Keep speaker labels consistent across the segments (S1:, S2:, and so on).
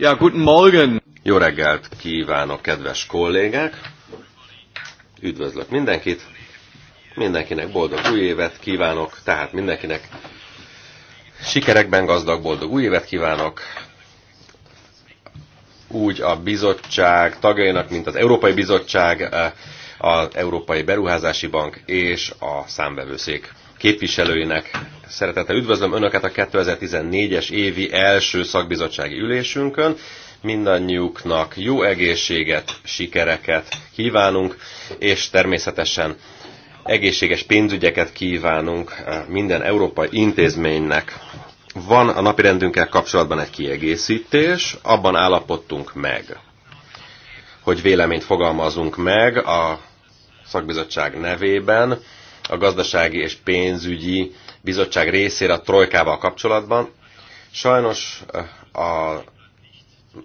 S1: Ja, guten Morgen! Jó reggelt kívánok, kedves kollégák! Üdvözlök mindenkit! Mindenkinek boldog új évet kívánok, tehát mindenkinek sikerekben gazdag, boldog új évet kívánok! Úgy a bizottság tagjainak, mint az Európai Bizottság, eh, az Európai Beruházási Bank és a számbevőszék képviselőinek Szeretettel üdvözlöm Önöket a 2014-es évi első szakbizottsági ülésünkön. Mindannyiuknak jó egészséget, sikereket kívánunk, és természetesen egészséges pénzügyeket kívánunk eh, minden európai intézménynek. Van a napirendünkkel kapcsolatban egy kiegészítés, abban állapodtunk meg, hogy véleményt fogalmazunk meg a szakbizottság nevében a gazdasági és pénzügyi bizottság részére a trojkával kapcsolatban. Sajnos eh, a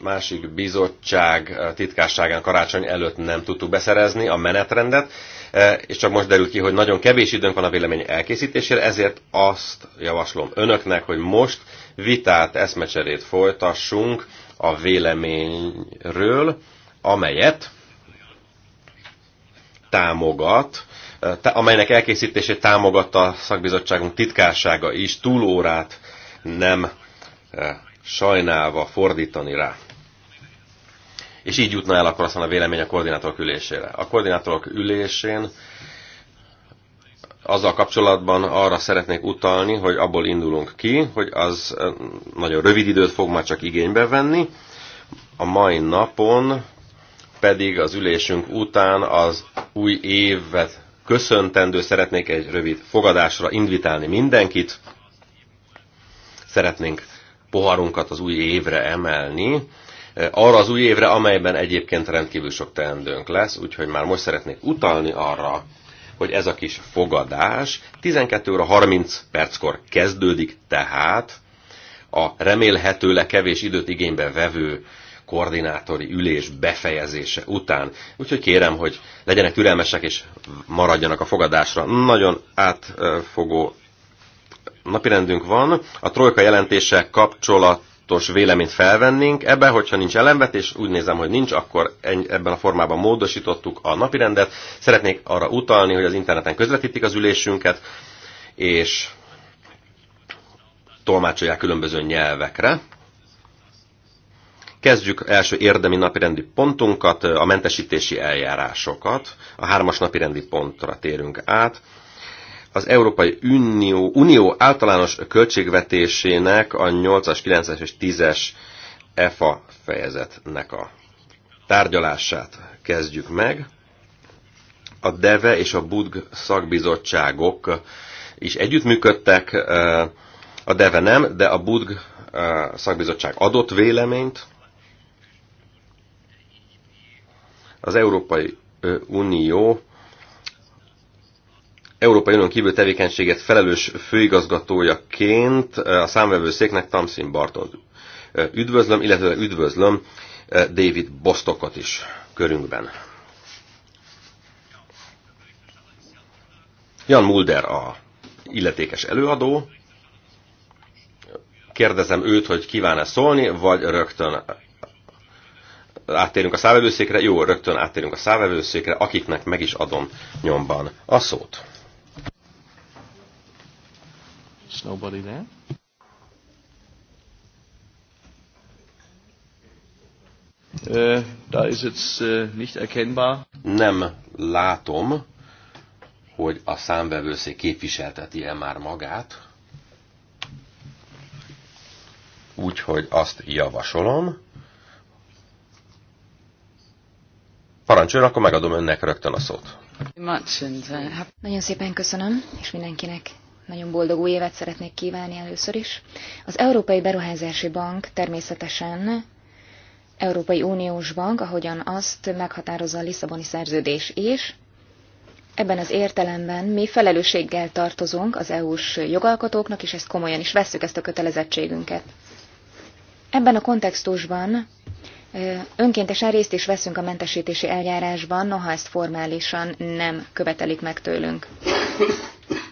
S1: másik bizottság eh, titkárságán karácsony előtt nem tudtuk beszerezni a menetrendet, eh, és csak most derült ki, hogy nagyon kevés időnk van a vélemény elkészítésére, ezért azt javaslom önöknek, hogy most vitát, eszmecserét folytassunk a véleményről, amelyet támogat amelynek elkészítését támogatta a szakbizottságunk titkársága is, túlórát nem e, sajnálva fordítani rá. És így jutna el akkor aztán a vélemény a koordinátorok ülésére. A koordinátorok ülésén azzal kapcsolatban arra szeretnék utalni, hogy abból indulunk ki, hogy az e, nagyon rövid időt fog már csak igénybe venni. A mai napon pedig az ülésünk után az új évet köszöntendő, szeretnék egy rövid fogadásra invitálni mindenkit. Szeretnénk poharunkat az új évre emelni, arra az új évre, amelyben egyébként rendkívül sok teendőnk lesz, úgyhogy már most szeretnék utalni arra, hogy ez a kis fogadás 12 óra 30 perckor kezdődik, tehát a remélhetőleg kevés időt igénybe vevő koordinátori ülés befejezése után. Úgyhogy kérem, hogy legyenek türelmesek és maradjanak a fogadásra. Nagyon átfogó napirendünk van. A trojka jelentése kapcsolat véleményt felvennénk ebbe, hogyha nincs ellenvetés, úgy nézem, hogy nincs, akkor ebben a formában módosítottuk a napirendet. Szeretnék arra utalni, hogy az interneten közvetítik az ülésünket, és tolmácsolják különböző nyelvekre. Kezdjük első érdemi napirendi pontunkat, a mentesítési eljárásokat. A hármas napirendi pontra térünk át. Az Európai Unió, Unió általános költségvetésének a 8-as, 9-es és 10-es EFA fejezetnek a tárgyalását kezdjük meg. A DEVE és a BUDG szakbizottságok is együttműködtek, a DEVE nem, de a BUDG eh, szakbizottság adott véleményt, Az Európai Unió Európai Unión kívül tevékenységet felelős főigazgatójaként a számvevőszéknek Tamsin Barton üdvözlöm, illetve üdvözlöm David Bostokot is körünkben. Jan Mulder a illetékes előadó. Kérdezem őt, hogy kíván-e szólni, vagy rögtön áttérünk a szávevőszékre, jó, rögtön áttérünk a szávevőszékre, akiknek meg is adom nyomban a szót.
S2: nobody there. Uh, da ist uh, nicht erkennbar.
S1: Nem látom, hogy a számvevőszék képviselteti el már magát. Úgyhogy azt javasolom, Parancsoljon, akkor megadom önnek rögtön a szót.
S3: Nagyon szépen köszönöm, és mindenkinek nagyon boldog új évet szeretnék kívánni először is. Az Európai Beruházási Bank természetesen Európai Uniós Bank, ahogyan azt meghatározza a Lisszaboni szerződés is. Ebben az értelemben mi felelősséggel tartozunk az EU-s jogalkotóknak, és ezt komolyan is vesszük, ezt a kötelezettségünket. Ebben a kontextusban Önkéntesen részt is veszünk a mentesítési eljárásban, noha ezt formálisan nem követelik meg tőlünk.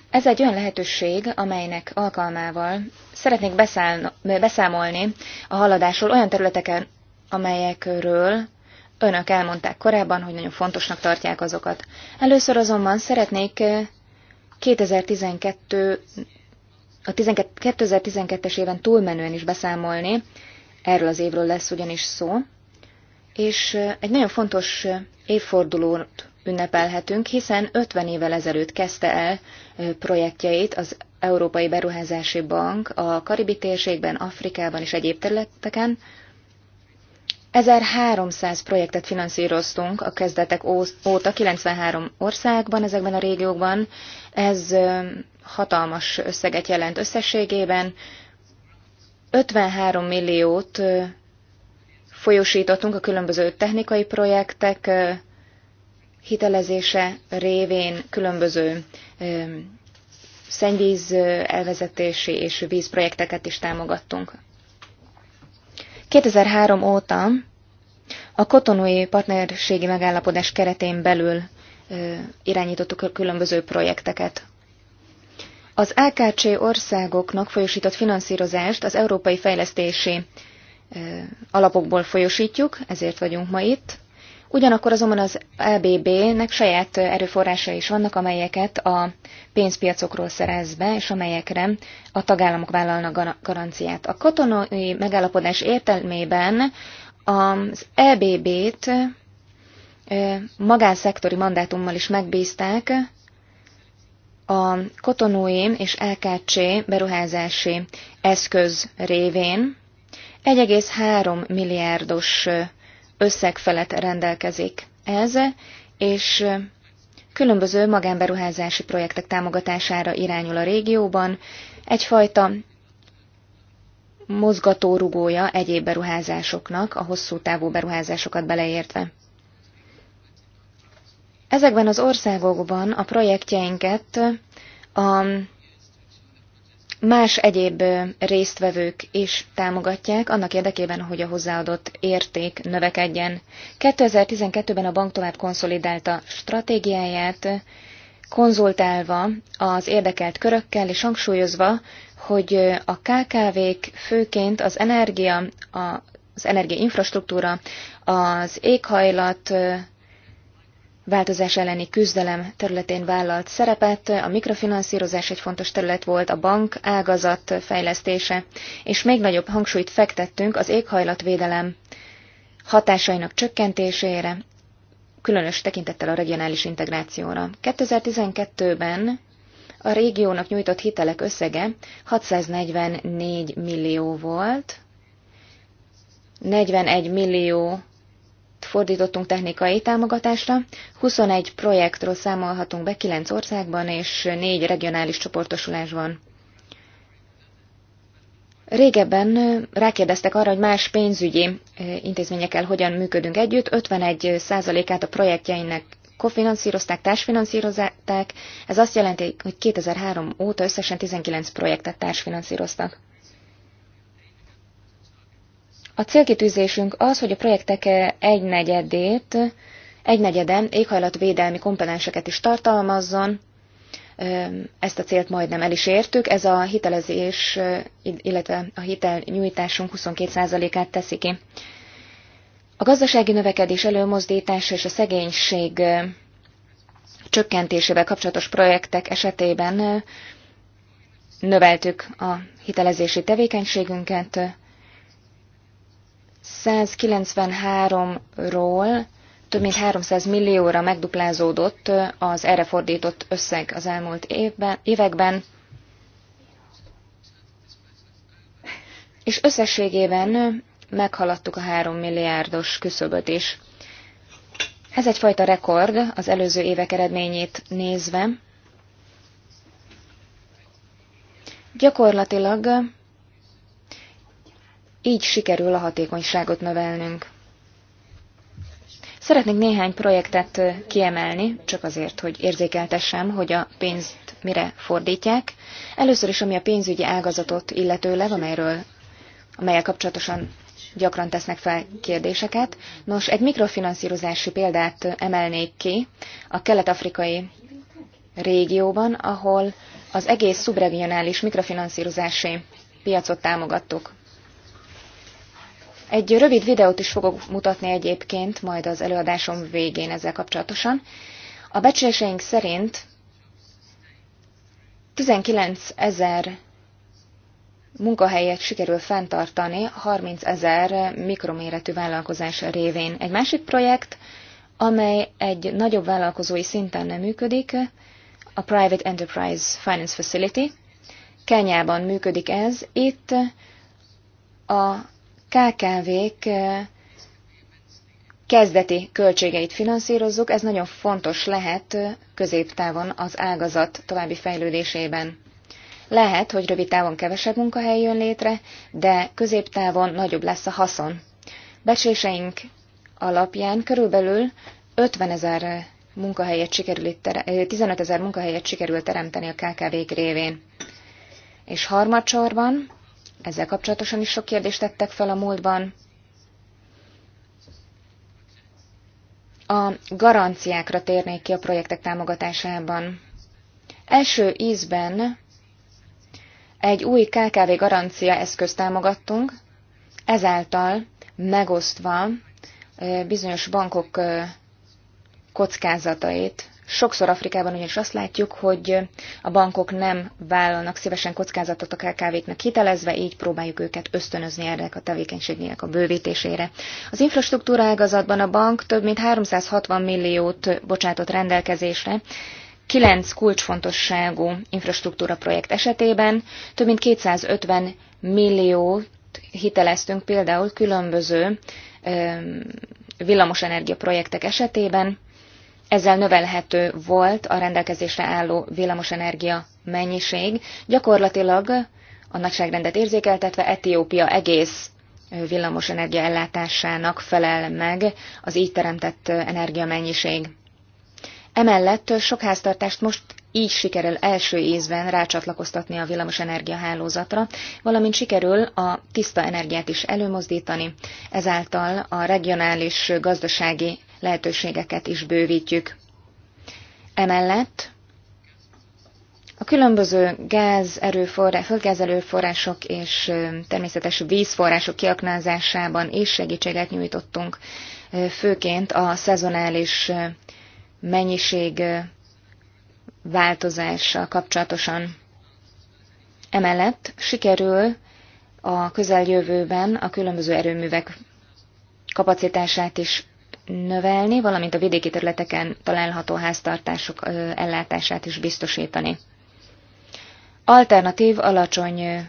S3: Ez egy olyan lehetőség, amelynek alkalmával szeretnék beszámolni a haladásról olyan területeken, amelyekről önök elmondták korábban, hogy nagyon fontosnak tartják azokat. Először azonban szeretnék 2012, a 2012-es éven túlmenően is beszámolni, erről az évről lesz ugyanis szó, és egy nagyon fontos évfordulót ünnepelhetünk, hiszen 50 évvel ezelőtt kezdte el projektjeit az Európai Beruházási Bank a Karibi térségben, Afrikában és egyéb területeken. 1300 projektet finanszíroztunk a kezdetek óta 93 országban, ezekben a régiókban. Ez hatalmas összeget jelent összességében. 53 milliót folyosítottunk a különböző technikai projektek hitelezése révén különböző szennyvíz elvezetési és vízprojekteket is támogattunk. 2003 óta a kotonói partnerségi megállapodás keretén belül irányítottuk a különböző projekteket. Az AKC országoknak folyosított finanszírozást az Európai Fejlesztési alapokból folyosítjuk, ezért vagyunk ma itt. Ugyanakkor azonban az lbb e nek saját erőforrása is vannak, amelyeket a pénzpiacokról szerez be, és amelyekre a tagállamok vállalnak garanciát. A katonai megállapodás értelmében az lbb e t magánszektori mandátummal is megbízták a kotonói és LKC beruházási eszköz révén, 1,3 milliárdos összeg felett rendelkezik ez, és különböző magánberuházási projektek támogatására irányul a régióban, egyfajta mozgatórugója egyéb beruházásoknak, a hosszú távú beruházásokat beleértve. Ezekben az országokban a projektjeinket a más egyéb résztvevők is támogatják, annak érdekében, hogy a hozzáadott érték növekedjen. 2012-ben a bank tovább konszolidálta stratégiáját, konzultálva az érdekelt körökkel és hangsúlyozva, hogy a KKV-k főként az energia, az energiainfrastruktúra, az éghajlat változás elleni küzdelem területén vállalt szerepet, a mikrofinanszírozás egy fontos terület volt, a bank ágazat fejlesztése, és még nagyobb hangsúlyt fektettünk az éghajlatvédelem hatásainak csökkentésére, különös tekintettel a regionális integrációra. 2012-ben a régiónak nyújtott hitelek összege 644 millió volt, 41 millió fordítottunk technikai támogatásra. 21 projektről számolhatunk be 9 országban, és 4 regionális csoportosulásban. Régebben rákérdeztek arra, hogy más pénzügyi intézményekkel hogyan működünk együtt. 51%-át a projektjeinek kofinanszírozták, társfinanszírozták. Ez azt jelenti, hogy 2003 óta összesen 19 projektet társfinanszíroztak. A célkitűzésünk az, hogy a projektek egynegyedét, egynegyeden éghajlatvédelmi komponenseket is tartalmazzon, ezt a célt majdnem el is értük. Ez a hitelezés, illetve a hitelnyújtásunk 22%-át teszi ki. A gazdasági növekedés előmozdítása és a szegénység csökkentésével kapcsolatos projektek esetében növeltük a hitelezési tevékenységünket, 193-ról több mint 300 millióra megduplázódott az erre fordított összeg az elmúlt évben, években, és összességében meghaladtuk a 3 milliárdos küszöböt is. Ez egyfajta rekord az előző évek eredményét nézve. Gyakorlatilag így sikerül a hatékonyságot növelnünk. Szeretnék néhány projektet kiemelni, csak azért, hogy érzékeltessem, hogy a pénzt mire fordítják. Először is, ami a pénzügyi ágazatot illetőleg, amelyről, amelyel kapcsolatosan gyakran tesznek fel kérdéseket. Nos, egy mikrofinanszírozási példát emelnék ki a kelet-afrikai régióban, ahol az egész szubregionális mikrofinanszírozási piacot támogattuk. Egy rövid videót is fogok mutatni egyébként majd az előadásom végén ezzel kapcsolatosan. A becsléseink szerint 19 ezer munkahelyet sikerül fenntartani 30 ezer mikroméretű vállalkozás révén. Egy másik projekt, amely egy nagyobb vállalkozói szinten nem működik, a Private Enterprise Finance Facility. Kenyában működik ez. Itt a KKV-k kezdeti költségeit finanszírozzuk, ez nagyon fontos lehet középtávon az ágazat további fejlődésében. Lehet, hogy rövid távon kevesebb munkahely jön létre, de középtávon nagyobb lesz a haszon. Becséseink alapján körülbelül 50 ezer munkahelyet sikerül itt, 15 ezer munkahelyet sikerül teremteni a KKV-k révén. És harmadsorban ezzel kapcsolatosan is sok kérdést tettek fel a múltban. A garanciákra térnék ki a projektek támogatásában. Első ízben egy új KKV garancia eszközt támogattunk, ezáltal megosztva bizonyos bankok kockázatait Sokszor Afrikában ugyanis azt látjuk, hogy a bankok nem vállalnak szívesen kockázatot a KKV-knak hitelezve, így próbáljuk őket ösztönözni erre a tevékenységnek a bővítésére. Az infrastruktúra ágazatban a bank több mint 360 milliót bocsátott rendelkezésre, kilenc kulcsfontosságú infrastruktúra projekt esetében több mint 250 milliót hiteleztünk például különböző villamosenergia projektek esetében, ezzel növelhető volt a rendelkezésre álló villamosenergia mennyiség. Gyakorlatilag a nagyságrendet érzékeltetve Etiópia egész villamosenergia ellátásának felel meg az így teremtett energiamennyiség. Emellett sok háztartást most így sikerül első ízben rácsatlakoztatni a villamosenergia hálózatra, valamint sikerül a tiszta energiát is előmozdítani, ezáltal a regionális gazdasági lehetőségeket is bővítjük. Emellett a különböző gáz erőforrás, földgáz erőforrások és természetes vízforrások kiaknázásában is segítséget nyújtottunk, főként a szezonális mennyiség változással kapcsolatosan. Emellett sikerül a közeljövőben a különböző erőművek kapacitását is növelni, valamint a vidéki területeken található háztartások ellátását is biztosítani. Alternatív, alacsony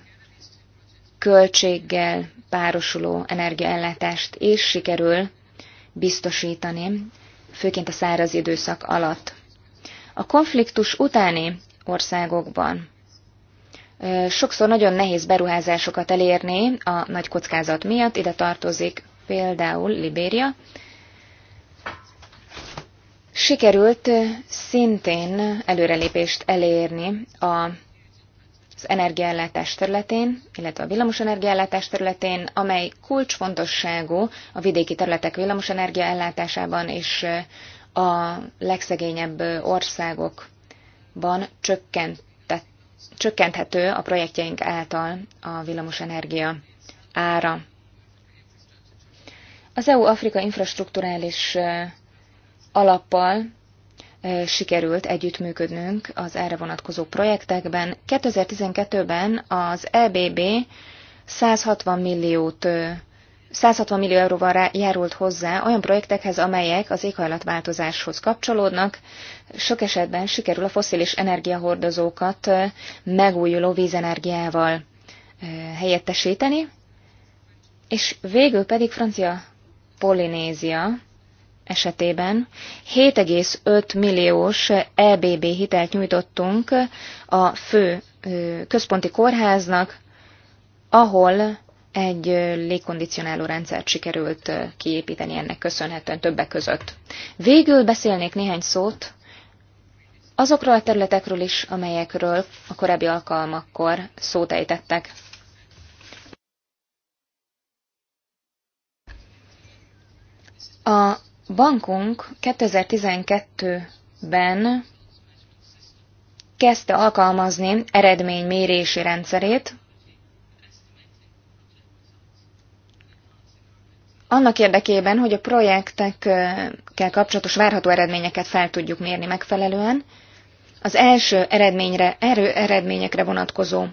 S3: költséggel párosuló energiaellátást is sikerül biztosítani, főként a száraz időszak alatt. A konfliktus utáni országokban sokszor nagyon nehéz beruházásokat elérni a nagy kockázat miatt, ide tartozik például Libéria, Sikerült szintén előrelépést elérni a az energiaellátás területén, illetve a villamosenergiaellátás területén, amely kulcsfontosságú a vidéki területek villamosenergia ellátásában és a legszegényebb országokban csökkenthető a projektjeink által a villamosenergia ára. Az EU-Afrika infrastruktúrális alappal sikerült együttműködnünk az erre vonatkozó projektekben. 2012-ben az EBB 160 milliót 160 millió euróval járult hozzá olyan projektekhez, amelyek az éghajlatváltozáshoz kapcsolódnak. Sok esetben sikerül a foszilis energiahordozókat megújuló vízenergiával helyettesíteni, és végül pedig Francia Polinézia esetében 7,5 milliós EBB hitelt nyújtottunk a fő központi kórháznak, ahol egy légkondicionáló rendszert sikerült kiépíteni ennek köszönhetően többek között. Végül beszélnék néhány szót azokról a területekről is, amelyekről a korábbi alkalmakkor szót ejtettek. A bankunk 2012-ben kezdte alkalmazni eredménymérési rendszerét, annak érdekében, hogy a projektekkel kapcsolatos várható eredményeket fel tudjuk mérni megfelelően, az első eredményre, erő eredményekre vonatkozó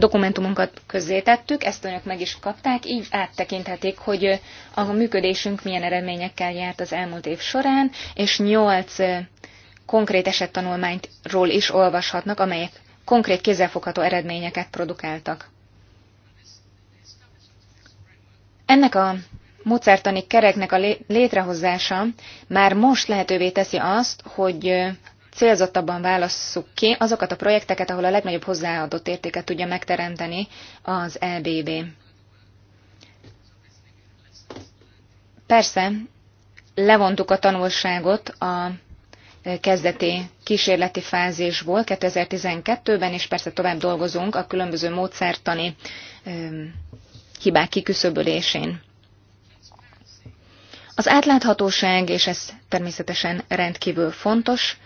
S3: dokumentumunkat közzétettük, ezt önök meg is kapták, így áttekinthetik, hogy a működésünk milyen eredményekkel járt az elmúlt év során, és nyolc konkrét esettanulmányról is olvashatnak, amelyek konkrét kézzelfogható eredményeket produkáltak. Ennek a mozertani kereknek a létrehozása már most lehetővé teszi azt, hogy célzottabban válasszuk ki azokat a projekteket, ahol a legnagyobb hozzáadott értéket tudja megteremteni az EBB. Persze, levontuk a tanulságot a kezdeti kísérleti fázisból 2012-ben, és persze tovább dolgozunk a különböző módszertani hibák kiküszöbölésén. Az átláthatóság, és ez természetesen rendkívül fontos,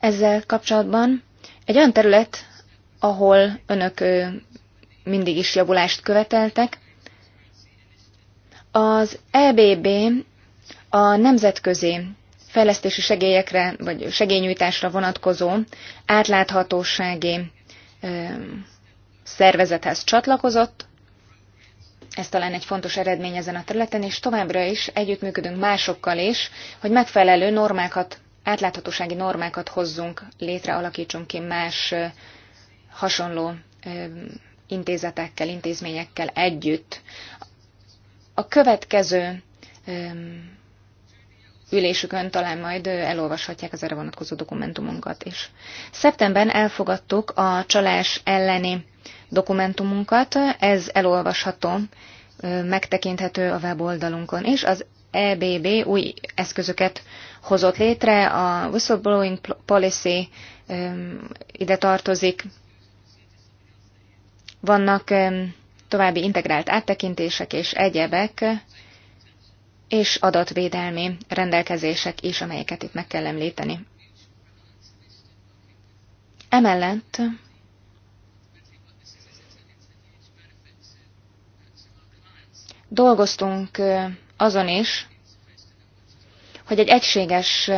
S3: ezzel kapcsolatban. Egy olyan terület, ahol önök mindig is javulást követeltek. Az EBB a nemzetközi fejlesztési segélyekre vagy segélynyújtásra vonatkozó átláthatósági szervezethez csatlakozott. Ez talán egy fontos eredmény ezen a területen, és továbbra is együttműködünk másokkal is, hogy megfelelő normákat átláthatósági normákat hozzunk létre, alakítsunk ki más hasonló intézetekkel, intézményekkel együtt. A következő ülésükön talán majd elolvashatják az erre vonatkozó dokumentumunkat is. Szeptemberben elfogadtuk a csalás elleni dokumentumunkat, ez elolvasható, megtekinthető a weboldalunkon, és az EBB új eszközöket hozott létre, a whistleblowing policy ide tartozik. Vannak további integrált áttekintések és egyebek, és adatvédelmi rendelkezések is, amelyeket itt meg kell említeni. Emellett dolgoztunk azon is, hogy egy egységes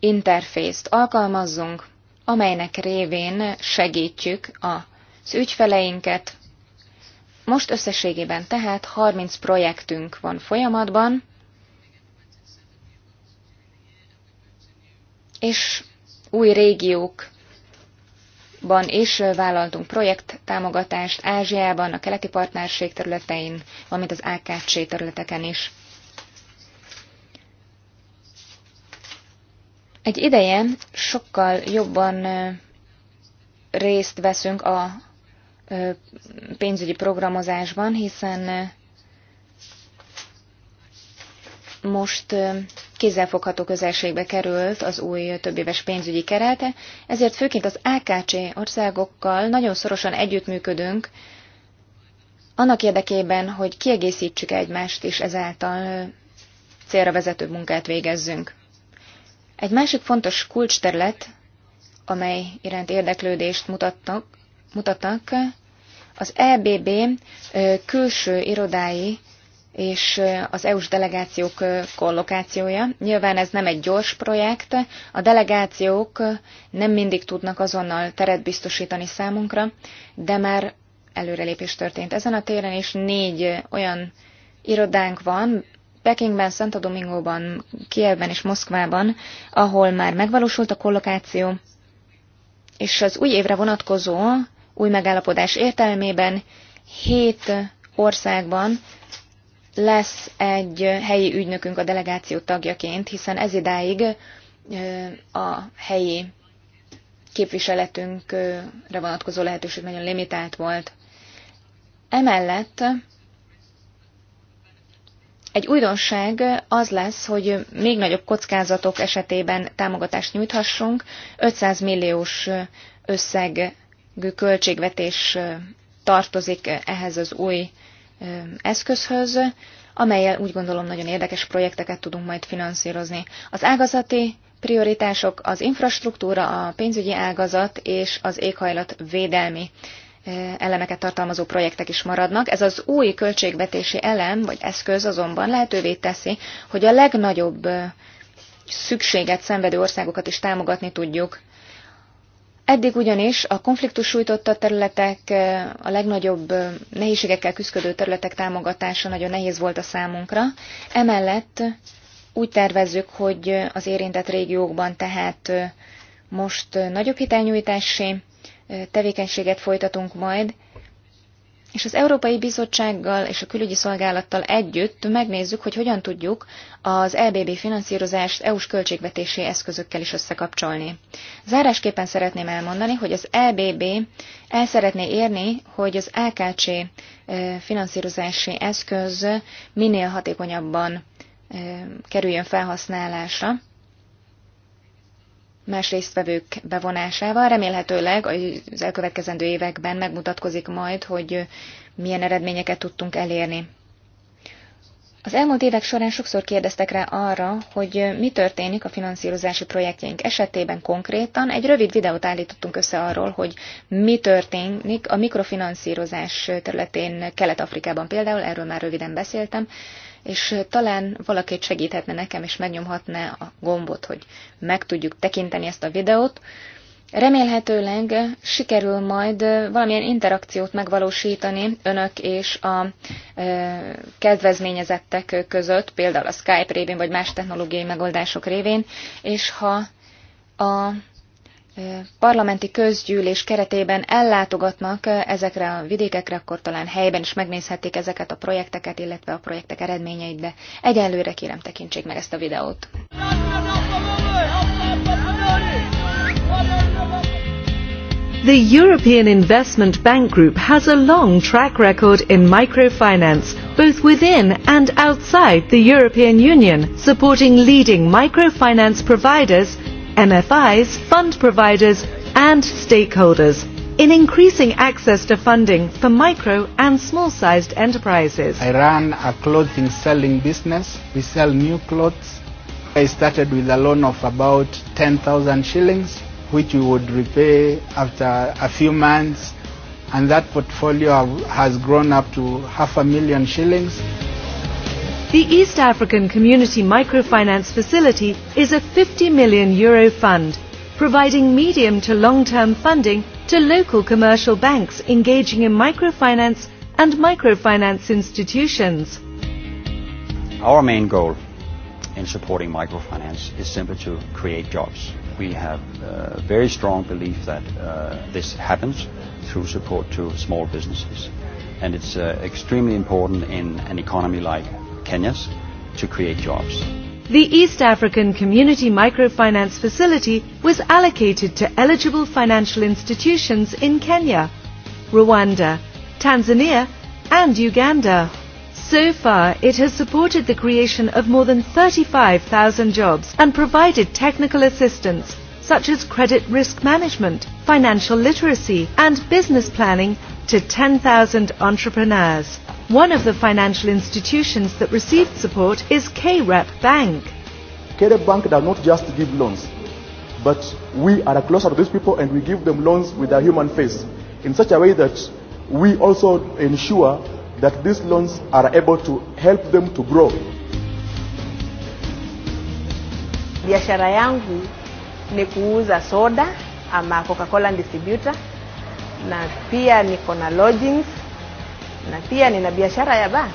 S3: interfészt alkalmazzunk, amelynek révén segítjük az ügyfeleinket. Most összességében tehát 30 projektünk van folyamatban, és új régiókban is vállaltunk projekttámogatást Ázsiában, a keleti partnerség területein, valamint az AKC területeken is. Egy ideje sokkal jobban részt veszünk a pénzügyi programozásban, hiszen most kézzelfogható közelségbe került az új többéves pénzügyi kerete, ezért főként az AKC országokkal nagyon szorosan együttműködünk, annak érdekében, hogy kiegészítsük egymást, és ezáltal célra vezető munkát végezzünk. Egy másik fontos kulcsterület, amely iránt érdeklődést mutattak, mutatnak az EBB külső irodái és az EU-s delegációk kollokációja. Nyilván ez nem egy gyors projekt, a delegációk nem mindig tudnak azonnal teret biztosítani számunkra, de már előrelépés történt ezen a téren, és négy olyan irodánk van, Pekingben, Santo Domingóban, Kievben és Moszkvában, ahol már megvalósult a kollokáció, és az új évre vonatkozó új megállapodás értelmében hét országban lesz egy helyi ügynökünk a delegáció tagjaként, hiszen ez idáig a helyi képviseletünkre vonatkozó lehetőség nagyon limitált volt. Emellett egy újdonság az lesz, hogy még nagyobb kockázatok esetében támogatást nyújthassunk, 500 milliós összegű költségvetés tartozik ehhez az új eszközhöz, amelyel úgy gondolom nagyon érdekes projekteket tudunk majd finanszírozni. Az ágazati prioritások az infrastruktúra, a pénzügyi ágazat és az éghajlat védelmi elemeket tartalmazó projektek is maradnak. Ez az új költségvetési elem vagy eszköz azonban lehetővé teszi, hogy a legnagyobb szükséget szenvedő országokat is támogatni tudjuk. Eddig ugyanis a konfliktus sújtotta területek, a legnagyobb nehézségekkel küzdő területek támogatása nagyon nehéz volt a számunkra. Emellett úgy tervezzük, hogy az érintett régiókban tehát most nagyobb hitelnyújtási tevékenységet folytatunk majd, és az Európai Bizottsággal és a Külügyi Szolgálattal együtt megnézzük, hogy hogyan tudjuk az EBB finanszírozást EU-s költségvetési eszközökkel is összekapcsolni. Zárásképpen szeretném elmondani, hogy az EBB el szeretné érni, hogy az AKC e eh, finanszírozási eszköz minél hatékonyabban eh, kerüljön felhasználásra, más résztvevők bevonásával. Remélhetőleg az elkövetkezendő években megmutatkozik majd, hogy milyen eredményeket tudtunk elérni. Az elmúlt évek során sokszor kérdeztek rá arra, hogy mi történik a finanszírozási projektjeink esetében konkrétan. Egy rövid videót állítottunk össze arról, hogy mi történik a mikrofinanszírozás területén Kelet-Afrikában például, erről már röviden beszéltem és talán valaki segíthetne nekem, és megnyomhatná a gombot, hogy meg tudjuk tekinteni ezt a videót. Remélhetőleg sikerül majd valamilyen interakciót megvalósítani önök és a kedvezményezettek között, például a Skype révén vagy más technológiai megoldások révén, és ha a parlamenti közgyűlés keretében ellátogatnak ezekre a vidékekre, akkor talán helyben is megnézhetik ezeket a projekteket, illetve a projektek eredményeit, de egyelőre kérem tekintsék meg ezt a
S4: videót. The European Investment Bank Group has a long track record in microfinance, both within and outside the European Union, supporting leading microfinance providers MFIs, fund providers and stakeholders in increasing access to funding for micro and small-sized enterprises. I run a clothing selling business. We sell new clothes.
S5: I started with a loan of about 10,000 shillings, which we would repay after a few months. And that portfolio has grown up to half a million shillings.
S4: The East African Community Microfinance Facility is a 50 million euro fund, providing medium to long-term funding to local commercial banks engaging in microfinance and microfinance institutions.
S1: Our main goal in supporting microfinance is simply to create jobs. We have a very strong belief that uh, this happens through support to small businesses. And it's uh, extremely important in an economy like Kenyans to create jobs.
S4: The East African Community Microfinance Facility was allocated to eligible financial institutions in Kenya, Rwanda, Tanzania and Uganda. So far, it has supported the creation of more than 35,000 jobs and provided technical assistance such as credit risk management, financial literacy and business planning to 10,000 entrepreneurs. One of the financial institutions that received support is KREP Bank.
S5: KREP Bank does not just give loans, but we are closer to these people and we give them loans with a human face in such a way that we also ensure that these loans are able to help them to grow.
S2: Biashara yangu ni kuuza soda ama Coca-Cola distributor na pia niko na lodgings na pia nina biashara ya ba.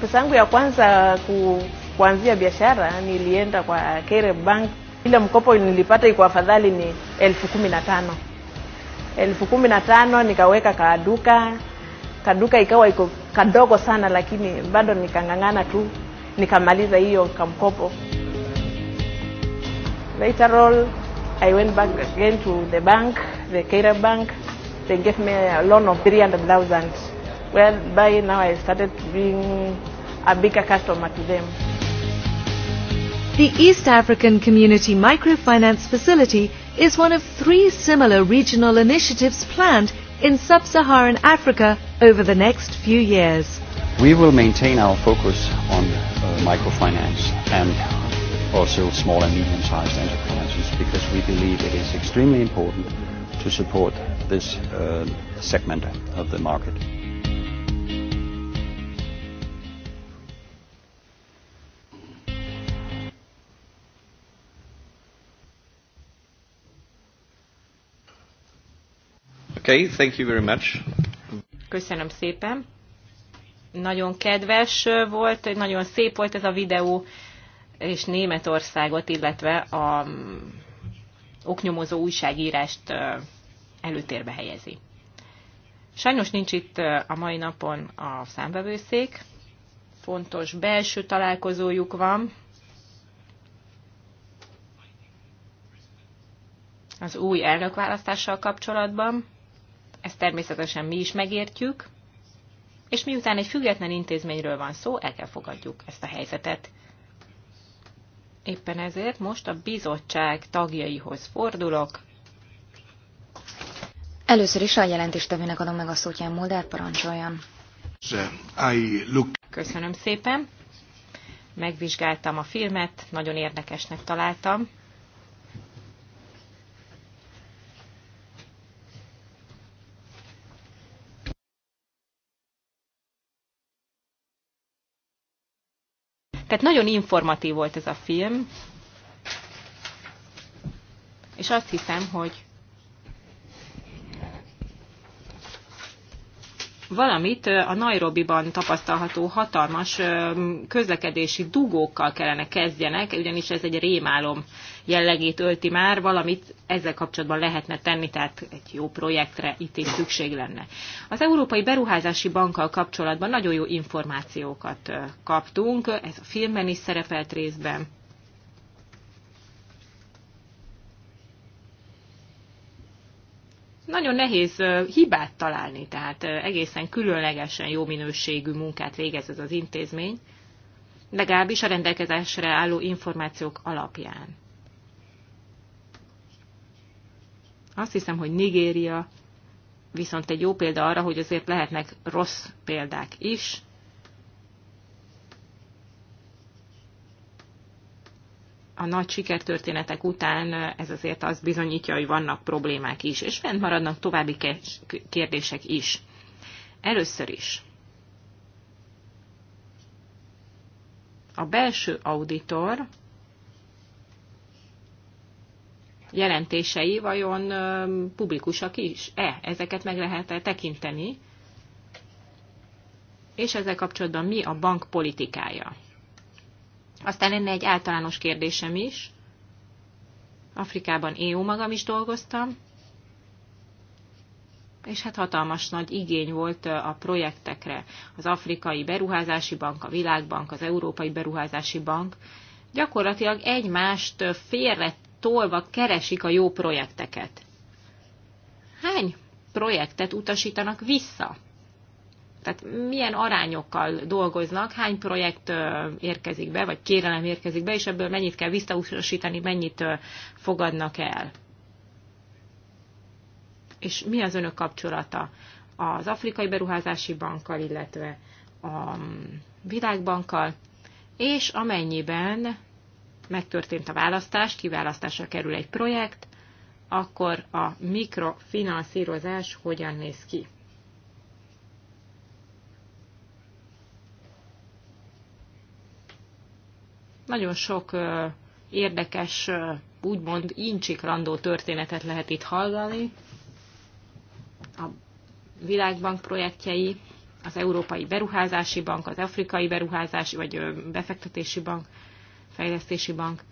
S2: Pesa yangu ya kwanza ku, kuanzia biashara nilienda kwa Kere Bank. Ile mkopo nilipata iko afadhali ni elfu kumi na tano elfu kumi na tano nikaweka kaduka kaduka, ikawa iko kadogo sana, lakini bado nikang'ang'ana tu nikamaliza hiyo kamkopo. Later on, I went back again to the bank, the Kera bank. They gave me a loan of 300,000. Well, by now I started being a bigger customer to them.
S4: The East African Community Microfinance Facility is one of three similar regional initiatives planned in sub-Saharan Africa over the next few years.
S1: We will maintain our focus on uh, microfinance and also small and medium-sized enterprises because we believe it is extremely important to support this uh, segment of the market. Okay, thank you very much.
S2: Köszönöm szépen. Nagyon kedves volt, nagyon szép volt ez a videó, és Németországot, illetve a oknyomozó újságírást előtérbe helyezi. Sajnos nincs itt a mai napon a számbevőszék, fontos belső találkozójuk van, az új elnökválasztással kapcsolatban. Ezt természetesen mi is megértjük, és miután egy független intézményről van szó, el kell fogadjuk ezt a helyzetet. Éppen ezért most a bizottság tagjaihoz fordulok.
S3: Először is a jelentéstevőnek adom meg a szót, Jan Mulder, parancsoljon. Köszönöm szépen. Megvizsgáltam a filmet,
S2: nagyon érdekesnek találtam. Tehát nagyon informatív volt ez a film, és azt hiszem, hogy valamit a Nairobi-ban tapasztalható hatalmas közlekedési dugókkal kellene kezdjenek, ugyanis ez egy rémálom jellegét ölti már, valamit ezzel kapcsolatban lehetne tenni, tehát egy jó projektre itt is szükség lenne. Az Európai Beruházási Bankkal kapcsolatban nagyon jó információkat kaptunk, ez a filmben is szerepelt részben. nagyon nehéz hibát találni, tehát egészen különlegesen jó minőségű munkát végez ez az intézmény, legalábbis a rendelkezésre álló információk alapján. Azt hiszem, hogy Nigéria viszont egy jó példa arra, hogy azért lehetnek rossz példák is. A nagy sikertörténetek után ez azért azt bizonyítja, hogy vannak problémák is, és fent maradnak további kérdések is. Először is. A belső auditor jelentései vajon publikusak is-e? Ezeket meg lehet-e tekinteni? És ezzel kapcsolatban mi a bank politikája? Aztán lenne egy általános kérdésem is. Afrikában eu magam is dolgoztam, és hát hatalmas nagy igény volt a projektekre. Az Afrikai Beruházási Bank, a Világbank, az Európai Beruházási Bank gyakorlatilag egymást félre tolva keresik a jó projekteket. Hány projektet utasítanak vissza? Tehát milyen arányokkal dolgoznak, hány projekt érkezik be, vagy kérelem érkezik be, és ebből mennyit kell visszautasítani, mennyit fogadnak el. És mi az önök kapcsolata az Afrikai Beruházási Bankkal, illetve a Világbankkal, és amennyiben megtörtént a választás, kiválasztásra kerül egy projekt, akkor a mikrofinanszírozás hogyan néz ki? Nagyon sok érdekes, úgymond incsiklandó történetet lehet itt hallani. A Világbank projektjei, az Európai Beruházási Bank, az Afrikai Beruházási vagy Befektetési Bank Fejlesztési Bank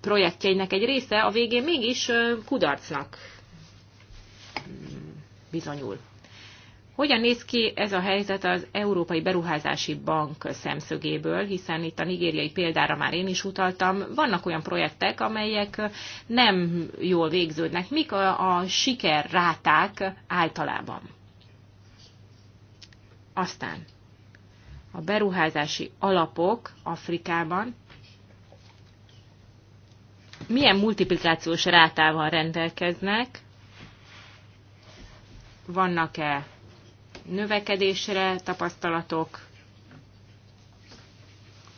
S2: projektjeinek egy része a végén mégis kudarcnak bizonyul. Hogyan néz ki ez a helyzet az Európai Beruházási Bank szemszögéből, hiszen itt a nigériai példára már én is utaltam, vannak olyan projektek, amelyek nem jól végződnek. Mik a, a sikerráták általában? Aztán a beruházási alapok Afrikában milyen multiplikációs rátával rendelkeznek, vannak-e növekedésre tapasztalatok,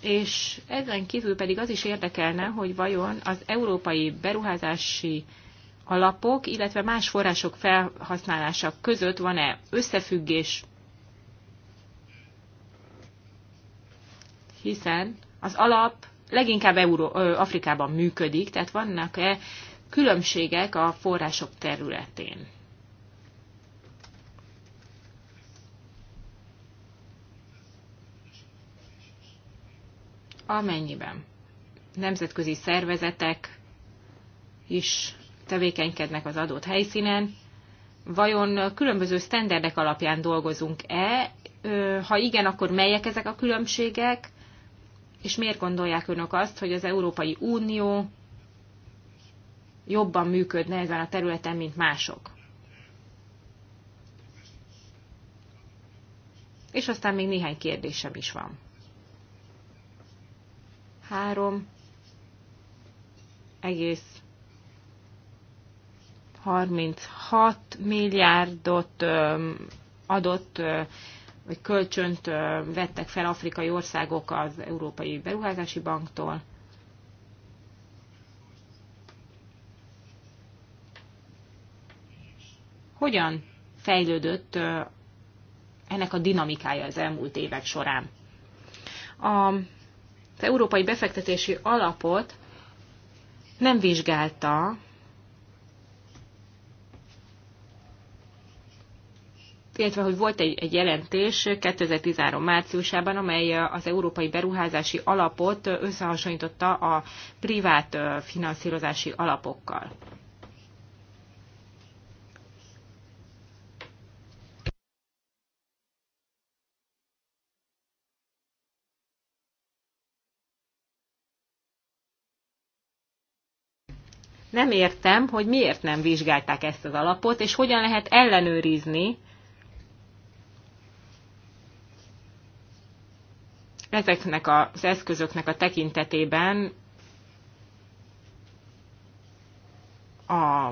S2: és ezen kívül pedig az is érdekelne, hogy vajon az európai beruházási alapok, illetve más források felhasználása között van-e összefüggés, hiszen az alap leginkább Euró- Afrikában működik, tehát vannak-e különbségek a források területén? Amennyiben nemzetközi szervezetek is tevékenykednek az adott helyszínen, vajon különböző sztenderdek alapján dolgozunk-e, ha igen, akkor melyek ezek a különbségek, és miért gondolják önök azt, hogy az Európai Unió jobban működne ezen a területen, mint mások? És aztán még néhány kérdésem is van. Három egész 36 milliárdot adott vagy kölcsönt vettek fel afrikai országok az Európai Beruházási Banktól. Hogyan fejlődött ennek a dinamikája az elmúlt évek során? A az Európai Befektetési Alapot nem vizsgálta illetve hogy volt egy, egy jelentés 2013 márciusában, amely az Európai Beruházási Alapot összehasonlította a privát finanszírozási alapokkal. Nem értem, hogy miért nem vizsgálták ezt az alapot, és hogyan lehet ellenőrizni, Ezeknek az eszközöknek a tekintetében a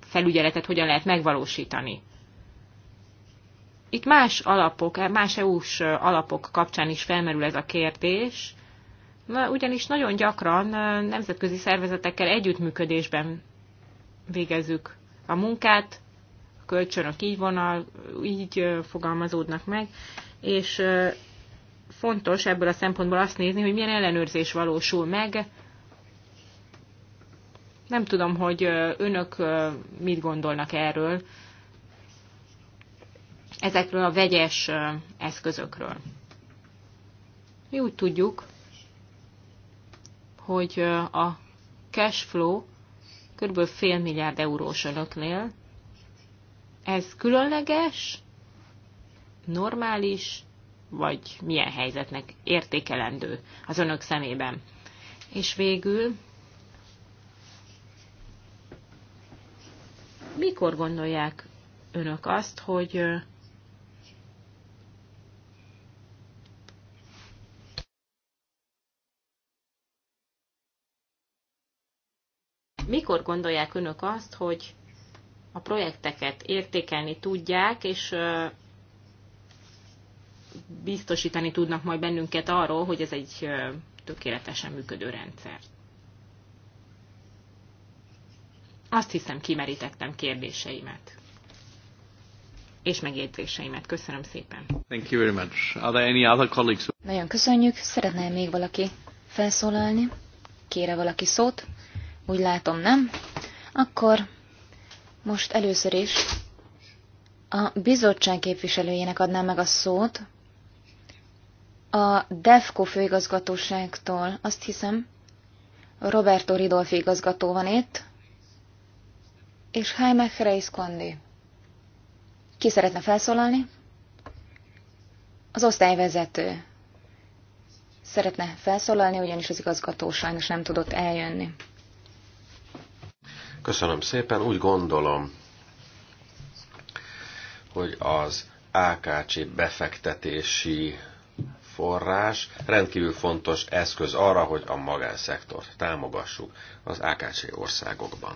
S2: felügyeletet hogyan lehet megvalósítani. Itt más alapok, más EU-s alapok kapcsán is felmerül ez a kérdés, ugyanis nagyon gyakran nemzetközi szervezetekkel együttműködésben végezzük a munkát, a kölcsönök így vonal, így fogalmazódnak meg, és fontos ebből a szempontból azt nézni, hogy milyen ellenőrzés valósul meg. Nem tudom, hogy önök mit gondolnak erről, ezekről a vegyes eszközökről. Mi úgy tudjuk, hogy a cash flow kb. fél milliárd eurós önöknél. Ez különleges, normális, vagy milyen helyzetnek értékelendő az önök szemében. És végül, mikor gondolják önök azt, hogy mikor gondolják önök azt, hogy a projekteket értékelni tudják, és biztosítani tudnak majd bennünket arról, hogy ez egy tökéletesen működő rendszer. Azt hiszem, kimerítettem kérdéseimet és megjegyzéseimet. Köszönöm szépen.
S4: Thank you
S5: very much. Are there any other colleagues?
S3: Nagyon köszönjük. Szeretne még valaki felszólalni? Kére valaki szót? Úgy látom, nem? Akkor most először is a bizottság képviselőjének adnám meg a szót, a DEFCO főigazgatóságtól, azt hiszem, Roberto Ridolfi igazgató van itt, és Jaime Reis Kondi. Ki szeretne felszólalni? Az osztályvezető szeretne felszólalni, ugyanis az igazgató sajnos nem tudott eljönni.
S1: Köszönöm szépen. Úgy gondolom, hogy az AKC befektetési forrás rendkívül fontos eszköz arra, hogy a magánszektort támogassuk az AKC országokban.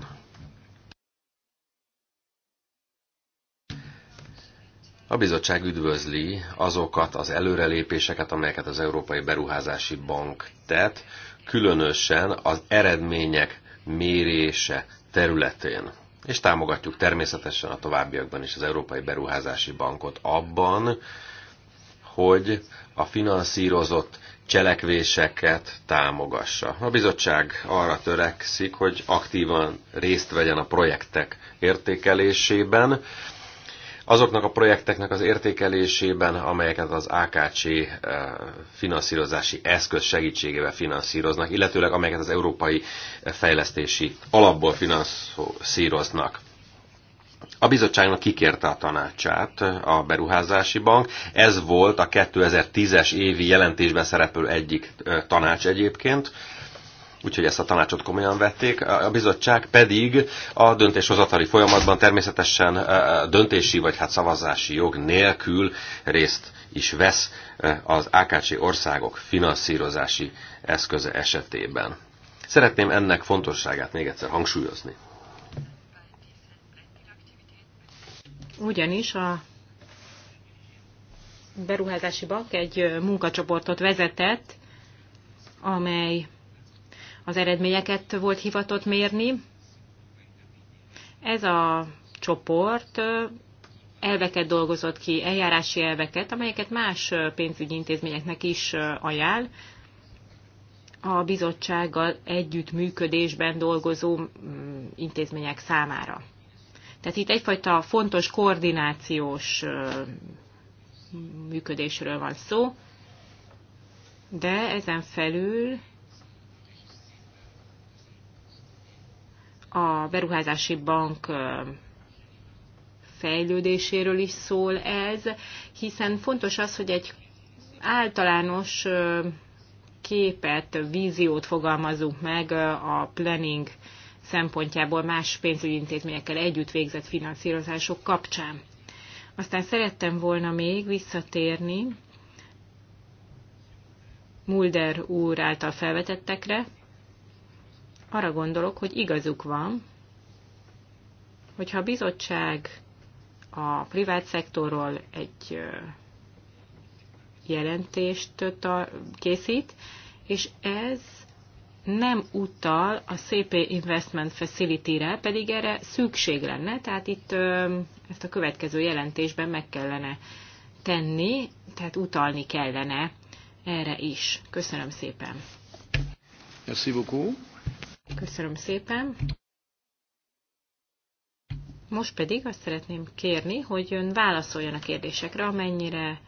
S1: A bizottság üdvözli azokat az előrelépéseket, amelyeket az Európai Beruházási Bank tett, különösen az eredmények mérése területén. És támogatjuk természetesen a továbbiakban is az Európai Beruházási Bankot abban, hogy a finanszírozott cselekvéseket támogassa. A bizottság arra törekszik, hogy aktívan részt vegyen a projektek értékelésében, azoknak a projekteknek az értékelésében, amelyeket az AKC eh, finanszírozási eszköz segítségével finanszíroznak, illetőleg amelyeket az Európai Fejlesztési Alapból finanszíroznak. A bizottságnak kikérte a tanácsát a beruházási bank. Ez volt a 2010-es évi jelentésben szereplő egyik tanács egyébként úgyhogy ezt a tanácsot komolyan vették. A bizottság pedig a döntéshozatali folyamatban természetesen döntési vagy hát szavazási jog nélkül részt is vesz az AKC országok finanszírozási eszköze esetében. Szeretném ennek fontosságát még egyszer hangsúlyozni.
S2: ugyanis a beruházási bank egy munkacsoportot vezetett, amely az eredményeket volt hivatott mérni. Ez a csoport elveket dolgozott ki, eljárási elveket, amelyeket más pénzügyi intézményeknek is ajánl. A bizottsággal együttműködésben dolgozó mm, intézmények számára. Tehát itt egyfajta fontos koordinációs működésről van szó, de ezen felül a beruházási bank fejlődéséről is szól ez, hiszen fontos az, hogy egy általános képet, víziót fogalmazunk meg a planning szempontjából más pénzügyi intézményekkel együtt végzett finanszírozások kapcsán. Aztán szerettem volna még visszatérni Mulder úr által felvetettekre. Arra gondolok, hogy igazuk van, hogyha a bizottság a privát szektorról egy jelentést készít, és ez nem utal a CP Investment Facility-re, pedig erre szükség lenne, tehát itt ezt a következő jelentésben meg kellene tenni, tehát utalni kellene erre is. Köszönöm szépen.
S3: Merci beaucoup.
S2: Köszönöm szépen. Most pedig azt szeretném kérni, hogy ön válaszoljon a kérdésekre, amennyire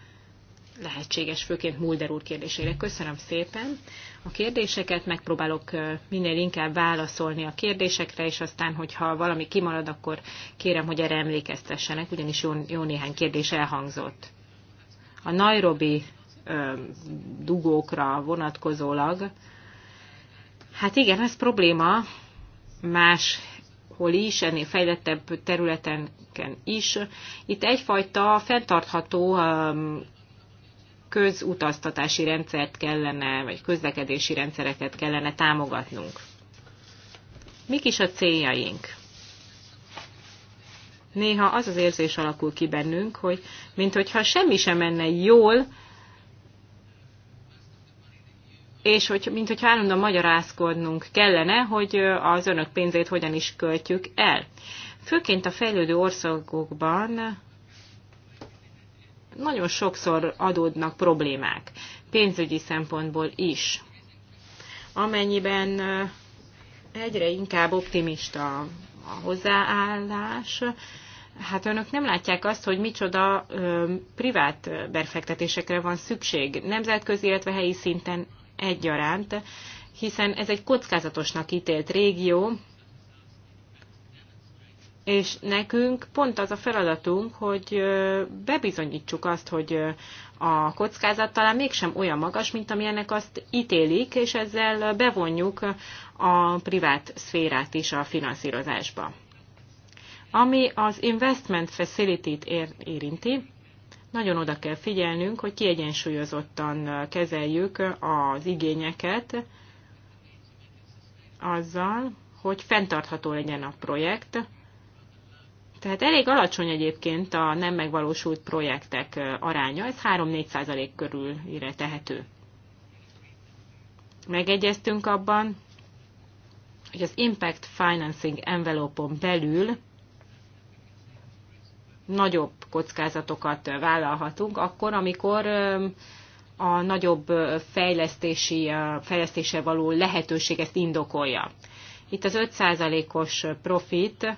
S2: lehetséges, főként Mulder úr kérdésére. Köszönöm szépen a kérdéseket, megpróbálok minél inkább válaszolni a kérdésekre, és aztán, hogyha valami kimarad, akkor kérem, hogy erre emlékeztessenek, ugyanis jó, jó néhány kérdés elhangzott. A Nairobi dugókra vonatkozólag, hát igen, ez probléma, más hol is, ennél fejlettebb területen is. Itt egyfajta fenntartható közutaztatási rendszert kellene, vagy közlekedési rendszereket kellene támogatnunk. Mik is a céljaink? Néha az az érzés alakul ki bennünk, hogy mintha semmi sem menne jól, és hogy, mint hogy állandóan magyarázkodnunk kellene, hogy az önök pénzét hogyan is költjük el. Főként a fejlődő országokban nagyon sokszor adódnak problémák, pénzügyi szempontból is. Amennyiben egyre inkább optimista a hozzáállás, hát önök nem látják azt, hogy micsoda ö, privát befektetésekre van szükség, nemzetközi, illetve helyi szinten egyaránt, hiszen ez egy kockázatosnak ítélt régió, és nekünk pont az a feladatunk, hogy bebizonyítsuk azt, hogy a kockázat talán mégsem olyan magas, mint amilyennek azt ítélik, és ezzel bevonjuk a privát szférát is a finanszírozásba. Ami az investment facility-t érinti, nagyon oda kell figyelnünk, hogy kiegyensúlyozottan kezeljük az igényeket azzal, hogy fenntartható legyen a projekt, tehát elég alacsony egyébként a nem megvalósult projektek aránya, ez 3-4 százalék körülire tehető. Megegyeztünk abban, hogy az Impact Financing envelope belül nagyobb kockázatokat vállalhatunk, akkor, amikor a nagyobb fejlesztési, fejlesztése való lehetőség ezt indokolja. Itt az 5%-os profit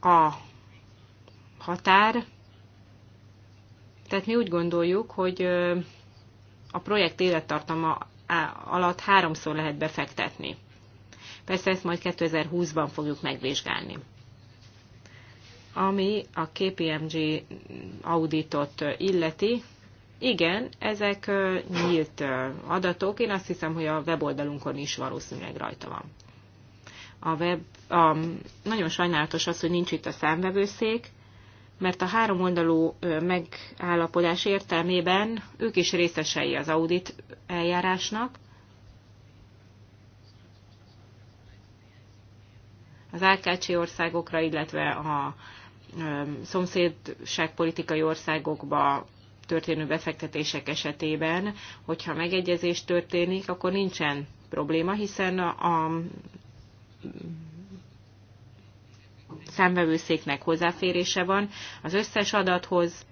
S2: a határ. Tehát mi úgy gondoljuk, hogy a projekt élettartama alatt háromszor lehet befektetni. Persze ezt majd 2020-ban fogjuk megvizsgálni. Ami a KPMG auditot illeti, igen, ezek nyílt adatok, én azt hiszem, hogy a weboldalunkon is valószínűleg rajta van a web, a, nagyon sajnálatos az, hogy nincs itt a számvevőszék, mert a három oldalú megállapodás értelmében ők is részesei az audit eljárásnak. Az AKC országokra, illetve a szomszédságpolitikai országokba történő befektetések esetében, hogyha megegyezés történik, akkor nincsen probléma, hiszen a számvevőszéknek hozzáférése van az összes adathoz,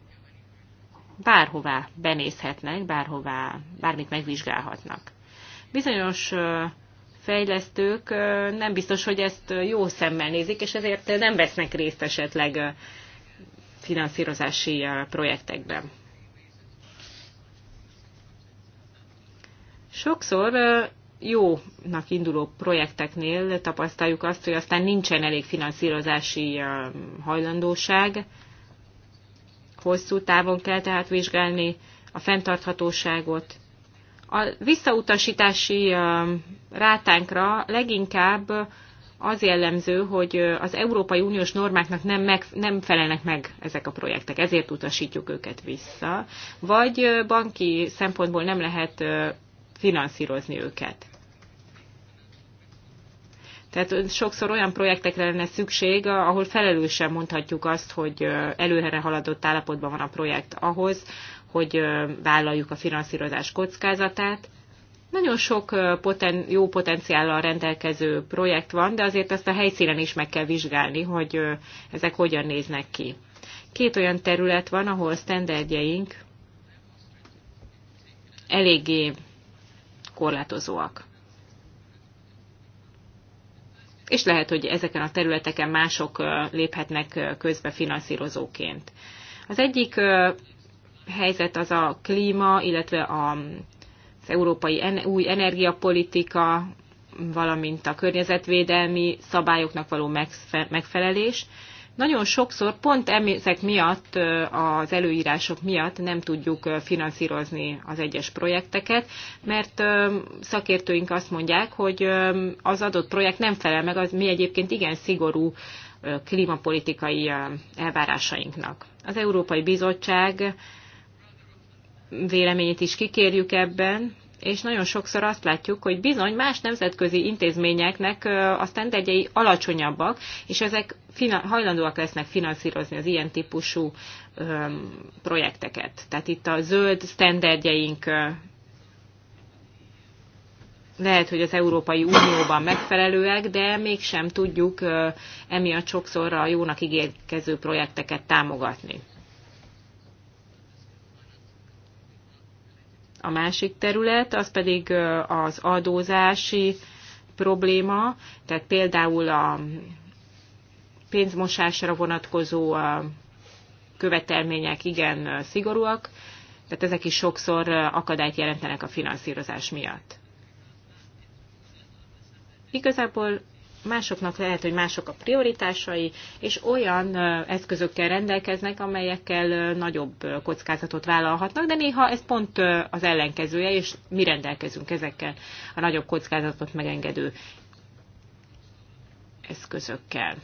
S2: bárhová benézhetnek, bárhová, bármit megvizsgálhatnak. Bizonyos fejlesztők nem biztos, hogy ezt jó szemmel nézik, és ezért nem vesznek részt esetleg finanszírozási projektekben. Sokszor jónak induló projekteknél tapasztaljuk azt, hogy aztán nincsen elég finanszírozási hajlandóság. Hosszú távon kell tehát vizsgálni a fenntarthatóságot. A visszautasítási rátánkra leginkább az jellemző, hogy az Európai Uniós normáknak nem, meg, nem felelnek meg ezek a projektek, ezért utasítjuk őket vissza. Vagy banki szempontból nem lehet finanszírozni őket. Tehát sokszor olyan projektekre lenne szükség, ahol felelősen mondhatjuk azt, hogy előre haladott állapotban van a projekt ahhoz, hogy vállaljuk a finanszírozás kockázatát. Nagyon sok poten, jó potenciállal rendelkező projekt van, de azért ezt a helyszínen is meg kell vizsgálni, hogy ezek hogyan néznek ki. Két olyan terület van, ahol standardjeink eléggé korlátozóak. És lehet, hogy ezeken a területeken mások léphetnek közbe finanszírozóként. Az egyik helyzet az a klíma, illetve az európai új energiapolitika, valamint a környezetvédelmi szabályoknak való megfelelés. Nagyon sokszor pont ezek miatt, az előírások miatt nem tudjuk finanszírozni az egyes projekteket, mert szakértőink azt mondják, hogy az adott projekt nem felel meg az mi egyébként igen szigorú klímapolitikai elvárásainknak. Az Európai Bizottság véleményét is kikérjük ebben, és nagyon sokszor azt látjuk, hogy bizony más nemzetközi intézményeknek a sztenderdjei alacsonyabbak, és ezek hajlandóak lesznek finanszírozni az ilyen típusú projekteket. Tehát itt a zöld sztenderdjeink lehet, hogy az Európai Unióban megfelelőek, de mégsem tudjuk emiatt sokszor a jónak ígérkező projekteket támogatni. a másik terület, az pedig az adózási probléma, tehát például a pénzmosásra vonatkozó követelmények igen szigorúak, tehát ezek is sokszor akadályt jelentenek a finanszírozás miatt. Igazából másoknak lehet, hogy mások a prioritásai, és olyan eszközökkel rendelkeznek, amelyekkel nagyobb kockázatot vállalhatnak, de néha ez pont az ellenkezője, és mi rendelkezünk ezekkel a nagyobb kockázatot megengedő eszközökkel.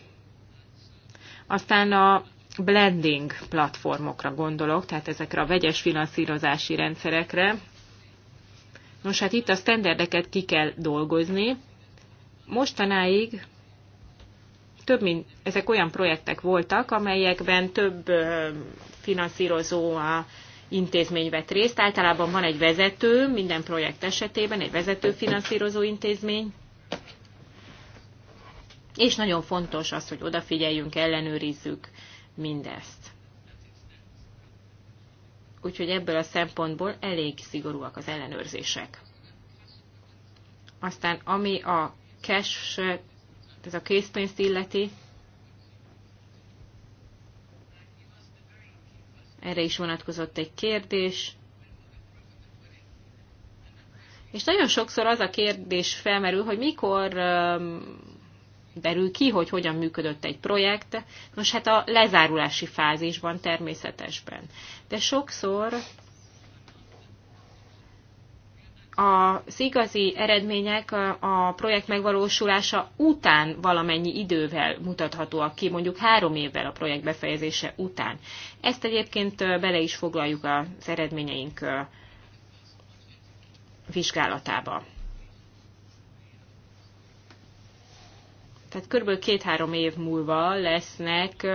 S2: Aztán a blending platformokra gondolok, tehát ezekre a vegyes finanszírozási rendszerekre. Nos, hát itt a standardeket ki kell dolgozni, Mostanáig több mint, ezek olyan projektek voltak, amelyekben több finanszírozó a intézmény vett részt. Általában van egy vezető, minden projekt esetében egy vezető finanszírozó intézmény. És nagyon fontos az, hogy odafigyeljünk, ellenőrizzük mindezt. Úgyhogy ebből a szempontból elég szigorúak az ellenőrzések. Aztán ami a cash, ez a készpénzt illeti, erre is vonatkozott egy kérdés. És nagyon sokszor az a kérdés felmerül, hogy mikor derül ki, hogy hogyan működött egy projekt. Nos, hát a lezárulási fázisban természetesben. De sokszor az igazi eredmények a projekt megvalósulása után valamennyi idővel mutathatóak ki, mondjuk három évvel a projekt befejezése után. Ezt egyébként bele is foglaljuk az eredményeink vizsgálatába. Tehát körülbelül két-három év múlva lesznek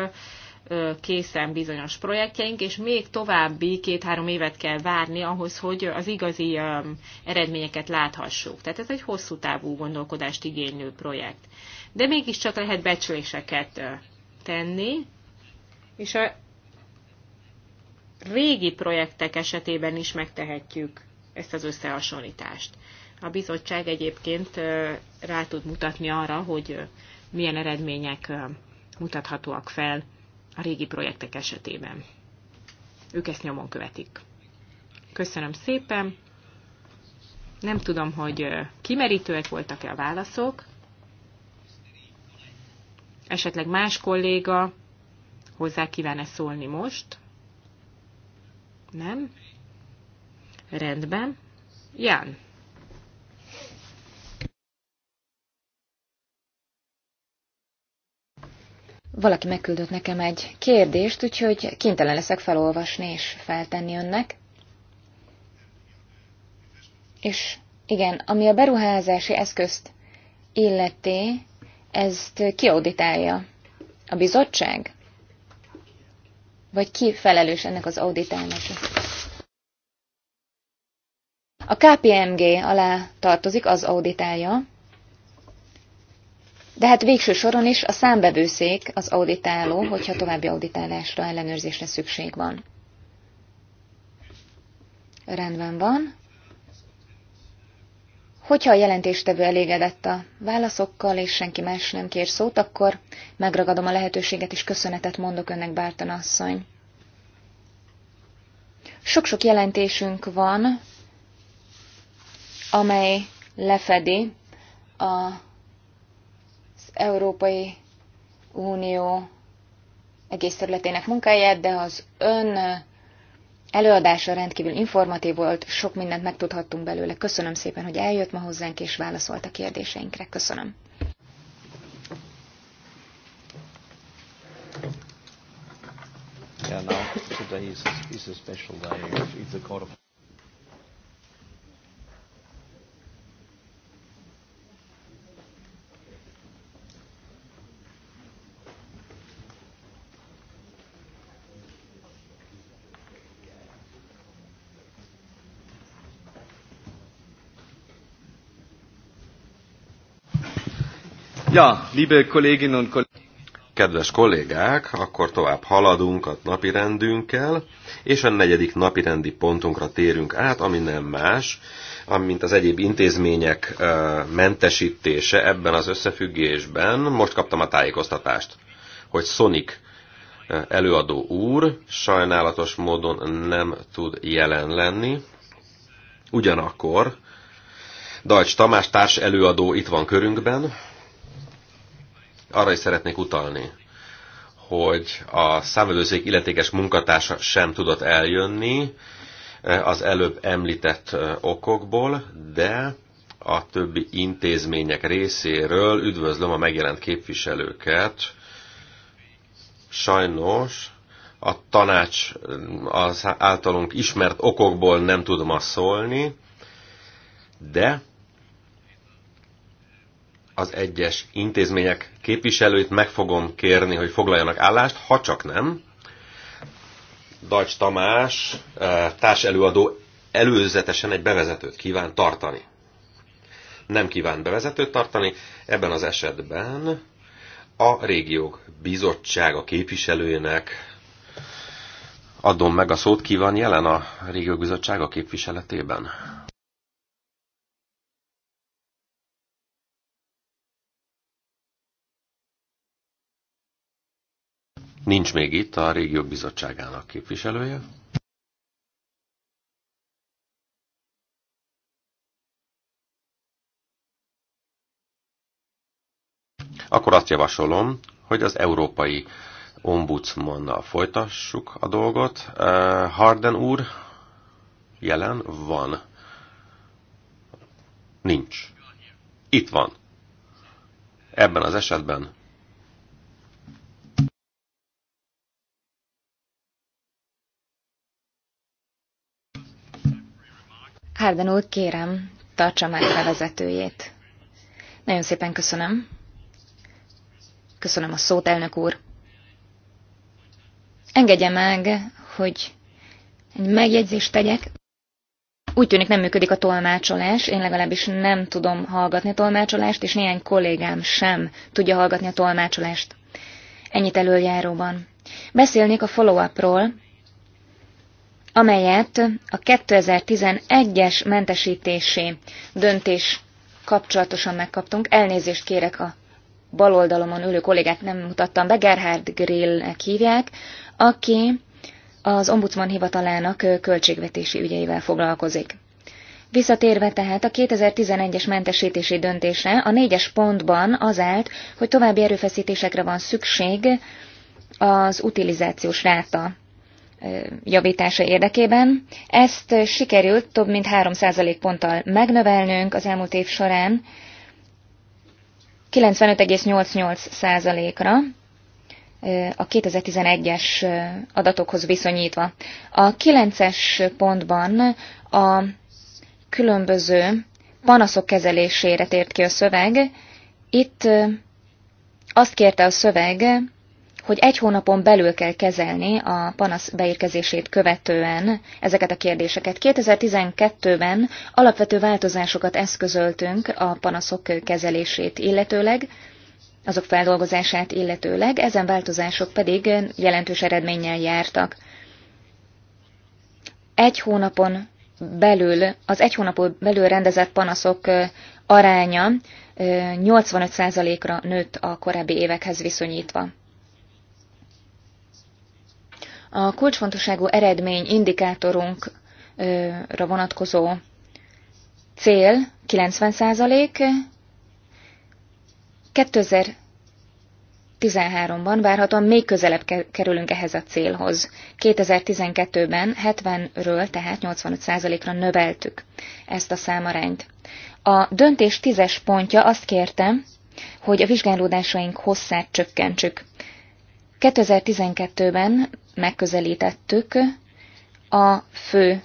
S2: készen bizonyos projektjeink, és még további két-három évet kell várni ahhoz, hogy az igazi eredményeket láthassuk. Tehát ez egy hosszú távú gondolkodást igénylő projekt. De mégiscsak lehet becsléseket tenni, és a régi projektek esetében is megtehetjük ezt az összehasonlítást. A bizottság egyébként rá tud mutatni arra, hogy milyen eredmények mutathatóak fel a régi projektek esetében. Ők ezt nyomon követik. Köszönöm szépen. Nem tudom, hogy kimerítőek voltak-e a válaszok. Esetleg más kolléga hozzá kíván-e szólni most? Nem? Rendben. Ján.
S3: Valaki megküldött nekem egy kérdést, úgyhogy kénytelen leszek felolvasni és feltenni önnek. És igen, ami a beruházási eszközt illeti, ezt kiauditálja a bizottság? Vagy ki felelős ennek az auditálásnak? A KPMG alá tartozik, az auditálja, de hát végső soron is a számbevőszék az auditáló, hogyha további auditálásra, ellenőrzésre szükség van. Rendben van. Hogyha a jelentéstevő elégedett a válaszokkal, és senki más nem kér szót, akkor megragadom a lehetőséget, és köszönetet mondok önnek, Bártan asszony. Sok-sok jelentésünk van, amely lefedi a Európai Unió egész területének munkáját, de az ön előadása rendkívül informatív volt, sok mindent megtudhattunk belőle. Köszönöm szépen, hogy eljött ma hozzánk és válaszolt a kérdéseinkre. Köszönöm.
S1: Yeah, no, today is a, is a special day. It's a court of Ja, liebe Kolleginnen und Kollegen. Kedves kollégák, akkor tovább haladunk a napirendünkkel, és a negyedik napirendi pontunkra térünk át, ami nem más, amint az egyéb intézmények mentesítése ebben az összefüggésben. Most kaptam a tájékoztatást, hogy Sonic előadó úr sajnálatos módon nem tud jelen lenni. Ugyanakkor Dajcs Tamás társ előadó itt van körünkben, arra is szeretnék utalni, hogy a számvevőszék illetékes munkatársa sem tudott eljönni eh, az előbb említett eh, okokból, de a többi intézmények részéről üdvözlöm a megjelent képviselőket. Sajnos a tanács eh, az általunk ismert okokból nem tud ma szólni, de az egyes intézmények képviselőit meg fogom kérni, hogy foglaljanak állást, ha csak nem. Dajcs Tamás, eh, társelőadó előzetesen egy bevezetőt kíván tartani. Nem kíván bevezetőt tartani, ebben az esetben a régiók bizottsága képviselőjének adom meg a szót, ki van jelen a régiók bizottsága képviseletében. Nincs még itt a régiók bizottságának képviselője. Akkor azt javasolom, hogy az európai ombudsmannal folytassuk a dolgot. Eh, Harden úr jelen van. Nincs. Itt van. Ebben az esetben
S3: Hárden úr, kérem, tartsa meg vezetőjét. Nagyon szépen köszönöm. Köszönöm a szót, elnök úr. Engedje meg, hogy egy megjegyzést tegyek. Úgy tűnik nem működik a tolmácsolás, én legalábbis nem tudom hallgatni a tolmácsolást, és néhány kollégám sem tudja hallgatni a tolmácsolást. Ennyit előjáróban. Beszélnék a follow-upról, amelyet a 2011-es mentesítési döntés kapcsolatosan megkaptunk. Elnézést kérek a bal oldalomon ülő kollégát nem mutattam be, Gerhard Grillnek hívják, aki az ombudsman hivatalának költségvetési ügyeivel foglalkozik. Visszatérve tehát a 2011-es mentesítési döntésre, a négyes pontban az állt, hogy további erőfeszítésekre van szükség az utilizációs ráta javítása érdekében. Ezt sikerült több mint 3 ponttal megnövelnünk az elmúlt év során 95,88 ra a 2011-es adatokhoz viszonyítva. A 9-es pontban a különböző panaszok kezelésére tért ki a szöveg. Itt azt kérte a szöveg, hogy egy hónapon belül kell kezelni a panasz beérkezését követően ezeket a kérdéseket. 2012-ben alapvető változásokat eszközöltünk a panaszok kezelését illetőleg, azok feldolgozását illetőleg, ezen változások pedig jelentős eredménnyel jártak. Egy hónapon belül, az egy hónapon belül rendezett panaszok aránya 85%-ra nőtt a korábbi évekhez viszonyítva. A kulcsfontosságú eredmény indikátorunkra vonatkozó cél 90 százalék, 2013-ban várhatóan még közelebb kerülünk ehhez a célhoz. 2012-ben 70-ről tehát 85%-ra növeltük ezt a számarányt. A döntés tízes pontja azt kérte, hogy a vizsgálódásaink hosszát csökkentsük. 2012-ben megközelítettük a fő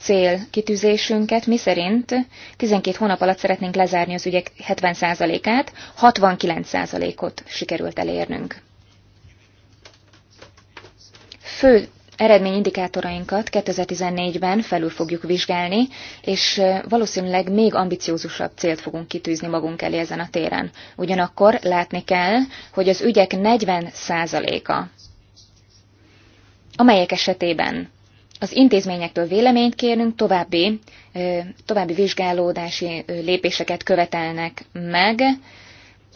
S3: cél kitűzésünket, szerint 12 hónap alatt szeretnénk lezárni az ügyek 70%-át, 69%-ot sikerült elérnünk. Fő eredményindikátorainkat 2014-ben felül fogjuk vizsgálni, és valószínűleg még ambiciózusabb célt fogunk kitűzni magunk elé ezen a téren. Ugyanakkor látni kell, hogy az ügyek 40%-a, amelyek esetében az intézményektől véleményt kérünk, további, további vizsgálódási lépéseket követelnek meg,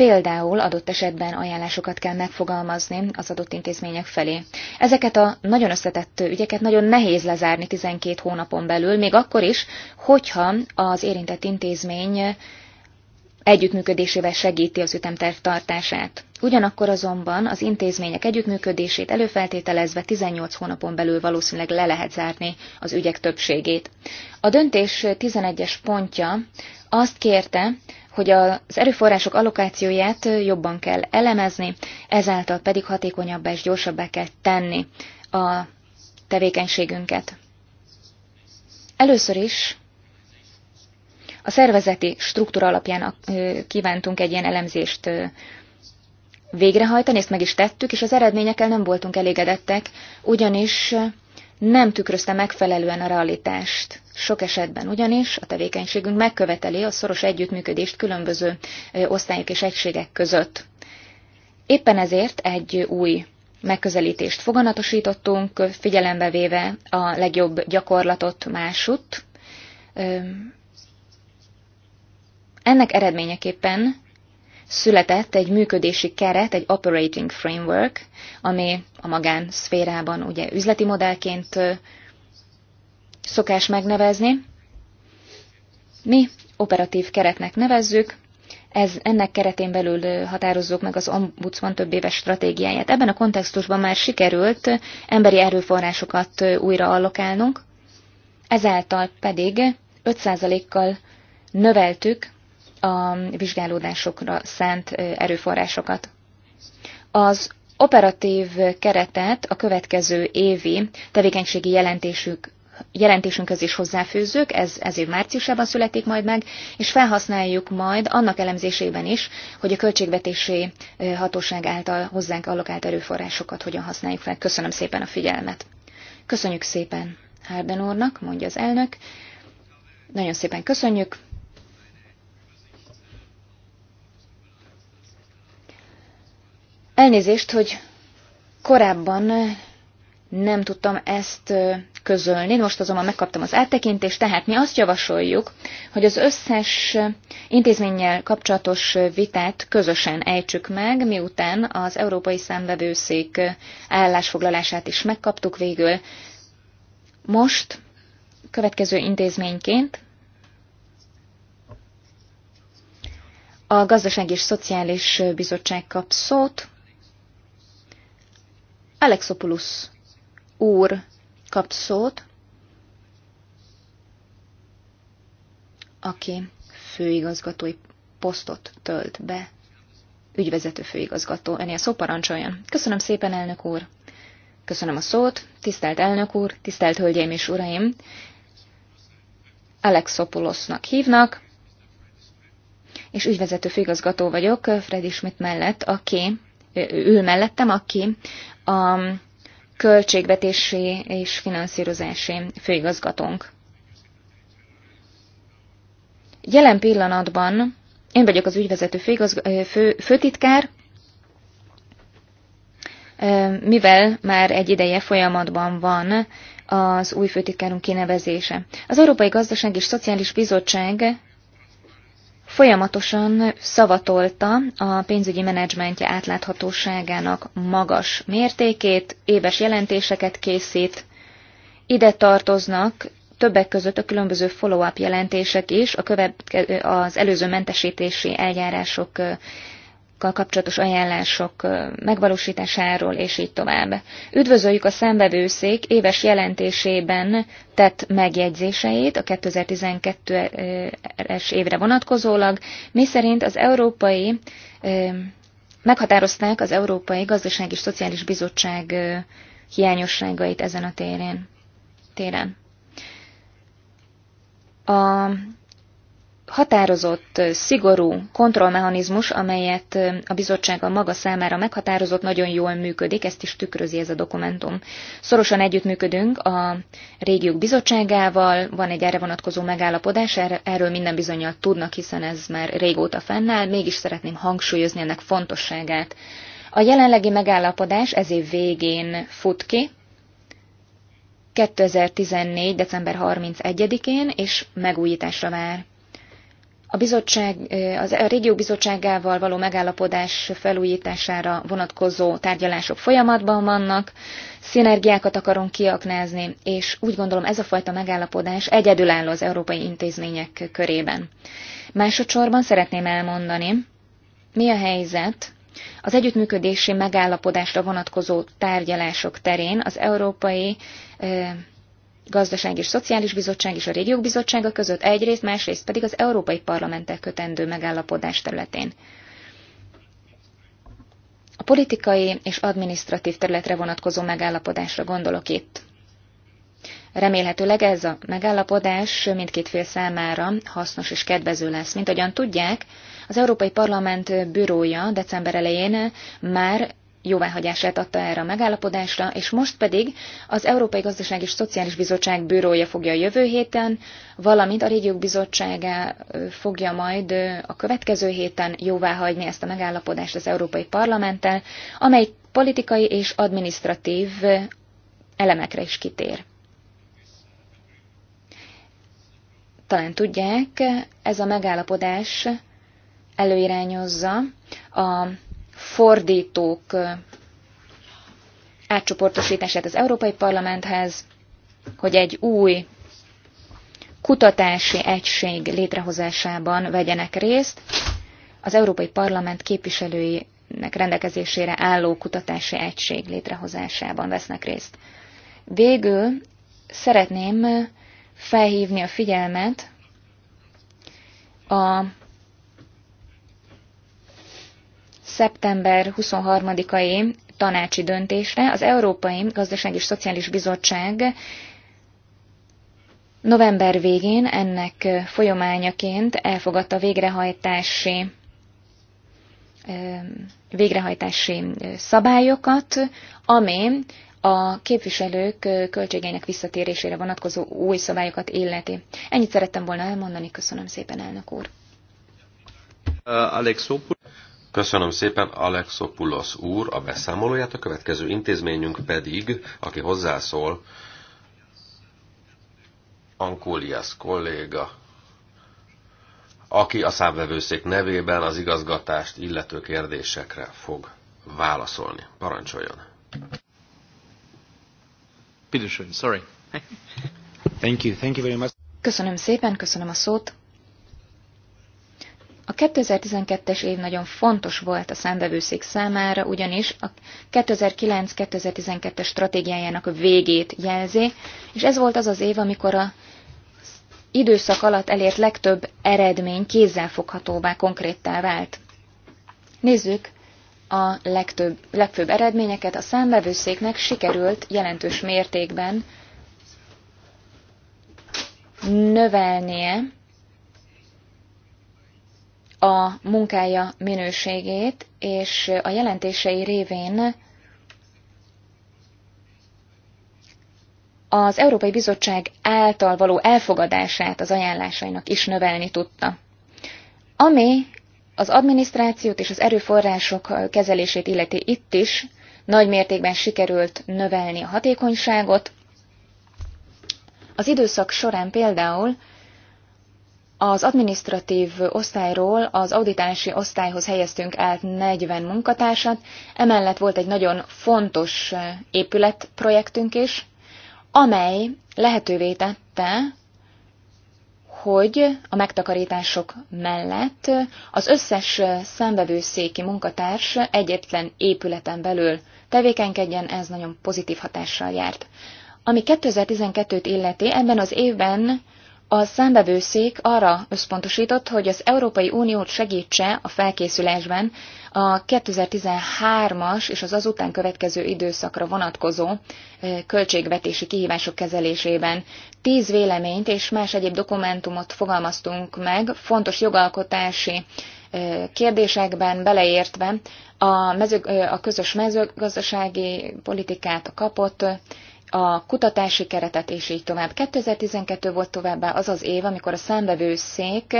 S3: Például adott esetben ajánlásokat kell megfogalmazni az adott intézmények felé. Ezeket a nagyon összetett ügyeket nagyon nehéz lezárni 12 hónapon belül, még akkor is, hogyha az érintett intézmény együttműködésével segíti az ütemterv tartását. Ugyanakkor azonban az intézmények együttműködését előfeltételezve 18 hónapon belül valószínűleg le lehet zárni az ügyek többségét. A döntés 11-es pontja azt kérte, hogy az erőforrások allokációját jobban kell elemezni, ezáltal pedig hatékonyabbá és gyorsabbá kell tenni a tevékenységünket. Először is a szervezeti struktúra alapján kívántunk egy ilyen elemzést végrehajtani, ezt meg is tettük, és az eredményekkel nem voltunk elégedettek, ugyanis nem tükrözte megfelelően a realitást. Sok esetben ugyanis a tevékenységünk megköveteli a szoros együttműködést különböző osztályok és egységek között. Éppen ezért egy új megközelítést foganatosítottunk, figyelembe véve a legjobb gyakorlatot másutt. Ennek eredményeképpen született egy működési keret, egy operating framework, ami a magán szférában ugye üzleti modellként szokás megnevezni. Mi operatív keretnek nevezzük, ez, ennek keretén belül határozzuk meg az ombudsman több éves stratégiáját. Ebben a kontextusban már sikerült emberi erőforrásokat újra allokálnunk, ezáltal pedig 5%-kal növeltük a vizsgálódásokra szánt erőforrásokat. Az operatív keretet a következő évi tevékenységi jelentésük jelentésünkhöz is hozzáfőzzük, ez, ez év márciusában születik majd meg, és felhasználjuk majd annak elemzésében is, hogy a költségvetési hatóság által hozzánk allokált erőforrásokat hogyan használjuk fel. Köszönöm szépen a figyelmet. Köszönjük szépen Hárden úrnak, mondja az elnök. Nagyon szépen köszönjük. Elnézést, hogy korábban eh, nem tudtam ezt eh, közölni, most azonban megkaptam az áttekintést, tehát mi azt javasoljuk, hogy az összes eh, intézménnyel kapcsolatos vitát közösen ejtsük meg, miután az Európai Számbevőszék állásfoglalását is megkaptuk végül. Most következő intézményként a Gazdaság és Szociális Bizottság kap szót, Alexopoulos úr kap szót, aki főigazgatói posztot tölt be, ügyvezető főigazgató. Ennél szó parancsoljon. Köszönöm szépen, elnök úr. Köszönöm a szót, tisztelt elnök úr, tisztelt hölgyeim és uraim. Alexopoulosnak hívnak, és ügyvezető főigazgató vagyok Freddy Schmidt mellett, aki ül mellettem, aki a költségvetési és finanszírozási főigazgatónk. Jelen pillanatban én vagyok az ügyvezető fő, főtitkár, mivel már egy ideje folyamatban van az új főtitkárunk kinevezése. Az Európai Gazdaság és Szociális Bizottság folyamatosan szavatolta a pénzügyi menedzsmentje átláthatóságának magas mértékét, éves jelentéseket készít. Ide tartoznak többek között a különböző follow-up jelentések is, a követke, az előző mentesítési eljárások kapcsolatos ajánlások megvalósításáról, és így tovább. Üdvözöljük a szembevőszék éves jelentésében tett megjegyzéseit a 2012-es évre vonatkozólag, miszerint az európai meghatározták az Európai Gazdasági és Szociális Bizottság hiányosságait ezen a téren. téren. A határozott, szigorú kontrollmechanizmus, amelyet a bizottság a maga számára meghatározott, nagyon jól működik, ezt is tükrözi ez a dokumentum. Szorosan együttműködünk a régiók bizottságával, van egy erre vonatkozó megállapodás, erről minden bizonyal tudnak, hiszen ez már régóta fennáll, mégis szeretném hangsúlyozni ennek fontosságát. A jelenlegi megállapodás ez év végén fut ki, 2014. december 31-én, és megújításra vár. A, bizottság, az, a régió bizottságával való megállapodás felújítására vonatkozó tárgyalások folyamatban vannak, szinergiákat akarunk kiaknázni, és úgy gondolom ez a fajta megállapodás egyedülálló az európai intézmények körében. Másodszorban szeretném elmondani, mi a helyzet az együttműködési megállapodásra vonatkozó tárgyalások terén az európai Gazdaság és Szociális Bizottság és a Régiók Bizottsága között egyrészt, másrészt pedig az Európai Parlamentek kötendő megállapodás területén. A politikai és adminisztratív területre vonatkozó megállapodásra gondolok itt. Remélhetőleg ez a megállapodás mindkét fél számára hasznos és kedvező lesz. Mint ahogyan tudják, az Európai Parlament bürója december elején már jóváhagyását adta erre a megállapodásra, és most pedig az Európai Gazdaság és Szociális Bizottság bűrója fogja a jövő héten, valamint a Régiók bizottsága fogja majd a következő héten jóváhagyni ezt a megállapodást az Európai Parlamenttel, amely politikai és administratív elemekre is kitér. Talán tudják, ez a megállapodás előirányozza a fordítók átcsoportosítását az Európai Parlamenthez, hogy egy új kutatási egység létrehozásában vegyenek részt, az Európai Parlament képviselőinek rendelkezésére álló kutatási egység létrehozásában vesznek részt. Végül szeretném felhívni a figyelmet a szeptember 23-ai tanácsi döntésre az Európai gazdasági és Szociális Bizottság november végén ennek folyamányaként elfogadta végrehajtási végrehajtási szabályokat, ami a képviselők költségeinek visszatérésére vonatkozó új szabályokat illeti. Ennyit szerettem volna elmondani, köszönöm szépen, elnök úr.
S1: Alex Opul. Köszönöm szépen Alexopoulos úr a beszámolóját, a következő intézményünk pedig, aki hozzászól, Ankóliász kolléga, aki a számvevőszék nevében az igazgatást illető kérdésekre fog válaszolni. Parancsoljon!
S5: Sorry. Thank you. Thank you very much.
S3: Köszönöm szépen, köszönöm a szót. A 2012-es év nagyon fontos volt a számbevőszék számára, ugyanis a 2009-2012-es stratégiájának a végét jelzi, és ez volt az az év, amikor a időszak alatt elért legtöbb eredmény kézzelfoghatóvá, konkréttá vált. Nézzük a legtöbb, legfőbb eredményeket. A számbevőszéknek sikerült jelentős mértékben növelnie a munkája minőségét, és a jelentései révén az Európai Bizottság által való elfogadását az ajánlásainak is növelni tudta. Ami az adminisztrációt és az erőforrások kezelését illeti itt is, nagy mértékben sikerült növelni a hatékonyságot. Az időszak során például az adminisztratív osztályról az auditási osztályhoz helyeztünk el 40 munkatársat, emellett volt egy nagyon fontos épületprojektünk is, amely lehetővé tette, hogy a megtakarítások mellett az összes szembevőszéki munkatárs egyetlen épületen belül tevékenykedjen, ez nagyon pozitív hatással járt. Ami 2012-t illeti, ebben az évben a számbevőszék arra összpontosított, hogy az Európai Uniót segítse a felkészülésben a 2013-as és az azután következő időszakra vonatkozó költségvetési kihívások kezelésében. Tíz véleményt és más egyéb dokumentumot fogalmaztunk meg fontos jogalkotási kérdésekben beleértve a, mező, a közös mezőgazdasági politikát, a kapott a kutatási keretet, és így tovább. 2012 volt továbbá az az év, amikor a számbevőszék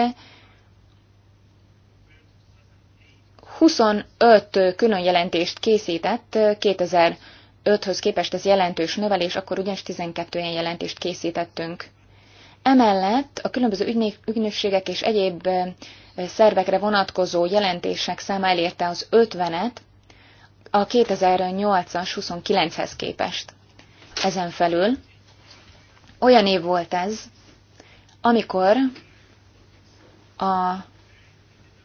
S3: 25 külön jelentést készített 2005-höz képest ez jelentős növelés, akkor ugyanis 12 ilyen jelentést készítettünk. Emellett a különböző ügynökségek és egyéb eh, szervekre vonatkozó jelentések száma elérte az 50-et a 2008-as 29-hez képest. Ezen felül olyan év volt ez, amikor a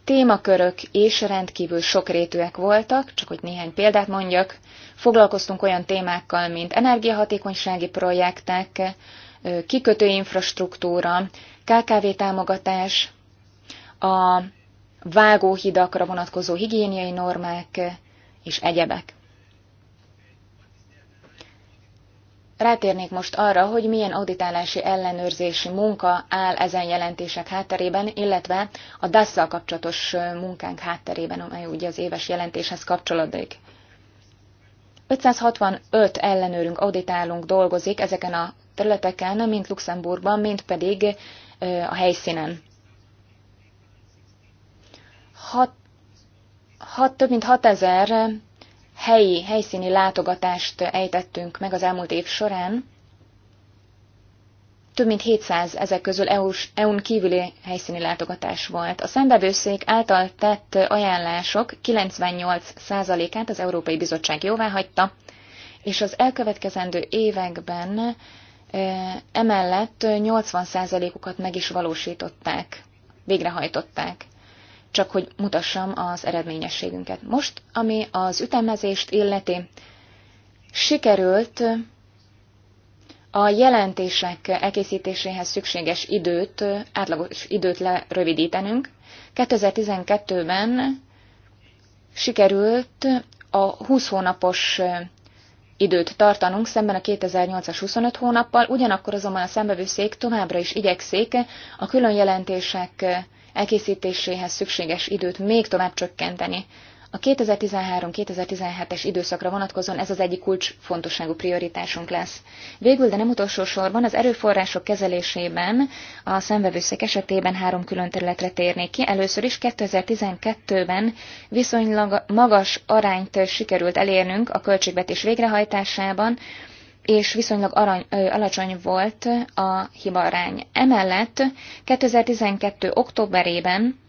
S3: témakörök és rendkívül sokrétűek voltak, csak hogy néhány példát mondjak. Foglalkoztunk olyan témákkal, mint energiahatékonysági projektek, kikötő infrastruktúra, KKV támogatás, a vágóhidakra vonatkozó higiéniai normák és egyebek. Rátérnék most arra, hogy milyen auditálási ellenőrzési munka áll ezen jelentések hátterében, illetve a DASZ-szal kapcsolatos munkánk hátterében, amely ugye az éves jelentéshez kapcsolódik. 565 ellenőrünk, auditálunk dolgozik ezeken a területeken, mint Luxemburgban, mint pedig a helyszínen. Hat, hat, több mint 6000 helyi, helyszíni látogatást ejtettünk meg az elmúlt év során. Több mint 700 ezek közül EU-n kívüli helyszíni látogatás volt. A szembevőszék által tett ajánlások 98%-át az Európai Bizottság hagyta, és az elkövetkezendő években emellett 80%-ukat meg is valósították, végrehajtották csak hogy mutassam az eredményességünket. Most, ami az ütemezést illeti, sikerült a jelentések elkészítéséhez szükséges időt, átlagos időt lerövidítenünk. 2012-ben sikerült a 20 hónapos időt tartanunk szemben a 2008-as 25 hónappal, ugyanakkor azonban a szembevőszék továbbra is igyekszik a külön jelentések elkészítéséhez szükséges időt még tovább csökkenteni. A 2013-2017-es időszakra vonatkozóan ez az egyik kulcsfontosságú prioritásunk lesz. Végül, de nem utolsó sorban, az erőforrások kezelésében a szemvevőszék esetében három külön területre térnék ki. Először is 2012-ben viszonylag magas arányt sikerült elérnünk a költségvetés végrehajtásában, és viszonylag arany, ö, alacsony volt a arány. Emellett 2012. októberében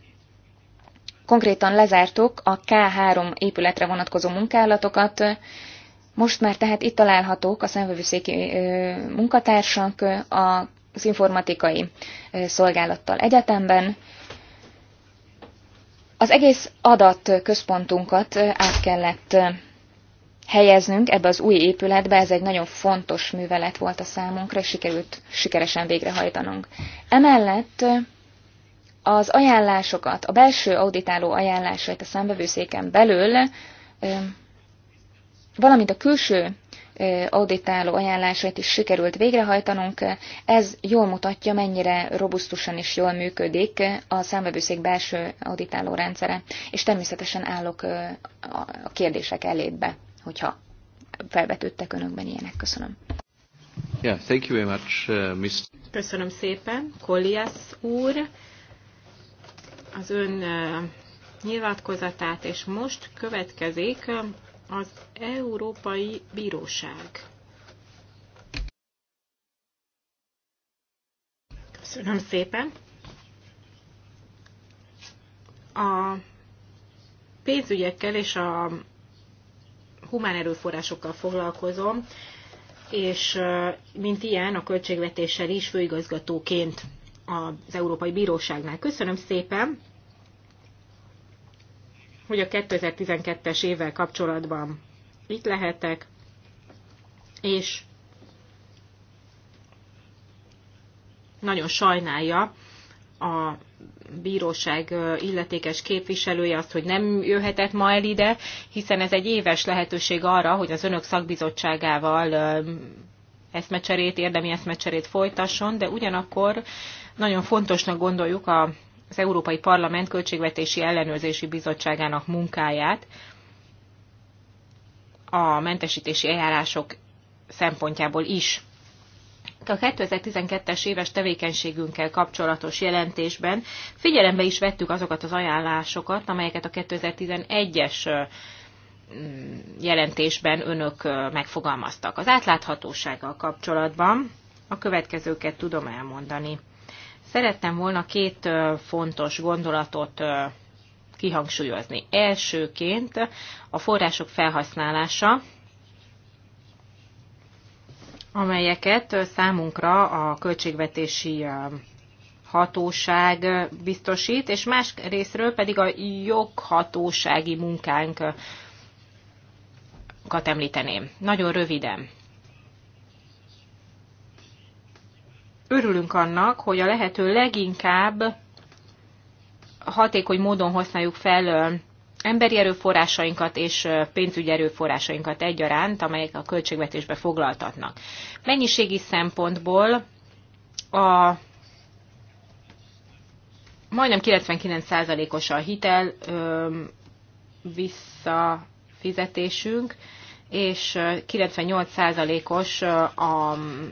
S3: konkrétan lezártuk a K3 épületre vonatkozó munkálatokat, most már tehát itt találhatók a szemvevőszéki munkatársak az informatikai szolgálattal egyetemben. Az egész adatközpontunkat át kellett helyeznünk ebbe az új épületbe, ez egy nagyon fontos művelet volt a számunkra, és sikerült sikeresen végrehajtanunk. Emellett az ajánlásokat, a belső auditáló ajánlásait a számbevőszéken belül, valamint a külső auditáló ajánlásait is sikerült végrehajtanunk. Ez jól mutatja, mennyire robusztusan és jól működik a számbevőszék belső auditáló rendszere, és természetesen állok a kérdések elébe hogyha felvetődtek önökben ilyenek. Köszönöm.
S1: Yeah, thank you very much, uh, Mr.
S2: Köszönöm szépen, Kolias úr, az ön uh, nyilatkozatát, és most következik um, az Európai Bíróság. Köszönöm szépen. A pénzügyekkel és a humán erőforrásokkal foglalkozom, és mint ilyen a költségvetéssel is főigazgatóként az Európai Bíróságnál. Köszönöm szépen, hogy a 2012-es évvel kapcsolatban itt lehetek, és nagyon sajnálja a bíróság illetékes képviselője azt, hogy nem jöhetett ma el ide, hiszen ez egy éves lehetőség arra, hogy az önök szakbizottságával eszmecserét, érdemi eszmecserét folytasson, de ugyanakkor nagyon fontosnak gondoljuk a az Európai Parlament Költségvetési Ellenőrzési Bizottságának munkáját a mentesítési eljárások szempontjából is a 2012-es éves tevékenységünkkel kapcsolatos jelentésben figyelembe is vettük azokat az ajánlásokat, amelyeket a 2011-es mm, jelentésben önök megfogalmaztak. Az átláthatósággal kapcsolatban a következőket tudom elmondani. Szerettem volna két fontos gondolatot kihangsúlyozni. Elsőként a források felhasználása, amelyeket számunkra a költségvetési hatóság biztosít, és más részről pedig a joghatósági munkánkat említeném. Nagyon röviden. Örülünk annak, hogy a lehető leginkább hatékony módon használjuk fel emberi erőforrásainkat és pénzügyi erőforrásainkat egyaránt, amelyek a költségvetésbe foglaltatnak. Mennyiségi szempontból a majdnem 99%-os a hitel ö, visszafizetésünk, és 98%-os a mm,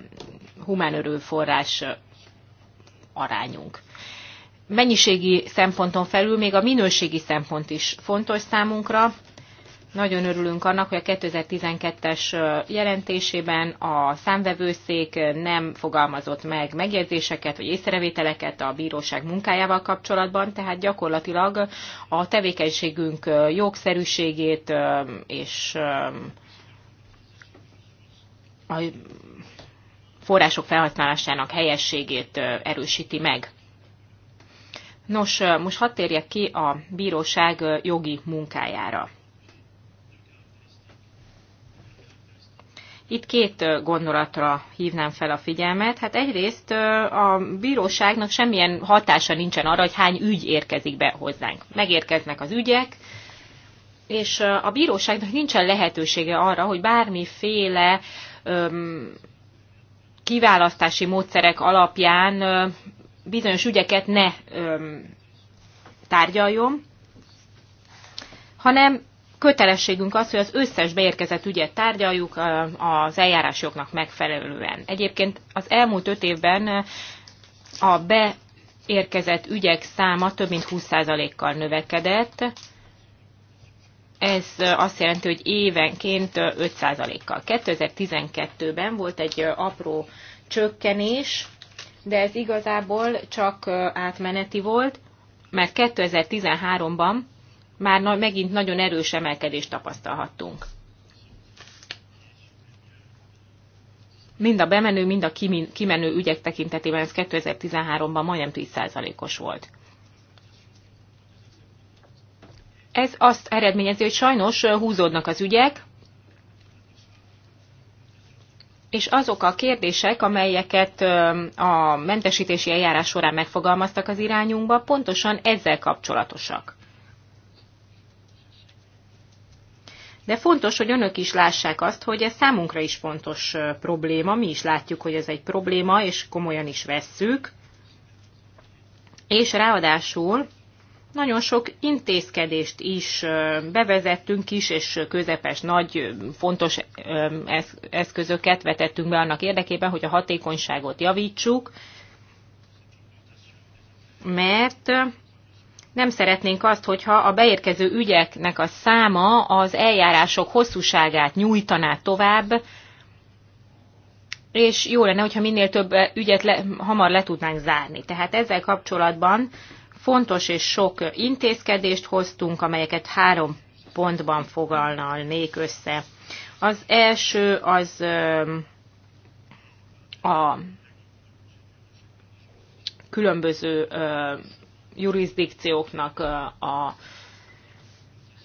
S2: humán erőforrás arányunk mennyiségi szemponton felül még a minőségi szempont is fontos számunkra. Nagyon örülünk annak, hogy a 2012-es jelentésében a számvevőszék nem fogalmazott meg megjegyzéseket vagy észrevételeket a bíróság munkájával kapcsolatban, tehát gyakorlatilag a tevékenységünk jogszerűségét és a források felhasználásának helyességét erősíti meg. Nos, most hadd térjek ki a bíróság jogi munkájára. Itt két gondolatra hívnám fel a figyelmet. Hát egyrészt a bíróságnak semmilyen hatása nincsen arra, hogy hány ügy érkezik be hozzánk. Megérkeznek az ügyek, és a bíróságnak nincsen lehetősége arra, hogy bármiféle öm, kiválasztási módszerek alapján bizonyos ügyeket ne öm, tárgyaljon, hanem kötelességünk az, hogy az összes beérkezett ügyet tárgyaljuk az eljárásoknak megfelelően. Egyébként az elmúlt öt évben a beérkezett ügyek száma több mint 20%-kal növekedett. Ez azt jelenti, hogy évenként 5%-kal. 2012-ben volt egy apró csökkenés, de ez igazából csak átmeneti volt, mert 2013-ban már megint nagyon erős emelkedést tapasztalhattunk. Mind a bemenő, mind a kimenő ügyek tekintetében ez 2013-ban majdnem 10%-os volt. Ez azt eredményezi, hogy sajnos húzódnak az ügyek, és azok a kérdések, amelyeket a mentesítési eljárás során megfogalmaztak az irányunkba, pontosan ezzel kapcsolatosak. De fontos, hogy önök is lássák azt, hogy ez számunkra is fontos probléma, mi is látjuk, hogy ez egy probléma, és komolyan is vesszük. És ráadásul nagyon sok intézkedést is bevezettünk is, és közepes, nagy, fontos eszközöket vetettünk be annak érdekében, hogy a hatékonyságot javítsuk, mert nem szeretnénk azt, hogyha a beérkező ügyeknek a száma az eljárások hosszúságát nyújtaná tovább, és jó lenne, hogyha minél több ügyet le, hamar le tudnánk zárni. Tehát ezzel kapcsolatban Fontos és sok intézkedést hoztunk, amelyeket három pontban fogalnalnék össze. Az első az a különböző jurisdikcióknak a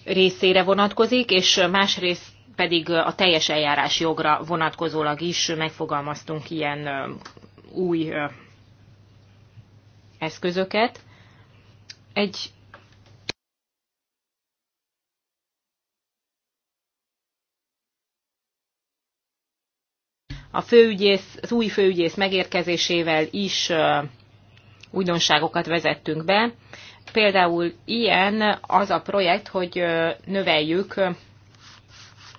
S2: részére vonatkozik, és másrészt pedig a teljes eljárás jogra vonatkozólag is megfogalmaztunk ilyen új eszközöket egy a főügyész, az új főügyész megérkezésével is újdonságokat vezettünk be. Például ilyen az a projekt, hogy növeljük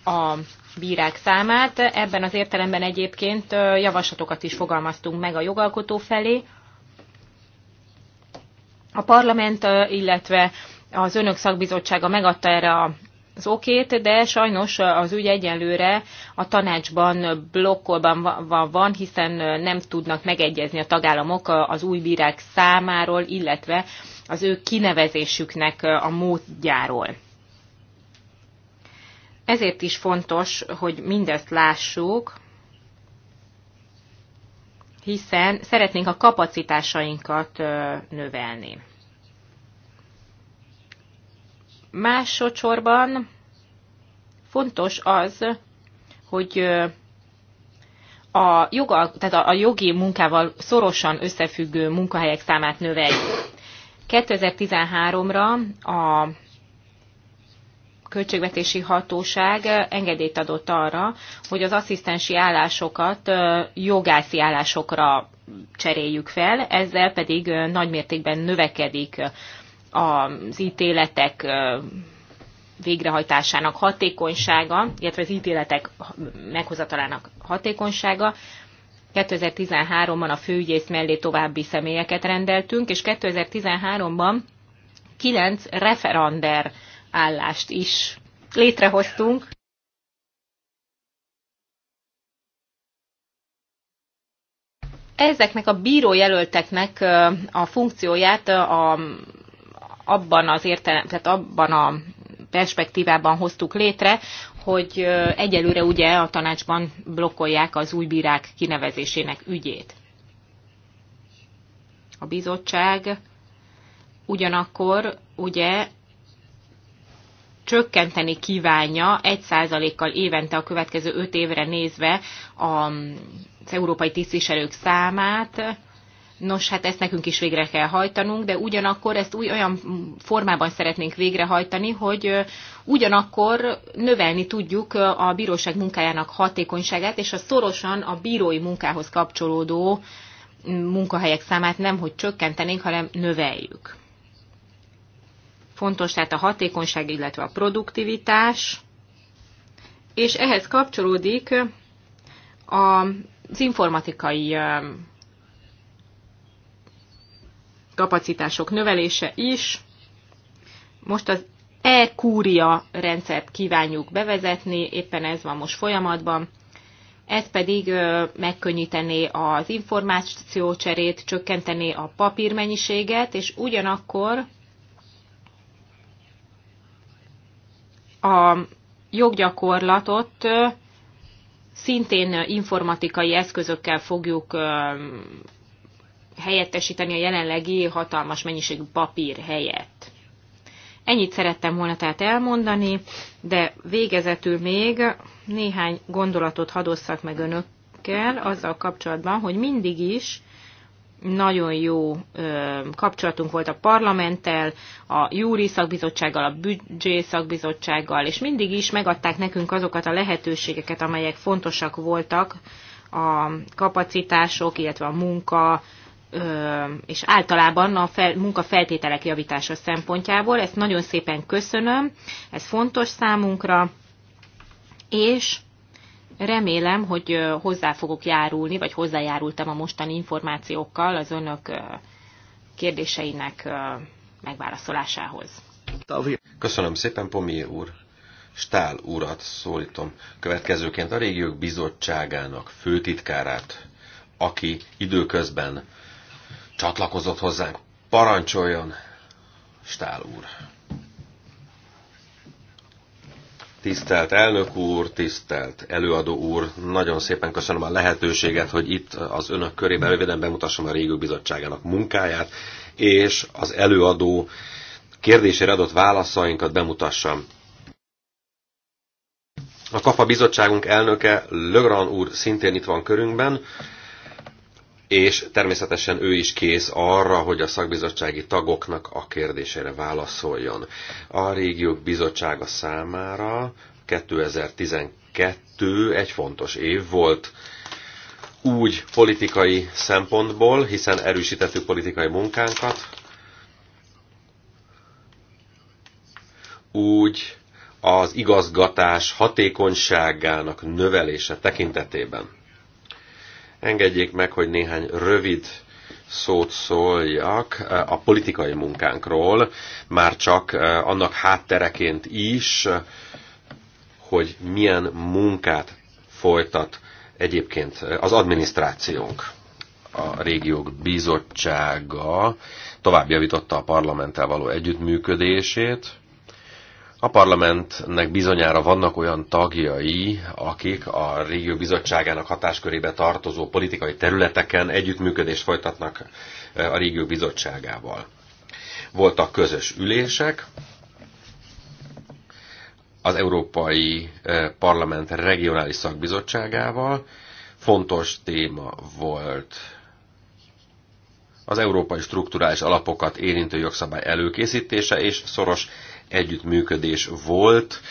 S2: a bírák számát. Ebben az értelemben egyébként javaslatokat is fogalmaztunk meg a jogalkotó felé, a parlament, illetve az önök szakbizottsága megadta erre az okét, de sajnos az ügy egyenlőre a tanácsban blokkolban van, hiszen nem tudnak megegyezni a tagállamok az új bírák számáról, illetve az ő kinevezésüknek a módjáról. Ezért is fontos, hogy mindezt lássuk, hiszen szeretnénk a kapacitásainkat növelni. Másodszorban fontos az, hogy a, joga, tehát a jogi munkával szorosan összefüggő munkahelyek számát növeljük. 2013-ra a költségvetési hatóság engedélyt adott arra, hogy az asszisztensi állásokat jogászi állásokra cseréljük fel, ezzel pedig nagymértékben növekedik az ítéletek végrehajtásának hatékonysága, illetve az ítéletek meghozatalának hatékonysága. 2013-ban a főügyész mellé további személyeket rendeltünk, és 2013-ban kilenc referander állást is létrehoztunk. Ezeknek a bírójelölteknek a funkcióját a, abban az értelem, tehát abban a perspektívában hoztuk létre, hogy egyelőre ugye a tanácsban blokkolják az új bírák kinevezésének ügyét. A bizottság ugyanakkor ugye csökkenteni kívánja 1%-kal évente a következő 5 évre nézve az európai tisztviselők számát. Nos, hát ezt nekünk is végre kell hajtanunk, de ugyanakkor ezt új olyan formában szeretnénk végrehajtani, hogy ugyanakkor növelni tudjuk a bíróság munkájának hatékonyságát, és a szorosan a bírói munkához kapcsolódó munkahelyek számát nem, hogy csökkentenénk, hanem növeljük. Fontos tehát a hatékonyság, illetve a produktivitás, és ehhez kapcsolódik az informatikai kapacitások növelése is. Most az e-kúria rendszert kívánjuk bevezetni, éppen ez van most folyamatban. Ez pedig megkönnyítené az információcserét, csökkentené a papírmennyiséget, és ugyanakkor a joggyakorlatot szintén informatikai eszközökkel fogjuk helyettesíteni a jelenlegi hatalmas mennyiségű papír helyett. Ennyit szerettem volna tehát elmondani, de végezetül még néhány gondolatot hadosszak meg önökkel azzal kapcsolatban, hogy mindig is nagyon jó kapcsolatunk volt a parlamenttel, a júri szakbizottsággal, a büdzsé szakbizottsággal, és mindig is megadták nekünk azokat a lehetőségeket, amelyek fontosak voltak a kapacitások, illetve a munka, és általában a fel, munkafeltételek javítása szempontjából. Ezt nagyon szépen köszönöm, ez fontos számunkra, és Remélem, hogy hozzá fogok járulni, vagy hozzájárultam a mostani információkkal az önök kérdéseinek megválaszolásához.
S1: Köszönöm szépen, Pomié úr. Stál urat szólítom. Következőként a régiók bizottságának főtitkárát, aki időközben csatlakozott hozzánk, parancsoljon, Stál úr. Tisztelt elnök úr, tisztelt előadó úr, nagyon szépen köszönöm a lehetőséget, hogy itt az önök körében röviden bemutassam a régi Bizottságának munkáját, és az előadó kérdésére adott válaszainkat bemutassam. A KAPA bizottságunk elnöke Lögran úr szintén itt van körünkben, és természetesen ő is kész arra, hogy a szakbizottsági tagoknak a kérdésére válaszoljon. A régiók bizottsága számára 2012 egy fontos év volt, úgy politikai szempontból, hiszen erősítettük politikai munkánkat, úgy az igazgatás hatékonyságának növelése tekintetében Engedjék meg, hogy néhány rövid szót szóljak eh, a politikai munkánkról, már csak eh, annak háttereként is, hogy milyen munkát folytat egyébként eh, az adminisztrációnk. A régiók bizottsága továbbjavította a parlamenttel való együttműködését, a parlamentnek bizonyára vannak olyan tagjai, akik a régió bizottságának hatáskörébe tartozó politikai területeken együttműködést folytatnak eh, a régió bizottságával. Voltak közös ülések, az Európai eh, Parlament regionális szakbizottságával. Fontos téma volt az európai strukturális alapokat érintő jogszabály előkészítése és szoros együttműködés volt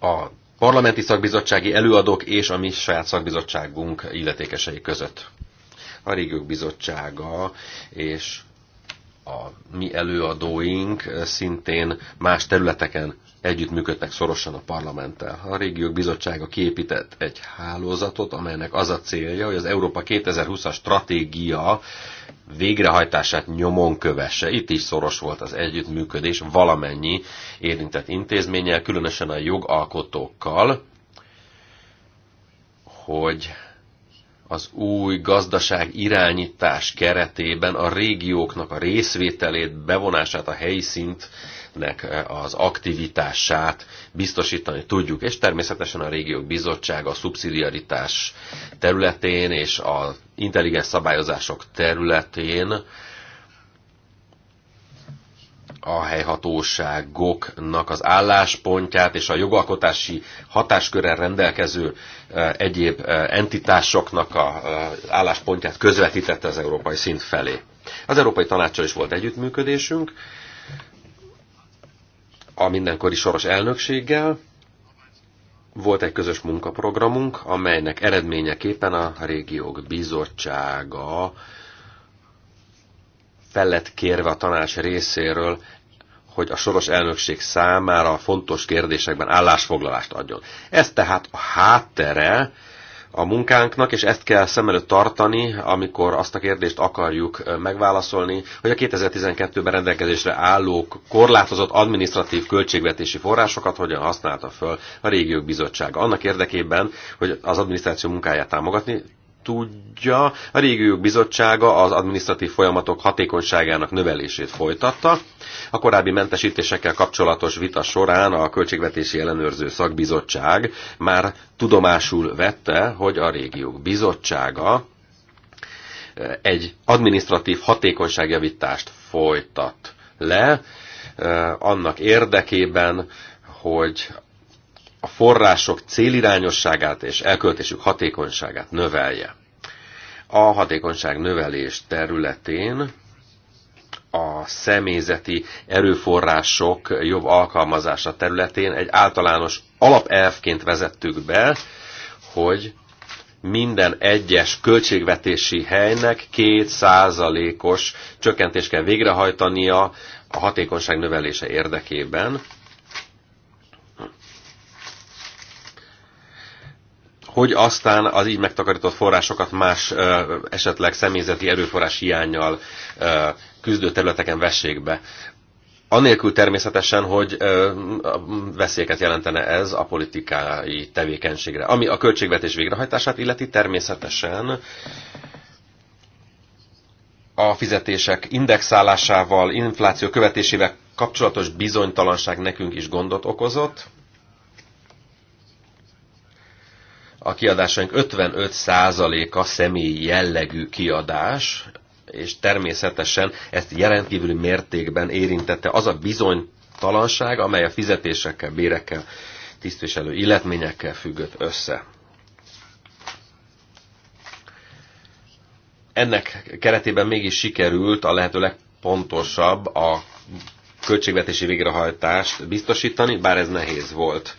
S1: a parlamenti szakbizottsági előadók és a mi saját szakbizottságunk illetékesei között. A Régiók Bizottsága és a mi előadóink szintén más területeken együttműködtek szorosan a parlamenttel. A Régiók Bizottsága kiépített egy hálózatot, amelynek az a célja, hogy az Európa 2020-as stratégia végrehajtását nyomon kövesse. Itt is szoros volt az együttműködés valamennyi érintett intézménnyel, különösen a jogalkotókkal, hogy az új gazdaság irányítás keretében a régióknak a részvételét, bevonását, a helyi szint nek eh, az aktivitását biztosítani tudjuk, és természetesen a régiók bizottsága a szubszidiaritás területén és az intelligens szabályozások területén a helyhatóságoknak az álláspontját és a jogalkotási hatáskörrel rendelkező eh, egyéb eh, entitásoknak az álláspontját közvetítette az európai szint felé. Az Európai Tanácssal is volt együttműködésünk, a mindenkori soros elnökséggel. Volt egy közös munkaprogramunk, amelynek eredményeképpen a régiók bizottsága felett kérve a tanács részéről, hogy a soros elnökség számára fontos kérdésekben állásfoglalást adjon. Ez tehát a háttere a munkánknak, és ezt kell szem előtt tartani, amikor azt a kérdést akarjuk megválaszolni, hogy a 2012-ben rendelkezésre álló korlátozott adminisztratív költségvetési forrásokat hogyan használta föl a régiók bizottsága. Annak érdekében, hogy az adminisztráció munkáját támogatni tudja, a régiók bizottsága az adminisztratív folyamatok hatékonyságának növelését folytatta, a korábbi mentesítésekkel kapcsolatos vita során a Költségvetési Ellenőrző Szakbizottság már tudomásul vette, hogy a régiók bizottsága eh, egy adminisztratív hatékonyságjavítást folytat le, eh, annak érdekében, hogy a források célirányosságát és elköltésük hatékonyságát növelje. A hatékonyság növelés területén a személyzeti erőforrások jobb alkalmazása területén egy általános alapelvként vezettük be, hogy minden egyes költségvetési helynek két százalékos csökkentést kell végrehajtania a hatékonyság növelése érdekében. Hogy aztán az így megtakarított forrásokat más esetleg személyzeti erőforrás hiányjal küzdő területeken vessék be. Anélkül természetesen, hogy veszélyeket jelentene ez a politikai tevékenységre. Ami a költségvetés végrehajtását illeti, természetesen a fizetések indexálásával, infláció követésével kapcsolatos bizonytalanság nekünk is gondot okozott. A kiadásaink 55%-a személyi jellegű kiadás, és természetesen ezt jelentkívül mértékben érintette az a bizonytalanság, amely a fizetésekkel, bérekkel, tisztviselő illetményekkel függött össze. Ennek keretében mégis sikerült a lehető legpontosabb a költségvetési végrehajtást biztosítani, bár ez nehéz volt.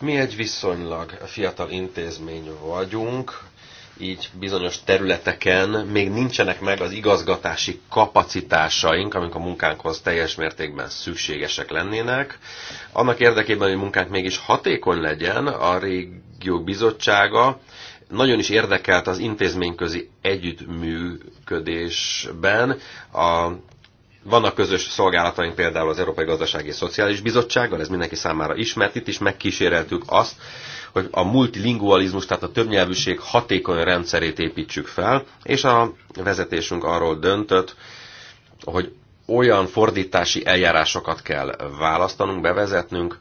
S1: Mi egy viszonylag fiatal intézmény vagyunk, így bizonyos területeken még nincsenek meg az igazgatási kapacitásaink, amik a munkánkhoz teljes mértékben szükségesek lennének. Annak érdekében, hogy a munkánk mégis hatékony legyen, a régió bizottsága nagyon is érdekelt az intézményközi együttműködésben. A, vannak közös szolgálataink például az Európai Gazdasági és Szociális Bizottsággal, ez mindenki számára ismert, itt is megkíséreltük azt, hogy a multilingualizmus, tehát a többnyelvűség hatékony rendszerét építsük fel, és a vezetésünk arról döntött, hogy olyan fordítási eljárásokat kell választanunk, bevezetnünk,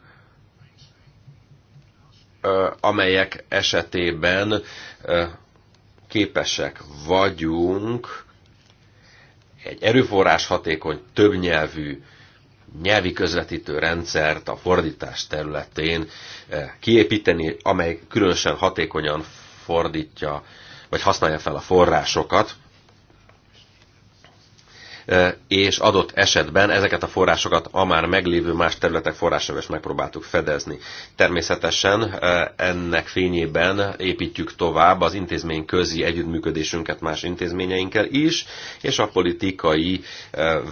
S1: amelyek esetében képesek vagyunk egy erőforrás hatékony, többnyelvű nyelvi közvetítő rendszert a fordítás területén eh, kiépíteni, amely különösen hatékonyan fordítja, vagy használja fel a forrásokat, és adott esetben ezeket a forrásokat a már meglévő más területek forrásával is megpróbáltuk fedezni. Természetesen ennek fényében építjük tovább az intézmény közi együttműködésünket más intézményeinkkel is, és a politikai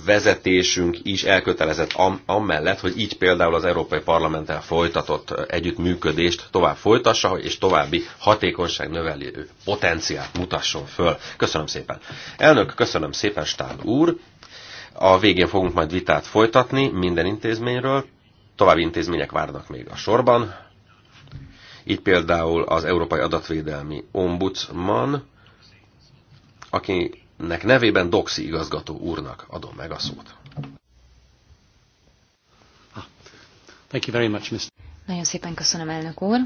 S1: vezetésünk is elkötelezett am amellett, hogy így például az Európai Parlamenttel folytatott együttműködést tovább folytassa, és további hatékonyság növelő potenciált mutasson föl. Köszönöm szépen. Elnök, köszönöm szépen, Stán úr. A végén fogunk majd vitát folytatni minden intézményről. További intézmények várnak még a sorban. Itt például az Európai Adatvédelmi Ombudsman, akinek nevében Doxi igazgató úrnak adom meg a szót. Ah,
S4: thank you very much, Mr.
S3: Nagyon szépen köszönöm, elnök úr.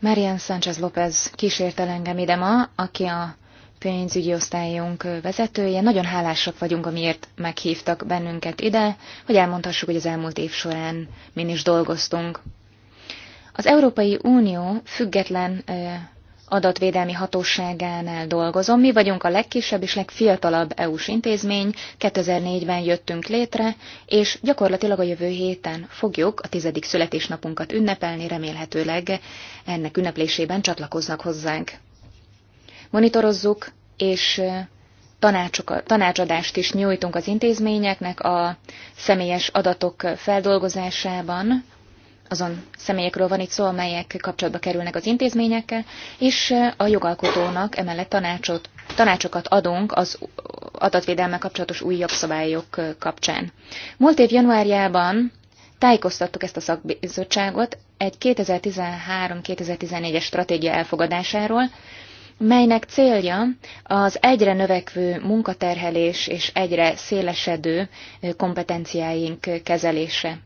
S3: Marian Sánchez López kísért el engem ide ma, aki a pénzügyi osztályunk vezetője. Nagyon hálásak vagyunk, amiért meghívtak bennünket ide, hogy elmondhassuk, hogy az elmúlt év során mi is dolgoztunk. Az Európai Unió független adatvédelmi hatóságánál dolgozom. Mi vagyunk a legkisebb és legfiatalabb EU-s intézmény, 2004-ben jöttünk létre, és gyakorlatilag a jövő héten fogjuk a tizedik születésnapunkat ünnepelni, remélhetőleg ennek ünneplésében csatlakoznak hozzánk monitorozzuk, és tanácsadást is nyújtunk az intézményeknek a személyes adatok feldolgozásában, azon személyekről van itt szó, amelyek kapcsolatba kerülnek az intézményekkel, és a jogalkotónak emellett tanácsot, tanácsokat adunk az adatvédelme kapcsolatos új jogszabályok kapcsán. Múlt év januárjában tájékoztattuk ezt a szakbizottságot egy 2013-2014-es stratégia elfogadásáról, melynek célja az egyre növekvő munkaterhelés és egyre szélesedő kompetenciáink kezelése.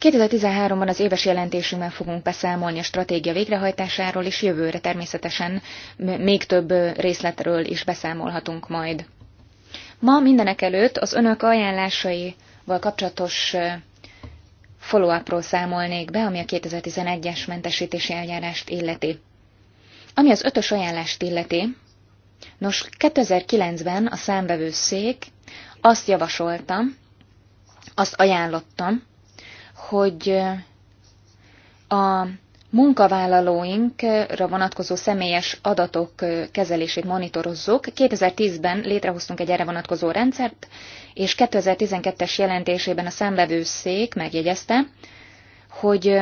S3: 2013-ban az éves jelentésünkben fogunk beszámolni a stratégia végrehajtásáról, és jövőre természetesen még több részletről is beszámolhatunk majd. Ma mindenek előtt az önök ajánlásaival kapcsolatos follow-upról számolnék be, ami a 2011-es mentesítési eljárást illeti. Ami az ötös ajánlást illeti, nos, 2009-ben a számbevőszék azt javasolta, azt ajánlottam, hogy a munkavállalóinkra vonatkozó személyes adatok kezelését monitorozzuk. 2010-ben létrehoztunk egy erre vonatkozó rendszert, és 2012-es jelentésében a számbevőszék megjegyezte, hogy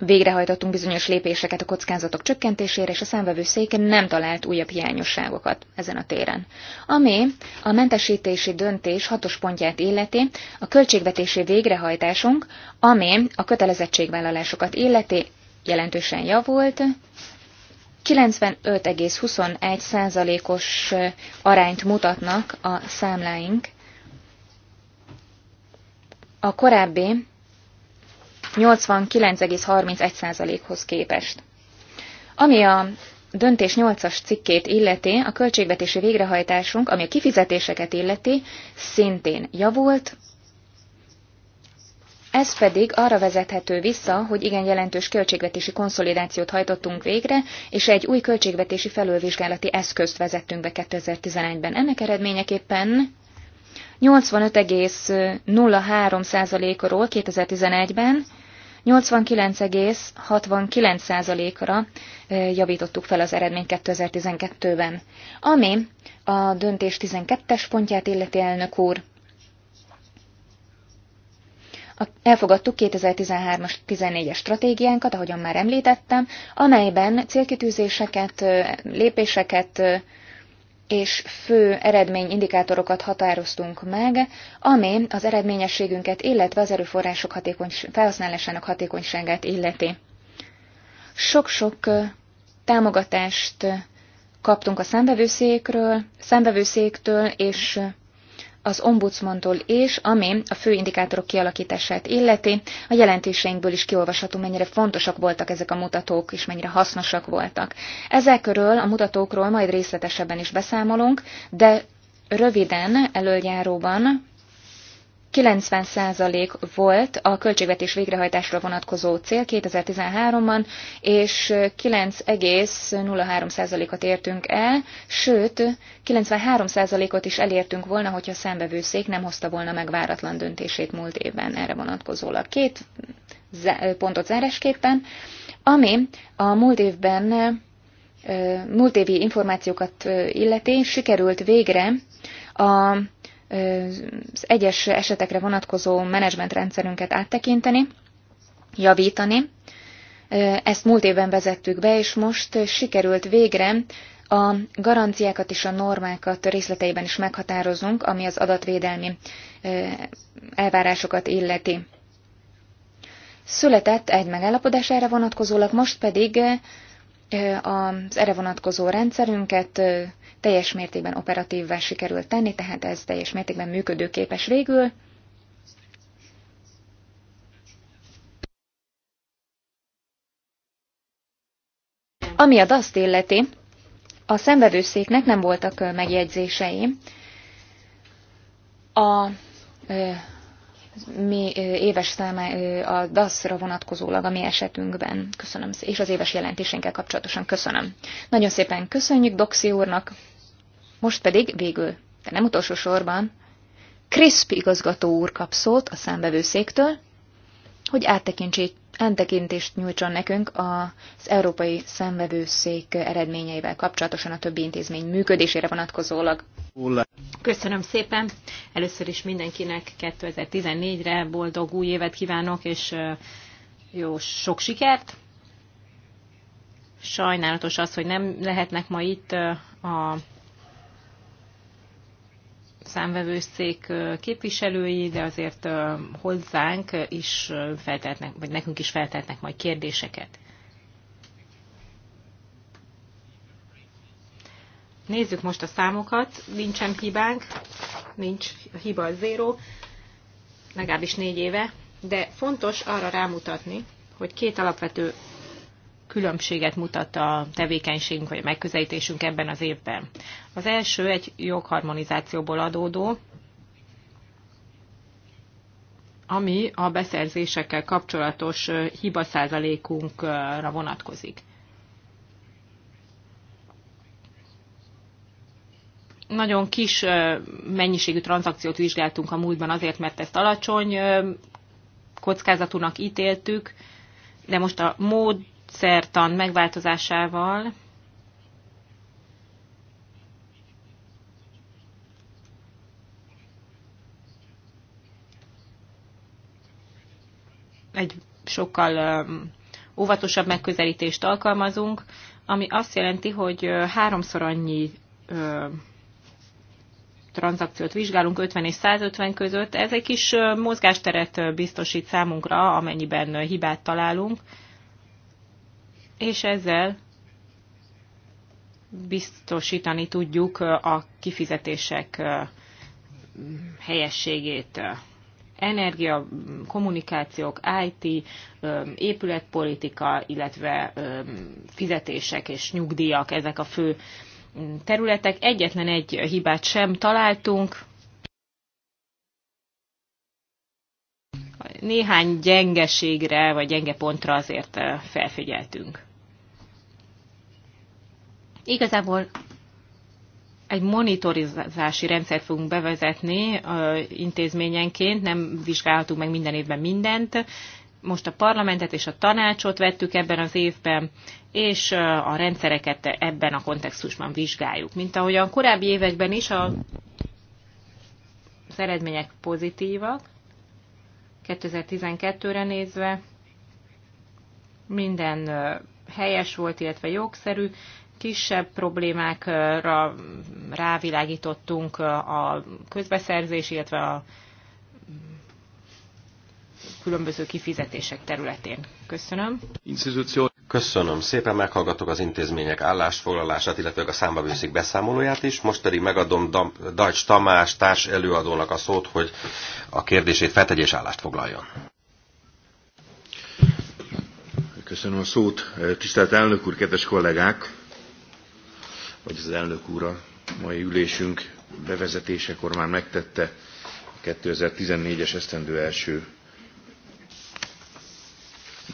S3: Végrehajtottunk bizonyos lépéseket a kockázatok csökkentésére, és a számvevőszék nem talált újabb hiányosságokat ezen a téren. Ami a mentesítési döntés hatos pontját illeti, a költségvetési végrehajtásunk, ami a kötelezettségvállalásokat illeti, jelentősen javult, 95,21%-os arányt mutatnak a számláink. A korábbi 89,31%-hoz képest. Ami a döntés 8-as cikkét illeti, a költségvetési végrehajtásunk, ami a kifizetéseket illeti, szintén javult, ez pedig arra vezethető vissza, hogy igen jelentős költségvetési konszolidációt hajtottunk végre, és egy új költségvetési felülvizsgálati eszközt vezettünk be 2011-ben. Ennek eredményeképpen 85,03%-ról 2011-ben 89,69%-ra javítottuk fel az eredményt 2012-ben. Ami a döntés 12-es pontját illeti elnök úr, Elfogadtuk 2013-as 14-es stratégiánkat, ahogyan már említettem, amelyben célkitűzéseket, lépéseket és fő eredményindikátorokat határoztunk meg, ami az eredményességünket, illetve az erőforrások hatékonys- felhasználásának hatékonyságát illeti. Sok-sok támogatást kaptunk a szembevőszékről, szembevőszéktől, és az ombudsmantól és, ami a fő indikátorok kialakítását illeti, a jelentéseinkből is kiolvasható, mennyire fontosak voltak ezek a mutatók, és mennyire hasznosak voltak. Ezekről a mutatókról majd részletesebben is beszámolunk, de röviden előjáróban 90% volt a költségvetés végrehajtásra vonatkozó cél 2013-ban, és 903 ot értünk el, sőt, 93%-ot is elértünk volna, hogyha a szembevőszék nem hozta volna meg váratlan döntését múlt évben erre vonatkozólag. Két pontot zárásképpen, ami a múlt évben múlt évi információkat illeti, sikerült végre a az egyes esetekre vonatkozó menedzsmentrendszerünket áttekinteni, javítani. Ezt múlt évben vezettük be, és most sikerült végre a garanciákat és a normákat részleteiben is meghatározunk, ami az adatvédelmi elvárásokat illeti. Született egy megállapodás erre vonatkozólag, most pedig az erre vonatkozó rendszerünket teljes mértékben operatívvá sikerült tenni, tehát ez teljes mértékben működőképes végül. Ami a DASZT illeti, a szenvedőszéknek nem voltak megjegyzései. A mi éves száma a DASZ-ra vonatkozólag a mi esetünkben. Köszönöm, és az éves jelentésénkkel kapcsolatosan köszönöm. Nagyon szépen köszönjük Doxi úrnak. Most pedig végül, de nem utolsó sorban, Kriszp igazgató úr kap szót a számbevőszéktől, hogy áttekintsék áttekintést nyújtson nekünk az Európai Szemvevőszék eredményeivel kapcsolatosan a többi intézmény működésére vonatkozólag. Köszönöm szépen!
S2: Először is mindenkinek 2014-re boldog új évet kívánok, és jó sok sikert! Sajnálatos az, hogy nem lehetnek ma itt a számvevőszék képviselői, de azért hozzánk is feltetnek, vagy nekünk is feltetnek majd kérdéseket. Nézzük most a számokat, nincsen hibánk, nincs hiba a zéro, legalábbis négy éve, de fontos arra rámutatni, hogy két alapvető különbséget mutat a tevékenységünk vagy a megközelítésünk ebben az évben. Az első egy jogharmonizációból adódó, ami a beszerzésekkel kapcsolatos hibaszázalékunkra vonatkozik. Nagyon kis mennyiségű tranzakciót vizsgáltunk a múltban azért, mert ezt alacsony kockázatúnak ítéltük, de most a mód módszertan megváltozásával egy sokkal óvatosabb megközelítést alkalmazunk, ami azt jelenti, hogy háromszor annyi tranzakciót vizsgálunk 50 és 150 között. Ez egy kis mozgásteret biztosít számunkra, amennyiben hibát találunk és ezzel biztosítani tudjuk uh, a kifizetések uh, helyességét. Energia, kommunikációk, IT, um, épületpolitika, illetve um, fizetések és nyugdíjak, ezek a fő um, területek. Egyetlen egy hibát sem találtunk. Néhány gyengeségre vagy gyenge pontra azért uh, felfigyeltünk. Igazából egy monitorizási rendszert fogunk bevezetni intézményenként, nem vizsgálhatunk meg minden évben mindent. Most a parlamentet és a tanácsot vettük ebben az évben, és a rendszereket ebben a kontextusban vizsgáljuk. Mint ahogy a korábbi években is a, az eredmények pozitívak, 2012-re nézve minden helyes volt, illetve jogszerű, kisebb problémákra rávilágítottunk a közbeszerzés, illetve a különböző kifizetések területén. Köszönöm.
S1: Institúció. Köszönöm szépen, meghallgatok az intézmények állásfoglalását, illetve a számbavőszik beszámolóját is. Most pedig megadom Dajcs Tamás társ előadónak a szót, hogy a kérdését feltegye és állást foglaljon.
S5: Köszönöm a szót. Tisztelt elnök úr, kedves kollégák! vagy az elnök úr a mai ülésünk bevezetésekor már megtette a 2014-es esztendő első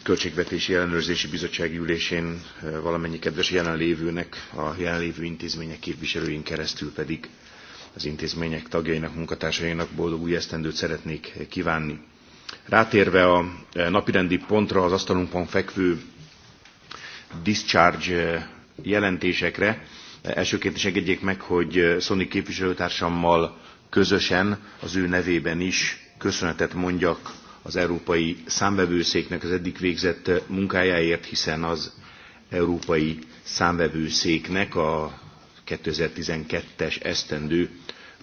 S5: Költségvetési Ellenőrzési Bizottsági Ülésén eh, valamennyi kedves jelenlévőnek, a jelenlévő intézmények képviselőin keresztül pedig az intézmények tagjainak, munkatársainak boldog új esztendőt szeretnék kívánni. Rátérve a eh, napirendi pontra, az asztalunkon fekvő discharge eh, jelentésekre, Elsőként is engedjék meg, hogy eh, Szoni képviselőtársammal közösen az ő nevében is köszönetet mondjak az Európai Számvevőszéknek az eddig végzett eh, munkájáért, hiszen az Európai Számvevőszéknek a 2012-es esztendő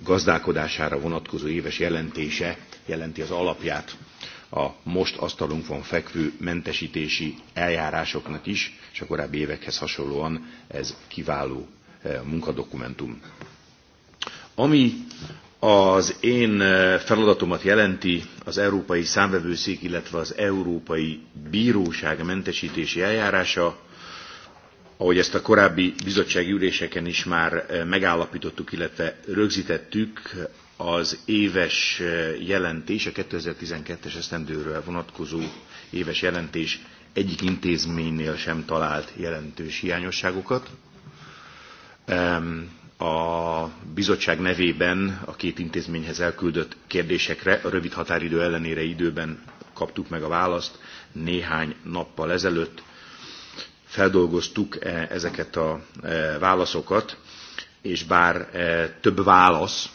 S5: gazdálkodására vonatkozó éves jelentése jelenti az alapját a most asztalunkon fekvő mentesítési eljárásoknak is, és a korábbi évekhez hasonlóan ez kiváló Eh, munkadokumentum. Ami az én eh, feladatomat jelenti az Európai Számvevőszék, illetve az Európai Bíróság mentesítési eljárása, ahogy ezt a korábbi bizottsági üléseken is már eh, megállapítottuk, illetve rögzítettük, az éves jelentés, a 2012-es esztendőről vonatkozó éves jelentés egyik intézménynél sem talált jelentős hiányosságokat a bizottság nevében a két intézményhez elküldött kérdésekre a rövid határidő ellenére időben kaptuk meg a választ néhány nappal ezelőtt. Feldolgoztuk e, ezeket a e, válaszokat, és bár e, több válasz,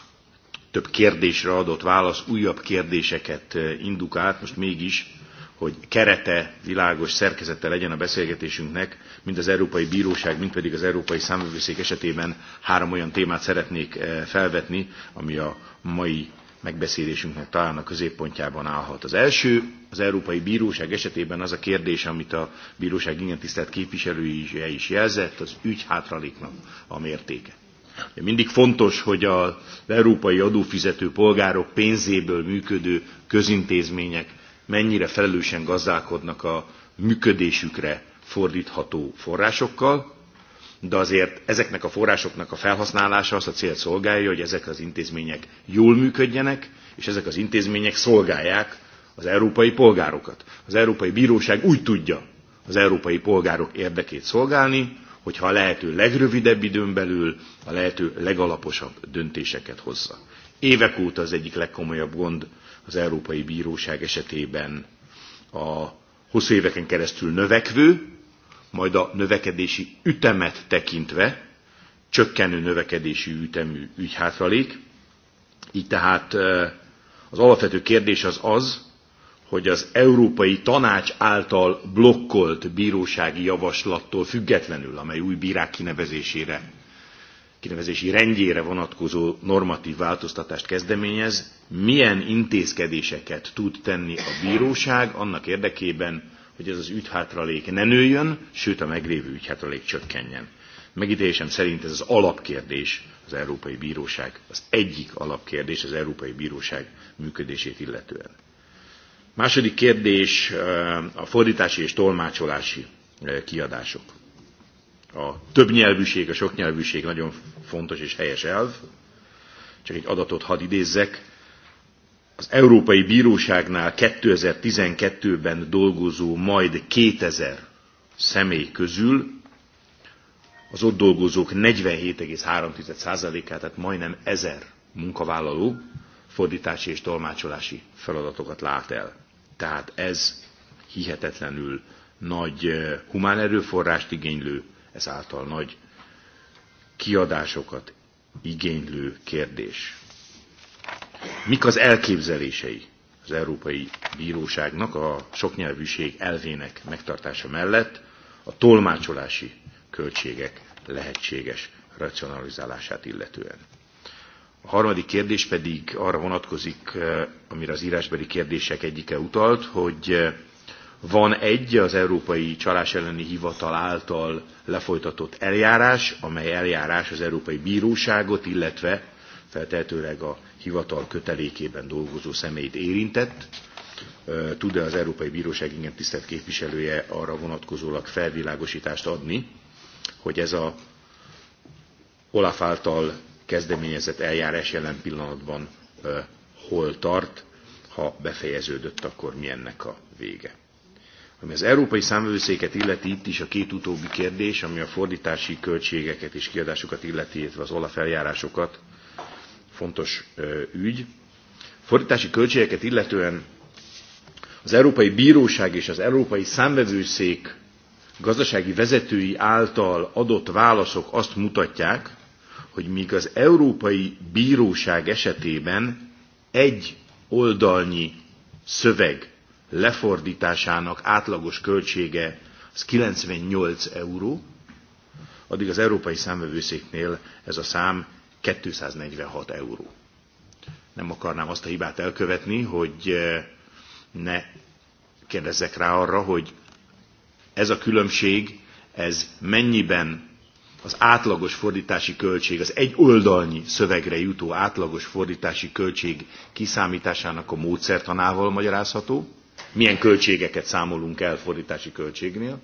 S5: több kérdésre adott válasz újabb kérdéseket indukált, most mégis hogy kerete, világos szerkezete legyen a beszélgetésünknek, mind az Európai Bíróság, mind pedig az Európai Számvevőszék esetében három olyan témát szeretnék eh, felvetni, ami a mai megbeszélésünknek talán a középpontjában állhat. Az első, az Európai Bíróság esetében az a kérdés, amit a bíróság ingyen tisztelt képviselője is jelzett, az ügy hátraléknak a mértéke. Mindig fontos, hogy az európai adófizető polgárok pénzéből működő közintézmények mennyire felelősen gazdálkodnak a működésükre fordítható forrásokkal, de azért ezeknek a forrásoknak a felhasználása azt a cél szolgálja, hogy ezek az intézmények jól működjenek, és ezek az intézmények szolgálják az európai polgárokat. Az Európai Bíróság úgy tudja az európai polgárok érdekét szolgálni, hogyha a lehető legrövidebb időn belül a lehető legalaposabb döntéseket hozza. Évek óta az egyik legkomolyabb gond az Európai Bíróság esetében a hosszú éveken keresztül növekvő, majd a növekedési ütemet tekintve csökkenő növekedési ütemű ügyhátralék. Így tehát az alapvető kérdés az az, hogy az Európai Tanács által blokkolt bírósági javaslattól függetlenül, amely új bírák kinevezésére kinevezési rendjére vonatkozó normatív változtatást kezdeményez, milyen intézkedéseket tud tenni a bíróság annak érdekében, hogy ez az ügyhátralék ne nőjön, sőt a meglévő ügyhátralék csökkenjen. Megítélésem szerint ez az alapkérdés az Európai Bíróság, az egyik alapkérdés az Európai Bíróság működését illetően. Második kérdés a fordítási és tolmácsolási kiadások a többnyelvűség, a soknyelvűség nagyon fontos és helyes elv. Csak egy adatot hadd idézzek. Az Európai Bíróságnál 2012-ben dolgozó majd 2000 személy közül az ott dolgozók 47,3%-át, tehát majdnem 1000 munkavállaló fordítási és tolmácsolási feladatokat lát el. Tehát ez hihetetlenül nagy eh, humán erőforrást igénylő, ezáltal nagy kiadásokat igénylő kérdés. Mik az elképzelései az Európai Bíróságnak a soknyelvűség elvének megtartása mellett a tolmácsolási költségek lehetséges racionalizálását illetően? A harmadik kérdés pedig arra vonatkozik, eh, amire az írásbeli kérdések egyike utalt, hogy eh, van egy az Európai Csalás elleni Hivatal által lefolytatott eljárás, amely eljárás az Európai Bíróságot, illetve feltehetőleg a hivatal kötelékében dolgozó személyt érintett. Tud-e az Európai Bíróság igen tisztelt képviselője arra vonatkozólag felvilágosítást adni, hogy ez a Olaf által kezdeményezett eljárás jelen pillanatban hol tart, ha befejeződött, akkor mi ennek a vége? Ami az európai számvevőszéket illeti, itt is a két utóbbi kérdés, ami a fordítási költségeket és kiadásokat illeti, illetve az olaf eljárásokat, fontos ügy. Fordítási költségeket illetően az Európai Bíróság és az Európai Számvevőszék gazdasági vezetői által adott válaszok azt mutatják, hogy míg az Európai Bíróság esetében egy oldalnyi szöveg lefordításának átlagos költsége az 98 euró, addig az Európai Számvevőszéknél ez a szám 246 euró. Nem akarnám azt a hibát elkövetni, hogy eh, ne kérdezzek rá arra, hogy ez a különbség, ez mennyiben az átlagos fordítási költség, az egy oldalnyi szövegre jutó átlagos fordítási költség kiszámításának a módszertanával magyarázható, milyen költségeket számolunk el fordítási költségnél,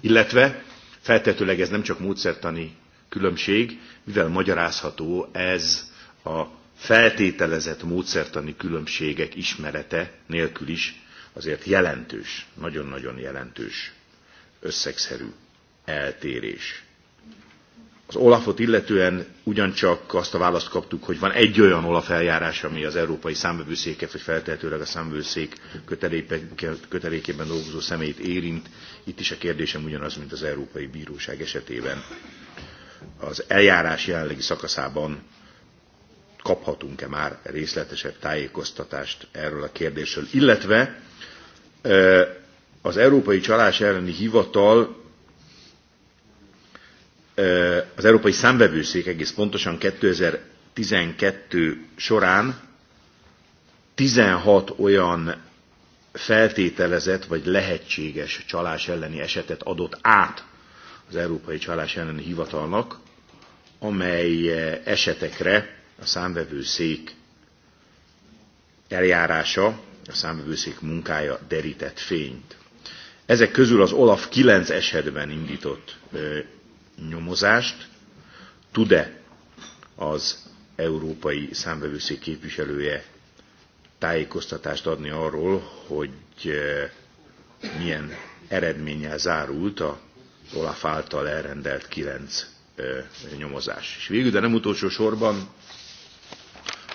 S5: illetve feltetőleg ez nem csak módszertani különbség, mivel magyarázható ez a feltételezett módszertani különbségek ismerete nélkül is azért jelentős, nagyon-nagyon jelentős összegszerű eltérés. Az Olafot illetően ugyancsak azt a választ kaptuk, hogy van egy olyan Olaf eljárás, ami az európai Számbevőszéket, vagy feltehetőleg a Számbevőszék kötelékében dolgozó személyt érint. Itt is a kérdésem ugyanaz, mint az Európai Bíróság esetében. Az eljárás jelenlegi szakaszában kaphatunk-e már részletesebb tájékoztatást erről a kérdésről. Illetve az Európai Csalás elleni Hivatal az Európai Számvevőszék egész pontosan 2012 során 16 olyan feltételezett vagy lehetséges csalás elleni esetet adott át az Európai Csalás elleni Hivatalnak, amely esetekre a számvevőszék eljárása, a számvevőszék munkája derített fényt. Ezek közül az Olaf 9 esetben indított nyomozást, tud-e az európai számvevőszék képviselője tájékoztatást adni arról, hogy eh, milyen eredménnyel zárult a Olaf által elrendelt kilenc eh, nyomozás. És végül, de nem utolsó sorban,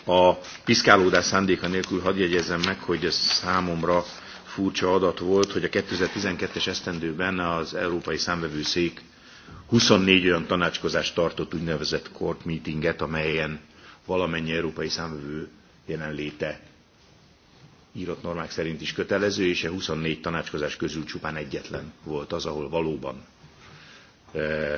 S5: a piszkálódás szándéka nélkül hadd jegyezzem meg, hogy ez számomra furcsa adat volt, hogy a 2012-es esztendőben az Európai Számvevőszék 24 olyan tanácskozást tartott úgynevezett court meetinget, amelyen valamennyi európai számvevő jelenléte írott normák szerint is kötelező, és a 24 tanácskozás közül csupán egyetlen volt az, ahol valóban e,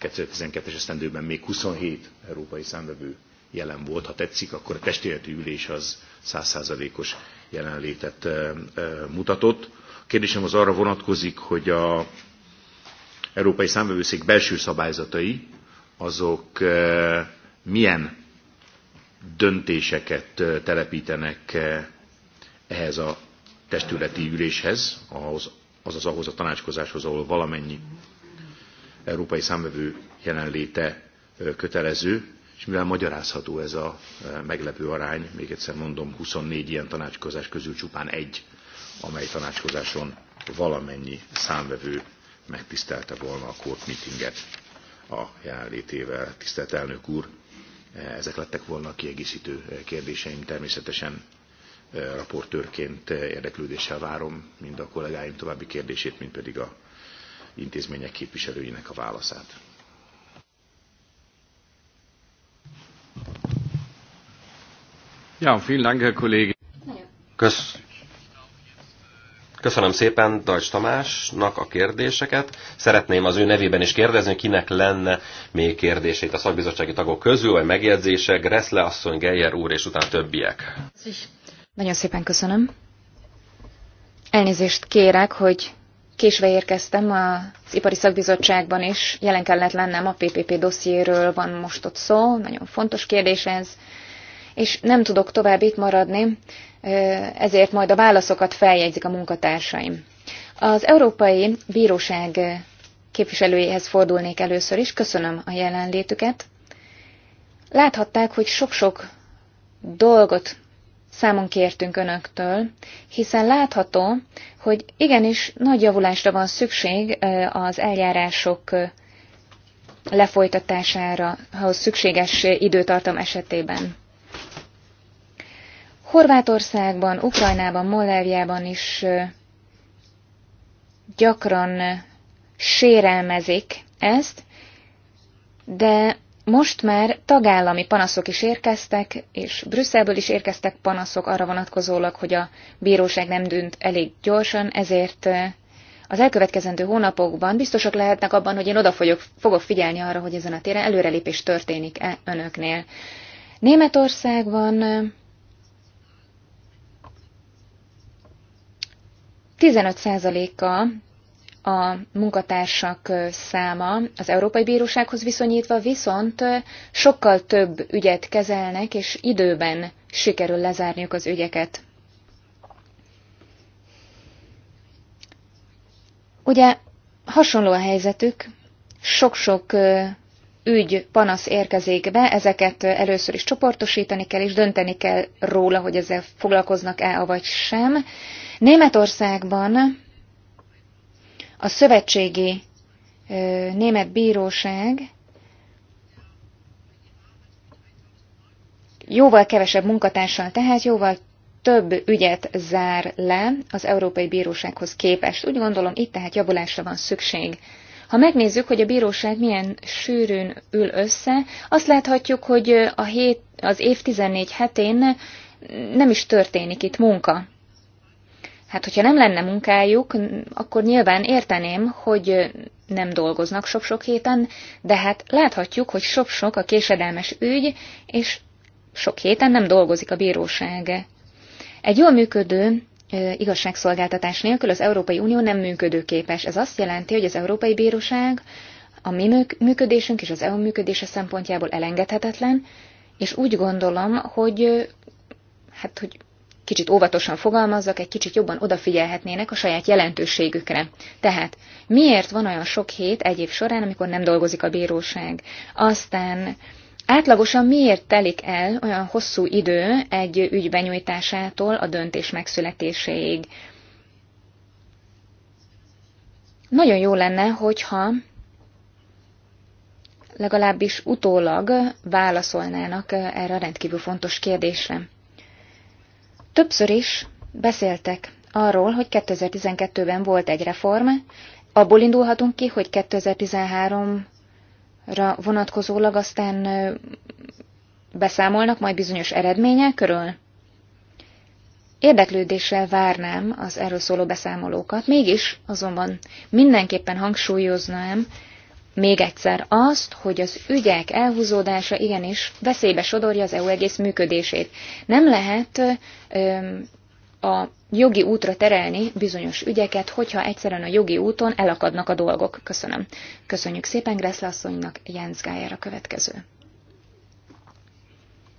S5: a 2012-es esztendőben még 27 európai számvevő jelen volt. Ha tetszik, akkor a testéleti ülés az 100%-os jelenlétet e, e, mutatott. A kérdésem az arra vonatkozik, hogy a Európai Számvevőszék belső szabályzatai, azok eh, milyen döntéseket eh, telepítenek eh, ehhez a testületi üléshez, ahhoz, azaz ahhoz a tanácskozáshoz, ahol valamennyi európai számvevő jelenléte kötelező, és mivel magyarázható ez a meglepő arány, még egyszer mondom, 24 ilyen tanácskozás közül csupán egy, amely tanácskozáson valamennyi számvevő megtisztelte volna a court meetinget a jelenlétével. Tisztelt elnök úr, ezek lettek volna a kiegészítő kérdéseim. Természetesen eh, raportőrként érdeklődéssel várom mind a kollégáim további kérdését, mind pedig a intézmények képviselőinek a válaszát.
S1: Ja, vielen Dank, Herr Kollege. Kösz, Köszönöm szépen Dajcs Tamásnak a kérdéseket. Szeretném az ő nevében is kérdezni, kinek lenne még kérdését a szakbizottsági tagok közül, vagy megjegyzése, Greszle asszony, Geyer úr, és utána
S3: többiek. Nagyon szépen köszönöm. Elnézést kérek, hogy késve érkeztem, az Ipari Szakbizottságban is jelen kellett lennem, a PPP dossziéről van most ott szó, nagyon fontos kérdés ez és nem tudok tovább itt maradni, ezért majd a válaszokat feljegyzik a munkatársaim. Az Európai Bíróság képviselőjéhez fordulnék először is, köszönöm a jelenlétüket. Láthatták, hogy sok-sok dolgot számon kértünk önöktől, hiszen látható, hogy igenis nagy javulásra van szükség az eljárások lefolytatására, ha szükséges időtartam esetében. Horvátországban, Ukrajnában, Moldáviában is gyakran sérelmezik ezt, de most már tagállami panaszok is érkeztek, és Brüsszelből is érkeztek panaszok arra vonatkozólag, hogy a bíróság nem dönt elég gyorsan, ezért az elkövetkezendő hónapokban biztosak lehetnek abban, hogy én oda fogok, fogok figyelni arra, hogy ezen a téren előrelépés történik-e önöknél. Németországban 15%-a a munkatársak száma az Európai Bírósághoz viszonyítva, viszont sokkal több ügyet kezelnek, és időben sikerül lezárniuk az ügyeket. Ugye hasonló a helyzetük, sok-sok ügy, panasz érkezik be, ezeket először is csoportosítani kell, és dönteni kell róla, hogy ezzel foglalkoznak-e, vagy sem. Németországban a szövetségi német bíróság jóval kevesebb munkatársal, tehát jóval több ügyet zár le az Európai Bírósághoz képest. Úgy gondolom, itt tehát javulásra van szükség. Ha megnézzük, hogy a bíróság milyen sűrűn ül össze, azt láthatjuk, hogy a hét, az év 14 hetén nem is történik itt munka. Hát, hogyha nem lenne munkájuk, akkor nyilván érteném, hogy nem dolgoznak sok-sok héten, de hát láthatjuk, hogy sok-sok a késedelmes ügy, és sok héten nem dolgozik a bíróság. Egy jól működő igazságszolgáltatás nélkül az Európai Unió nem működőképes. Ez azt jelenti, hogy az Európai Bíróság a mi működésünk és az EU működése szempontjából elengedhetetlen, és úgy gondolom, hogy hát, hogy kicsit óvatosan fogalmazzak, egy kicsit jobban odafigyelhetnének a saját jelentőségükre. Tehát miért van olyan sok hét egy év során, amikor nem dolgozik a bíróság? Aztán Átlagosan miért telik el olyan hosszú idő egy ügy benyújtásától a döntés megszületéséig? Nagyon jó lenne, hogyha legalábbis utólag válaszolnának erre a rendkívül fontos kérdésre. Többször is beszéltek arról, hogy 2012-ben volt egy reform, abból indulhatunk ki, hogy 2013-ra vonatkozólag aztán beszámolnak majd bizonyos eredmények körül. Érdeklődéssel várnám az erről szóló beszámolókat, mégis azonban mindenképpen hangsúlyoznám, még egyszer azt, hogy az ügyek elhúzódása igenis veszélybe sodorja az EU egész működését. Nem lehet ö, a jogi útra terelni bizonyos ügyeket, hogyha egyszerűen a jogi úton elakadnak a dolgok. Köszönöm. Köszönjük szépen Greszle asszonynak, Jens Gájer a következő.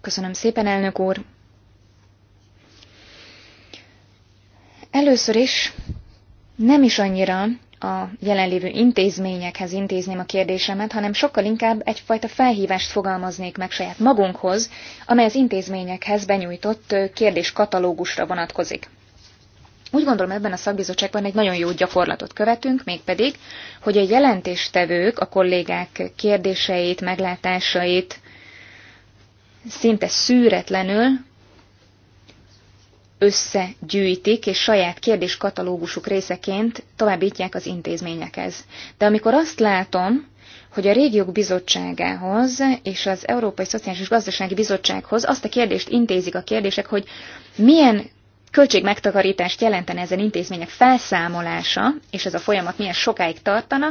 S3: Köszönöm szépen, elnök úr. Először is nem is annyira a jelenlévő intézményekhez intézném a kérdésemet, hanem sokkal inkább egyfajta felhívást fogalmaznék meg saját magunkhoz, amely az intézményekhez benyújtott kérdéskatalógusra vonatkozik. Úgy gondolom, ebben a szakbizottságban egy nagyon jó gyakorlatot követünk, mégpedig, hogy a jelentéstevők a kollégák kérdéseit, meglátásait szinte szűretlenül összegyűjtik, és saját kérdéskatalógusuk részeként továbbítják az intézményekhez. De amikor azt látom, hogy a régiók bizottságához és az Európai Szociális és Gazdasági Bizottsághoz azt a kérdést intézik a kérdések, hogy milyen költségmegtakarítást jelentene ezen intézmények felszámolása, és ez a folyamat milyen sokáig tartana,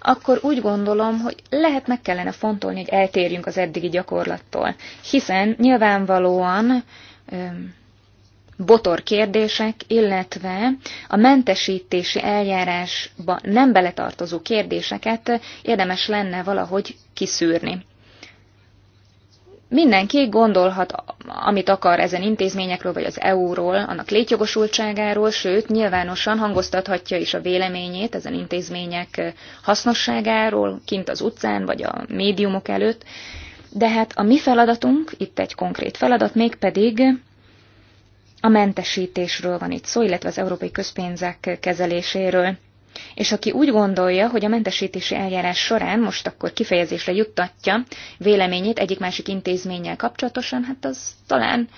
S3: akkor úgy gondolom, hogy lehet meg kellene fontolni, hogy eltérjünk az eddigi gyakorlattól. Hiszen nyilvánvalóan öm, botor kérdések, illetve a mentesítési eljárásba nem beletartozó kérdéseket érdemes lenne valahogy kiszűrni. Mindenki gondolhat, amit akar ezen intézményekről, vagy az EU-ról, annak létjogosultságáról, sőt, nyilvánosan hangoztathatja is a véleményét ezen intézmények hasznosságáról, kint az utcán, vagy a médiumok előtt. De hát a mi feladatunk, itt egy konkrét feladat, mégpedig a mentesítésről van itt szó, illetve az európai közpénzek kezeléséről. És aki úgy gondolja, hogy a mentesítési eljárás során most akkor kifejezésre juttatja véleményét egyik-másik intézménnyel kapcsolatosan, hát az talán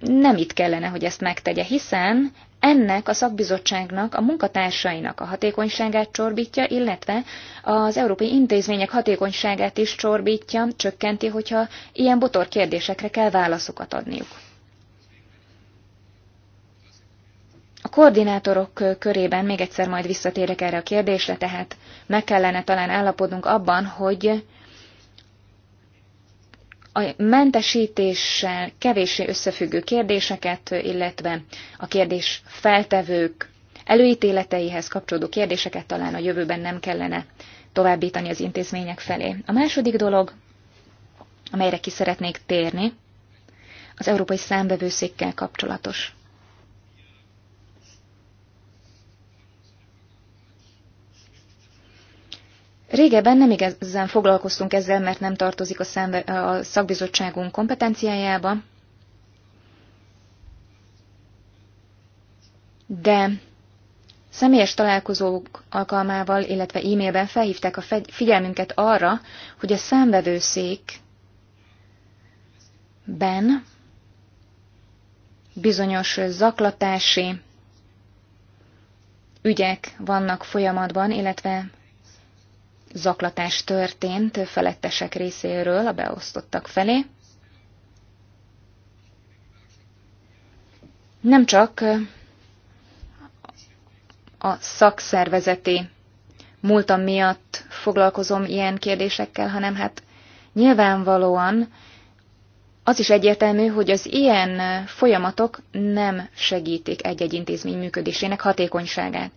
S3: nem itt kellene, hogy ezt megtegye, hiszen ennek a szakbizottságnak, a munkatársainak a hatékonyságát csorbítja, illetve az európai intézmények hatékonyságát is csorbítja, csökkenti, hogyha ilyen botor kérdésekre kell válaszokat adniuk. koordinátorok körében még egyszer majd visszatérek erre a kérdésre, tehát meg kellene talán állapodnunk abban, hogy a mentesítéssel kevéssé összefüggő kérdéseket, illetve a kérdés feltevők előítéleteihez kapcsolódó kérdéseket talán a jövőben nem kellene továbbítani az intézmények felé. A második dolog, amelyre ki szeretnék térni, az Európai Számbevőszékkel kapcsolatos. Régebben nem igazán foglalkoztunk ezzel, mert nem tartozik a, szembe, a szakbizottságunk kompetenciájába, de Személyes találkozók alkalmával, illetve e-mailben felhívták a figyelmünket arra, hogy a számvevőszékben bizonyos zaklatási ügyek vannak folyamatban, illetve zaklatás történt felettesek részéről a beosztottak felé. Nem csak a szakszervezeti múltam miatt foglalkozom ilyen kérdésekkel, hanem hát nyilvánvalóan az is egyértelmű, hogy az ilyen folyamatok nem segítik egy-egy intézmény működésének hatékonyságát.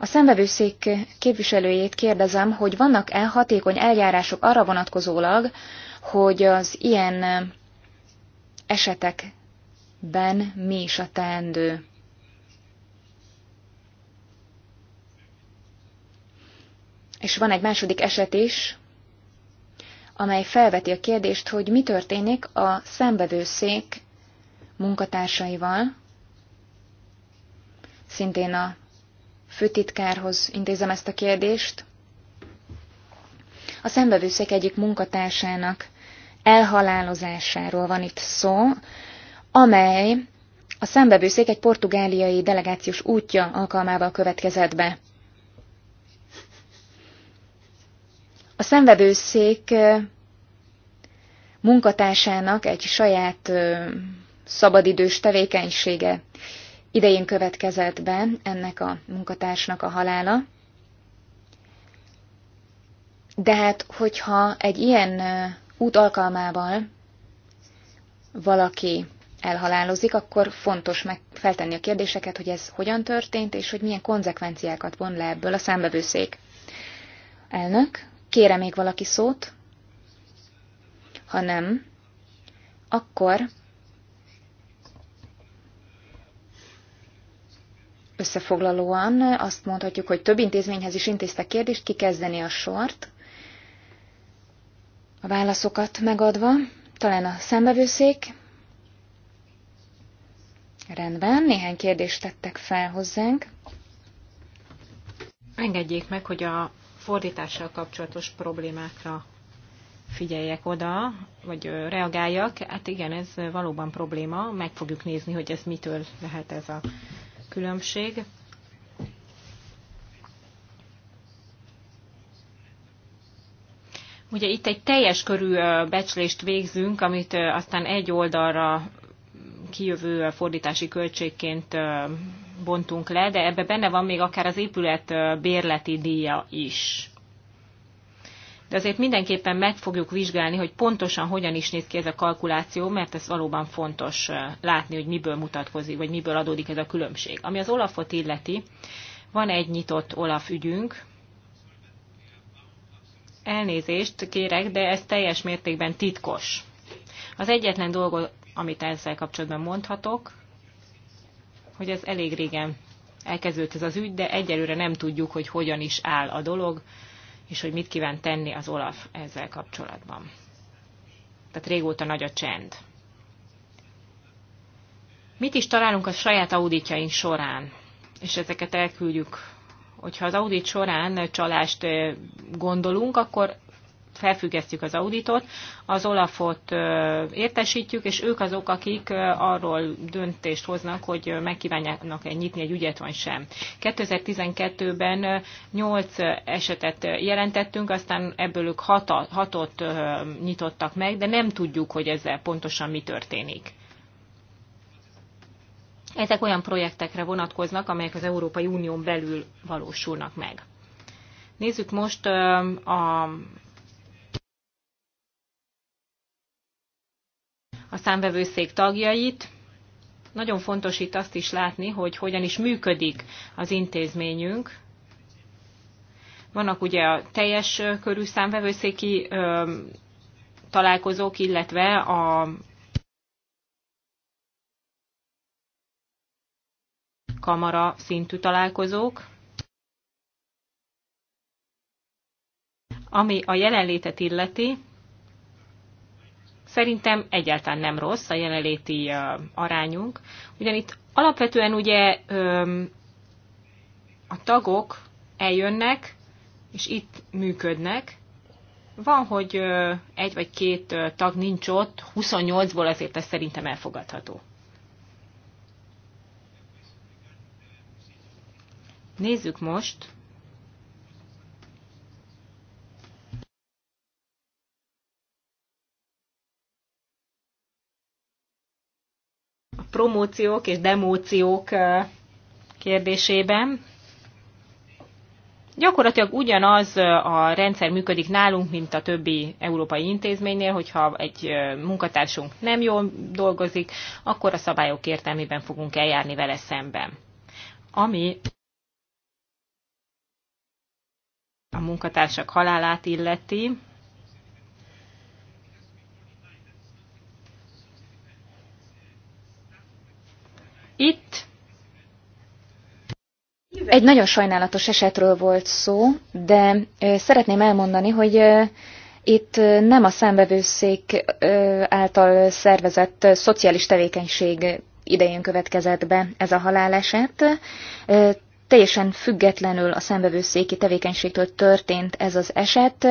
S3: A szembevőszék képviselőjét kérdezem, hogy vannak-e hatékony eljárások arra vonatkozólag, hogy az ilyen esetekben mi is a teendő. És van egy második eset is, amely felveti a kérdést, hogy mi történik a szembevőszék munkatársaival, szintén a főtitkárhoz intézem ezt a kérdést. A szembevőszék egyik munkatársának elhalálozásáról van itt szó, amely a szembevőszék egy portugáliai delegációs útja alkalmával következett be. A szembevőszék munkatársának egy saját szabadidős tevékenysége idején következett be ennek a munkatársnak a halála. De hát, hogyha egy ilyen út alkalmával valaki elhalálozik, akkor fontos meg feltenni a kérdéseket, hogy ez hogyan történt, és hogy milyen konzekvenciákat von le ebből a számbevőszék. Elnök, kére még valaki szót? Ha nem, akkor Összefoglalóan azt mondhatjuk, hogy több intézményhez is intéztek kérdést, ki kezdeni a sort, a válaszokat megadva, talán a szembevőszék. Rendben, néhány kérdést tettek fel hozzánk.
S2: Engedjék meg, hogy a fordítással kapcsolatos problémákra figyeljek oda, vagy reagáljak. Hát igen, ez valóban probléma. Meg fogjuk nézni, hogy ez mitől lehet ez a különbség. Ugye itt egy teljes körű becslést végzünk, amit aztán egy oldalra kijövő fordítási költségként bontunk le, de ebbe benne van még akár az épület bérleti díja is de azért mindenképpen meg fogjuk vizsgálni, hogy pontosan hogyan is néz ki ez a kalkuláció, mert ez valóban fontos látni, hogy miből mutatkozik, vagy miből adódik ez a különbség. Ami az Olafot illeti, van egy nyitott Olaf ügyünk, elnézést kérek, de ez teljes mértékben titkos. Az egyetlen dolog, amit ezzel kapcsolatban mondhatok, hogy ez elég régen elkezdődött ez az ügy, de egyelőre nem tudjuk, hogy hogyan is áll a dolog, és hogy mit kíván tenni az Olaf ezzel kapcsolatban. Tehát régóta nagy a csend. Mit is találunk a saját auditjaink során? És ezeket elküldjük. Hogyha az audit során csalást eh, gondolunk, akkor felfüggesztjük az auditot, az Olafot értesítjük, és ők azok, akik arról döntést hoznak, hogy megkívánjanak-e nyitni egy ügyet vagy sem. 2012-ben 8 esetet jelentettünk, aztán ebből ők 6 hatot nyitottak meg, de nem tudjuk, hogy ezzel pontosan mi történik. Ezek olyan projektekre vonatkoznak, amelyek az Európai Unión belül valósulnak meg. Nézzük most a a számvevőszék tagjait. Nagyon fontos itt azt is látni, hogy hogyan is működik az intézményünk. Vannak ugye a teljes körű számvevőszéki ö, találkozók, illetve a kamara szintű találkozók. Ami a jelenlétet illeti, Szerintem egyáltalán nem rossz a jelenléti arányunk, itt alapvetően ugye a tagok eljönnek, és itt működnek. Van, hogy egy vagy két tag nincs ott, 28-ból azért ez szerintem elfogadható. Nézzük most a promóciók és demóciók kérdésében. Gyakorlatilag ugyanaz a rendszer működik nálunk, mint a többi európai intézménynél, hogyha egy munkatársunk nem jól dolgozik, akkor a szabályok értelmében fogunk eljárni vele szemben. Ami a munkatársak halálát illeti,
S3: Itt egy nagyon sajnálatos esetről volt szó, de szeretném elmondani, hogy itt nem a számbevőszék által szervezett szociális tevékenység idején következett be ez a haláleset. Teljesen függetlenül a számbevőszéki tevékenységtől történt ez az eset,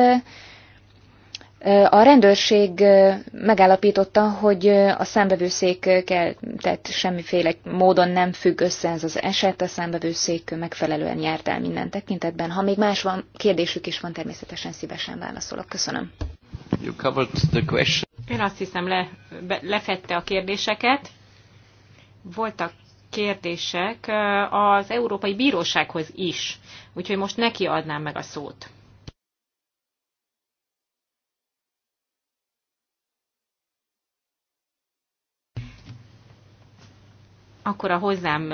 S3: a rendőrség megállapította, hogy a számbevőszékkel, tehát semmiféle módon nem függ össze ez az eset, a számbevőszék megfelelően járt el minden tekintetben. Ha még más van, kérdésük is van, természetesen szívesen válaszolok. Köszönöm. You covered the question.
S2: Én azt hiszem le, be, lefette a kérdéseket. Voltak kérdések az Európai Bírósághoz is, úgyhogy most neki adnám meg a szót. akkor a hozzám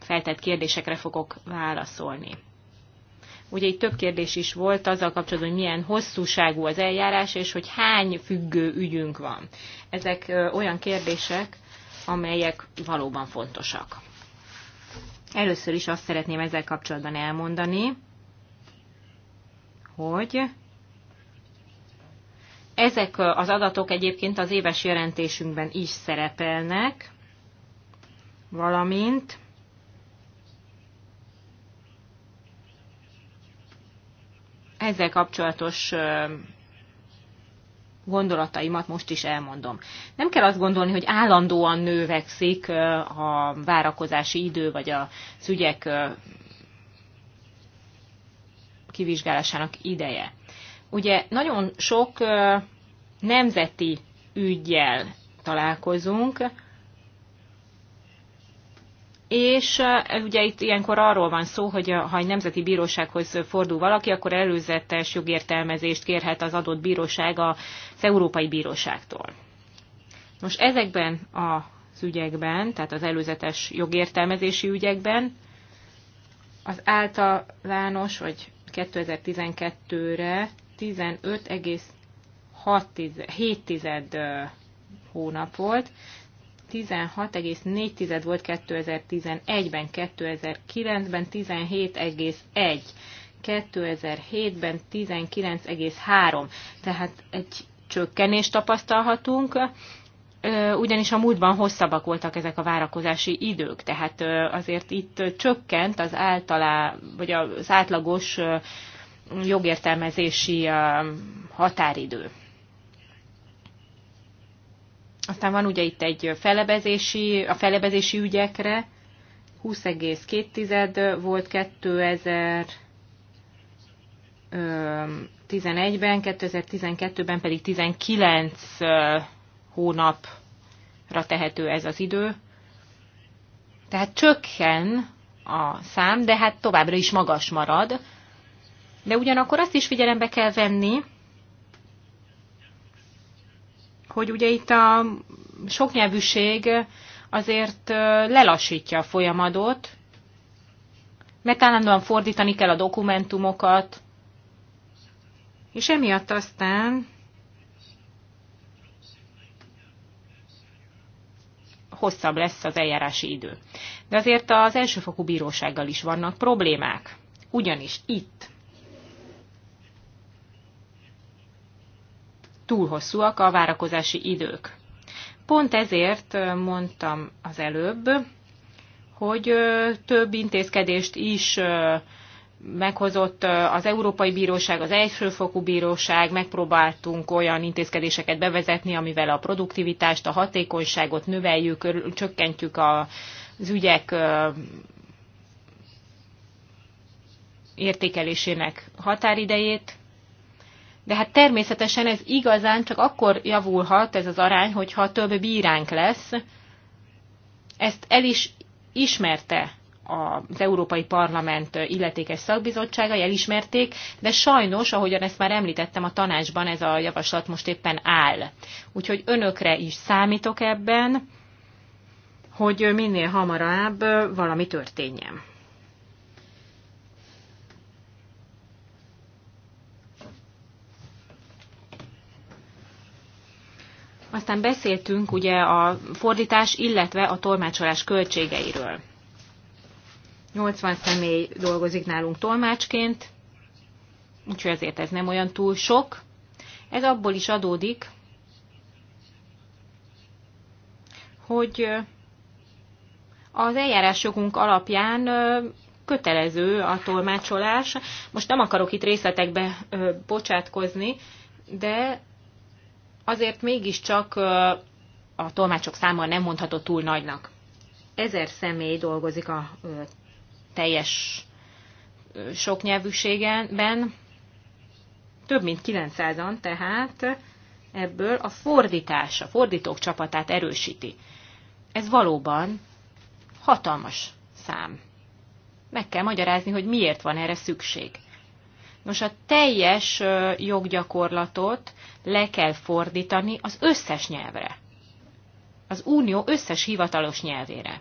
S2: feltett kérdésekre fogok válaszolni. Ugye itt több kérdés is volt azzal kapcsolatban, hogy milyen hosszúságú az eljárás, és hogy hány függő ügyünk van. Ezek olyan kérdések, amelyek valóban fontosak. Először is azt szeretném ezzel kapcsolatban elmondani, hogy ezek az adatok egyébként az éves jelentésünkben is szerepelnek, valamint ezzel kapcsolatos gondolataimat most is elmondom. Nem kell azt gondolni, hogy állandóan növekszik a várakozási idő, vagy a szügyek kivizsgálásának ideje. Ugye nagyon sok nemzeti ügyjel találkozunk, és ugye itt ilyenkor arról van szó, hogy ha egy nemzeti bírósághoz fordul valaki, akkor előzetes jogértelmezést kérhet az adott bíróság az Európai Bíróságtól. Most ezekben az ügyekben, tehát az előzetes jogértelmezési ügyekben az általános, vagy 2012-re 15,7 hónap volt, 16,4 volt 2011-ben, 2009-ben 17,1, 2007-ben 19,3. Tehát egy csökkenést tapasztalhatunk, ugyanis a múltban hosszabbak voltak ezek a várakozási idők, tehát azért itt csökkent az általá, vagy az átlagos jogértelmezési határidő. Aztán van ugye itt egy felebezési, a felebezési ügyekre, 20,2 volt 2011-ben, 2012-ben pedig 19 hónapra tehető ez az idő. Tehát csökken a szám, de hát továbbra is magas marad. De ugyanakkor azt is figyelembe kell venni, hogy ugye itt a soknyelvűség azért lelassítja a folyamatot, mert állandóan fordítani kell a dokumentumokat, és emiatt aztán hosszabb lesz az eljárási idő. De azért az elsőfokú bírósággal is vannak problémák. Ugyanis itt túl hosszúak a várakozási idők. Pont ezért mondtam az előbb, hogy több intézkedést is meghozott az Európai Bíróság, az Elsőfokú Bíróság, megpróbáltunk olyan intézkedéseket bevezetni, amivel a produktivitást, a hatékonyságot növeljük, csökkentjük az ügyek értékelésének határidejét, de hát természetesen ez igazán csak akkor javulhat ez az arány, hogyha több bíránk lesz. Ezt el is ismerte az Európai Parlament illetékes szakbizottsága, elismerték, de sajnos, ahogyan ezt már említettem, a tanácsban ez a javaslat most éppen áll. Úgyhogy önökre is számítok ebben, hogy minél hamarabb valami történjen. Aztán beszéltünk ugye a fordítás, illetve a tolmácsolás költségeiről. 80 személy dolgozik nálunk tolmácsként, úgyhogy ezért ez nem olyan túl sok. Ez abból is adódik, hogy az eljárásjogunk alapján kötelező a tolmácsolás. Most nem akarok itt részletekbe bocsátkozni, de azért mégiscsak a tolmácsok száma nem mondható túl nagynak. Ezer személy dolgozik a teljes soknyelvűségenben, több mint 900-an tehát ebből a fordítás, a fordítók csapatát erősíti. Ez valóban hatalmas szám. Meg kell magyarázni, hogy miért van erre szükség. Nos, a teljes joggyakorlatot le kell fordítani az összes nyelvre. Az unió összes hivatalos nyelvére.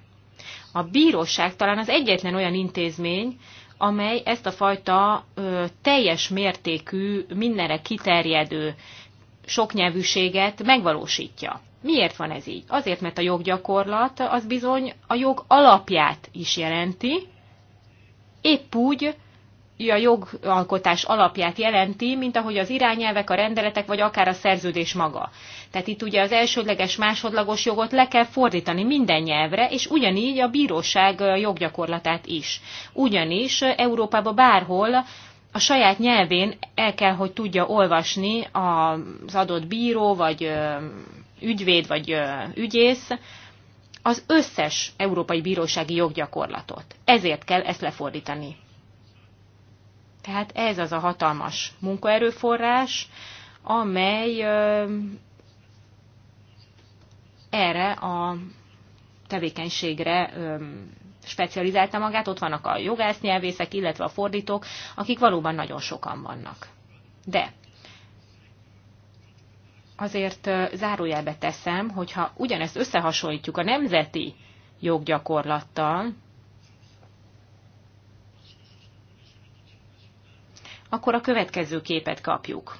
S2: A bíróság talán az egyetlen olyan intézmény, amely ezt a fajta ö, teljes mértékű, mindenre kiterjedő soknyelvűséget megvalósítja. Miért van ez így? Azért, mert a joggyakorlat az bizony a jog alapját is jelenti, épp úgy, a jogalkotás alapját jelenti, mint ahogy az irányelvek, a rendeletek, vagy akár a szerződés maga. Tehát itt ugye az elsődleges, másodlagos jogot le kell fordítani minden nyelvre, és ugyanígy a bíróság joggyakorlatát is. Ugyanis Európában bárhol a saját nyelvén el kell, hogy tudja olvasni az adott bíró, vagy ügyvéd, vagy ügyész az összes európai bírósági joggyakorlatot. Ezért kell ezt lefordítani tehát ez az a hatalmas munkaerőforrás, amely erre a tevékenységre specializálta magát. Ott vannak a jogásznyelvészek, illetve a fordítók, akik valóban nagyon sokan vannak. De azért zárójelbe teszem, hogyha ugyanezt összehasonlítjuk a nemzeti joggyakorlattal, akkor a következő képet kapjuk.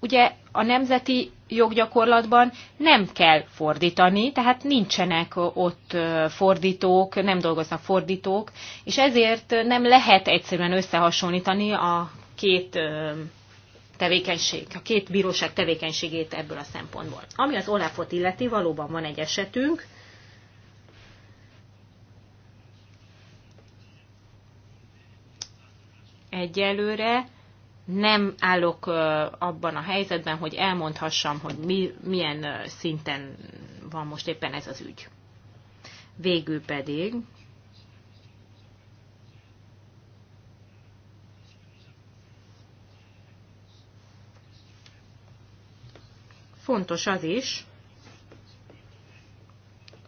S2: Ugye a nemzeti joggyakorlatban nem kell fordítani, tehát nincsenek ott fordítók, nem dolgoznak fordítók, és ezért nem lehet egyszerűen összehasonlítani a két tevékenység, a két bíróság tevékenységét ebből a szempontból. Ami az Olafot illeti, valóban van egy esetünk, egyelőre nem állok abban a helyzetben, hogy elmondhassam, hogy mi, milyen szinten van most éppen ez az ügy. Végül pedig fontos az is,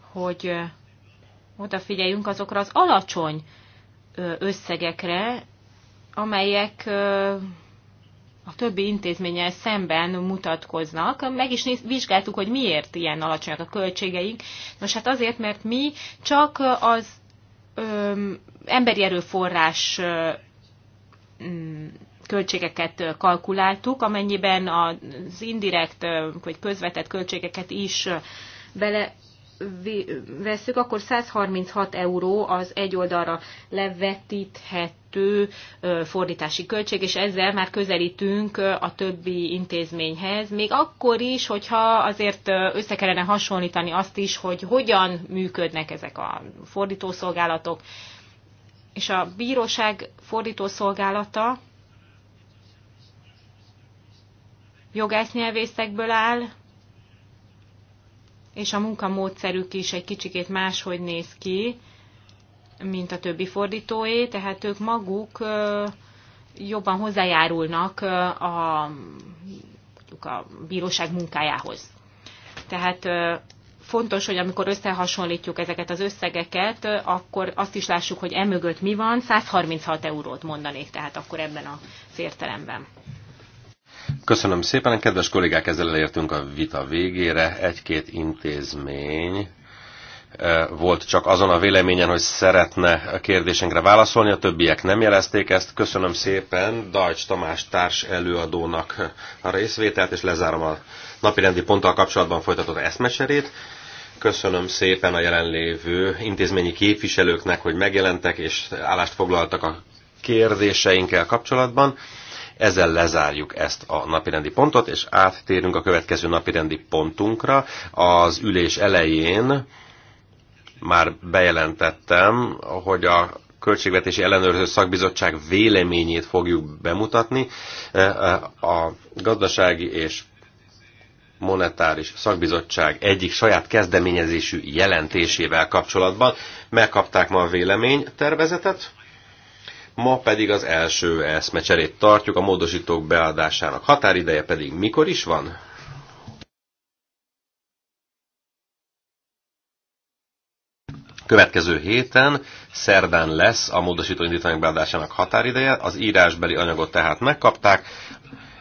S2: hogy odafigyeljünk azokra az alacsony összegekre, amelyek a többi intézménnyel szemben mutatkoznak. Meg is néz, vizsgáltuk, hogy miért ilyen alacsonyak a költségeink. Nos, hát azért, mert mi csak az emberi erőforrás mm, költségeket kalkuláltuk, amennyiben az indirekt vagy közvetett költségeket is bele veszük, akkor 136 euró az egy oldalra levetíthető fordítási költség, és ezzel már közelítünk a többi intézményhez. Még akkor is, hogyha azért össze kellene hasonlítani azt is, hogy hogyan működnek ezek a fordítószolgálatok, és a bíróság fordítószolgálata jogásznyelvészekből áll, és a munkamódszerük is egy kicsikét máshogy néz ki, mint a többi fordítóé, tehát ők maguk jobban hozzájárulnak a, mondjuk a bíróság munkájához. Tehát fontos, hogy amikor összehasonlítjuk ezeket az összegeket, akkor azt is lássuk, hogy emögött mi van, 136 eurót mondanék, tehát akkor ebben a értelemben.
S1: Köszönöm szépen, kedves kollégák, ezzel elértünk a vita végére. Egy-két intézmény e, volt csak azon a véleményen, hogy szeretne a kérdésünkre válaszolni, a többiek nem jelezték ezt. Köszönöm szépen Dajcs Tamás társ előadónak a részvételt, és lezárom a napirendi ponttal kapcsolatban folytatott eszmeserét. Köszönöm szépen a jelenlévő intézményi képviselőknek, hogy megjelentek és állást foglaltak a kérdéseinkkel kapcsolatban. Ezzel lezárjuk ezt a napirendi pontot, és áttérünk a következő napirendi pontunkra. Az ülés elején már bejelentettem, hogy a Költségvetési Ellenőrző Szakbizottság véleményét fogjuk bemutatni. E, e, a gazdasági és monetáris szakbizottság egyik saját kezdeményezésű jelentésével kapcsolatban. Megkapták ma a tervezetet, Ma pedig az első eszmecserét tartjuk, a módosítók beadásának határideje pedig mikor is van? Következő héten, szerdán lesz a módosító indítványok beadásának határideje, az írásbeli anyagot tehát megkapták,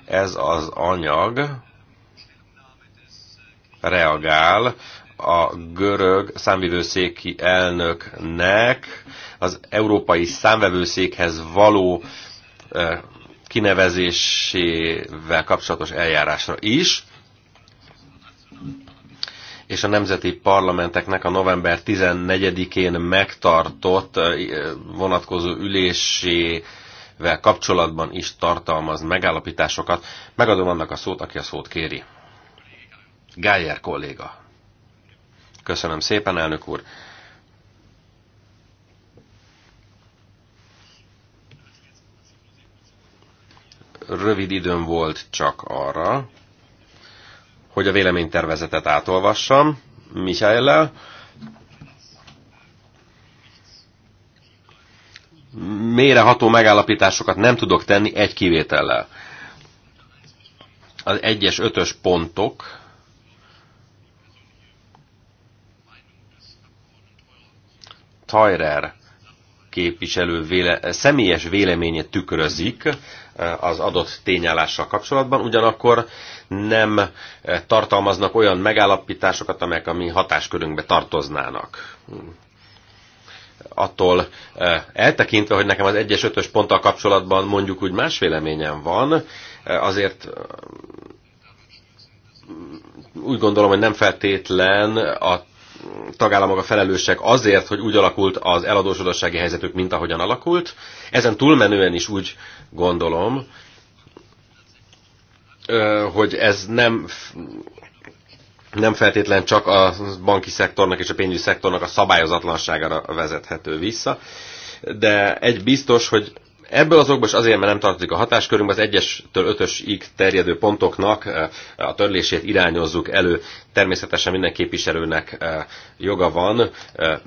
S1: ez az anyag reagál a görög számvevőszéki elnöknek az európai számvevőszékhez való kinevezésével kapcsolatos eljárásra is, és a nemzeti parlamenteknek a november 14-én megtartott vonatkozó ülésével kapcsolatban is tartalmaz megállapításokat. Megadom annak a szót, aki a szót kéri. Gájer kolléga. Köszönöm szépen, elnök úr. Rövid időm volt csak arra, hogy a véleménytervezetet átolvassam Michaellel. Méreható megállapításokat nem tudok tenni egy kivétellel. Az egyes ötös pontok Tyrer képviselő véle, személyes véleménye tükrözik eh, az adott tényállással kapcsolatban, ugyanakkor nem eh, tartalmaznak olyan megállapításokat, amelyek a mi hatáskörünkbe tartoznának. Attól eh, eltekintve, hogy nekem az 1-es 5-ös ponttal kapcsolatban mondjuk úgy más véleményem van, azért úgy gondolom, hogy nem feltétlen a tagállamok a felelősek azért, hogy úgy alakult az eladósodossági helyzetük, mint ahogyan alakult. Ezen túlmenően is úgy gondolom, hogy ez nem nem feltétlen csak a banki szektornak és a pénzügyi szektornak a szabályozatlanságára vezethető vissza, de egy biztos, hogy Ebből azokból is azért, mert nem tartozik a hatáskörünkbe, az 1-től 5-ig terjedő pontoknak eh, a törlését irányozzuk elő. Természetesen minden képviselőnek eh, joga van eh,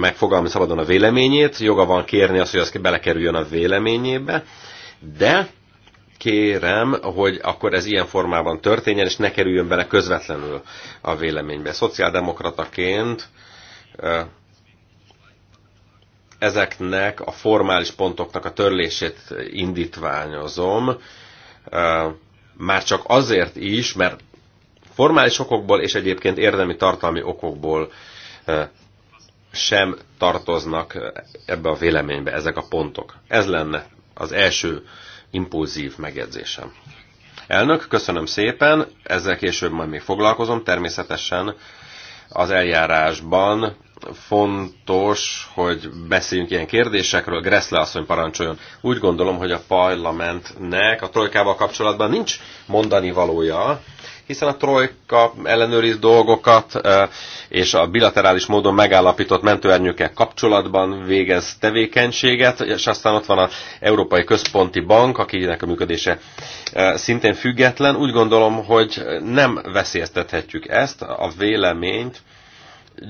S1: megfogalmi szabadon a véleményét, joga van kérni azt, hogy az belekerüljön a véleményébe, de kérem, hogy akkor ez ilyen formában történjen, és ne kerüljön bele közvetlenül a véleménybe. Szociáldemokrataként ezeknek a formális pontoknak a törlését indítványozom, már csak azért is, mert formális okokból és egyébként érdemi tartalmi okokból sem tartoznak ebbe a véleménybe ezek a pontok. Ez lenne az első impulzív megjegyzésem. Elnök, köszönöm szépen, ezzel később majd még foglalkozom, természetesen az eljárásban fontos, hogy beszéljünk ilyen kérdésekről. Gressle asszony parancsoljon. Úgy gondolom, hogy a parlamentnek a trojkával kapcsolatban nincs mondani valója, hiszen a trojka ellenőriz dolgokat, és a bilaterális módon megállapított mentőernyőkkel kapcsolatban végez tevékenységet, és aztán ott van az Európai Központi Bank, akinek a működése szintén független. Úgy gondolom, hogy nem veszélyeztethetjük ezt, a véleményt,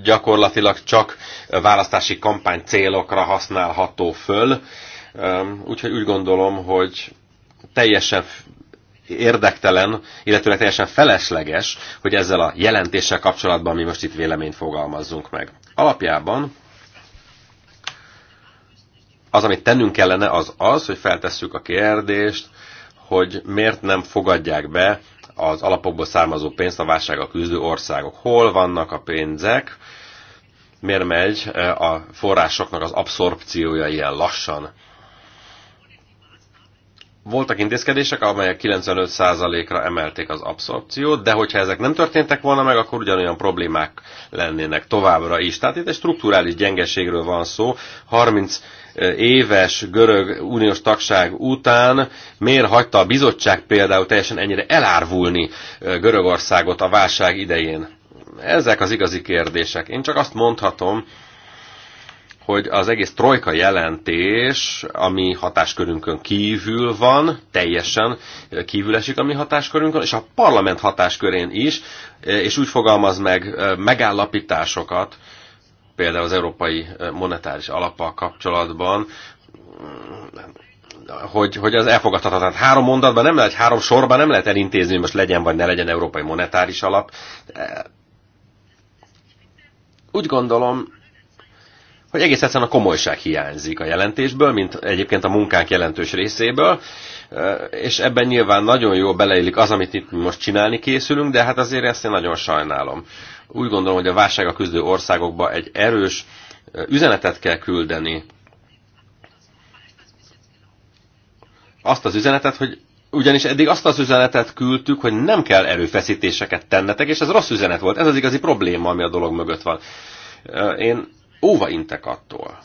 S1: gyakorlatilag csak választási kampány célokra használható föl. Úgyhogy úgy gondolom, hogy teljesen érdektelen, illetőleg teljesen felesleges, hogy ezzel a jelentéssel kapcsolatban mi most itt véleményt fogalmazzunk meg. Alapjában az, amit tennünk kellene, az az, hogy feltesszük a kérdést, hogy miért nem fogadják be az alapokból származó pénzt a válsággal küzdő országok. Hol vannak a pénzek? Miért megy eh, a forrásoknak az abszorpciója ilyen lassan? voltak intézkedések, amelyek 95%-ra emelték az abszorpciót, de hogyha ezek nem történtek volna meg, akkor ugyanolyan problémák lennének továbbra is. Tehát itt egy strukturális gyengeségről van szó. 30 e, éves görög uniós tagság után miért hagyta a bizottság például teljesen ennyire elárvulni e, Görögországot a válság idején? Ezek az igazi kérdések. Én csak azt mondhatom, hogy az egész trojka jelentés, ami hatáskörünkön kívül van, teljesen kívül esik a mi hatáskörünkön, és a parlament hatáskörén is, és úgy fogalmaz meg megállapításokat, például az Európai Monetáris Alappal kapcsolatban, hogy, hogy az elfogadhatatlan. Három mondatban nem lehet, három sorban nem lehet elintézni, hogy most legyen vagy ne legyen Európai Monetáris Alap. Úgy gondolom, hogy egész egyszerűen a komolyság hiányzik a jelentésből, mint egyébként a munkánk jelentős részéből, eh, és ebben nyilván nagyon jól beleillik az, amit itt most csinálni készülünk, de hát azért ezt én nagyon sajnálom. Úgy gondolom, hogy a a küzdő országokba egy erős eh, üzenetet kell küldeni. Azt az üzenetet, hogy ugyanis eddig azt az üzenetet küldtük, hogy nem kell erőfeszítéseket tennetek, és ez rossz üzenet volt. Ez az igazi probléma, ami a dolog mögött van. Eh, én óva intek attól,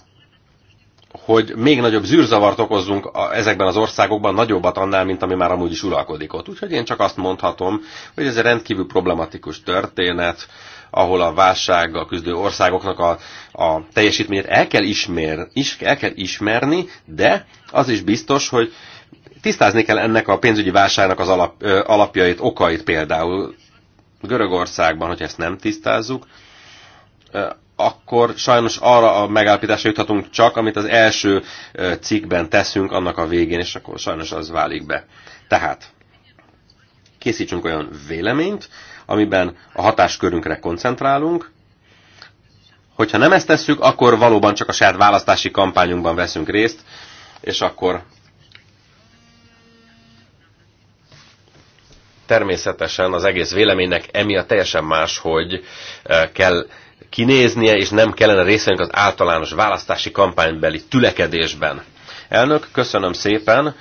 S1: hogy még nagyobb zűrzavart okozzunk a, ezekben az országokban, nagyobbat annál, mint ami már amúgy is uralkodik ott. Úgyhogy én csak azt mondhatom, hogy ez egy rendkívül problematikus történet, ahol a válsággal küzdő országoknak a, a teljesítményét el kell, ismer, is, el kell ismerni, de az is biztos, hogy tisztázni kell ennek a pénzügyi válságnak az alap, ö, alapjait, okait például. Görögországban, hogy ezt nem tisztázzuk, akkor sajnos arra a megállapításra juthatunk csak, amit az első cikkben teszünk annak a végén, és akkor sajnos az válik be. Tehát készítsünk olyan véleményt, amiben a hatáskörünkre koncentrálunk, hogyha nem ezt tesszük, akkor valóban csak a saját választási kampányunkban veszünk részt, és akkor természetesen az egész véleménynek emiatt teljesen más, hogy kell kinéznie, és nem kellene részt az általános választási kampánybeli tülekedésben. Elnök, köszönöm szépen!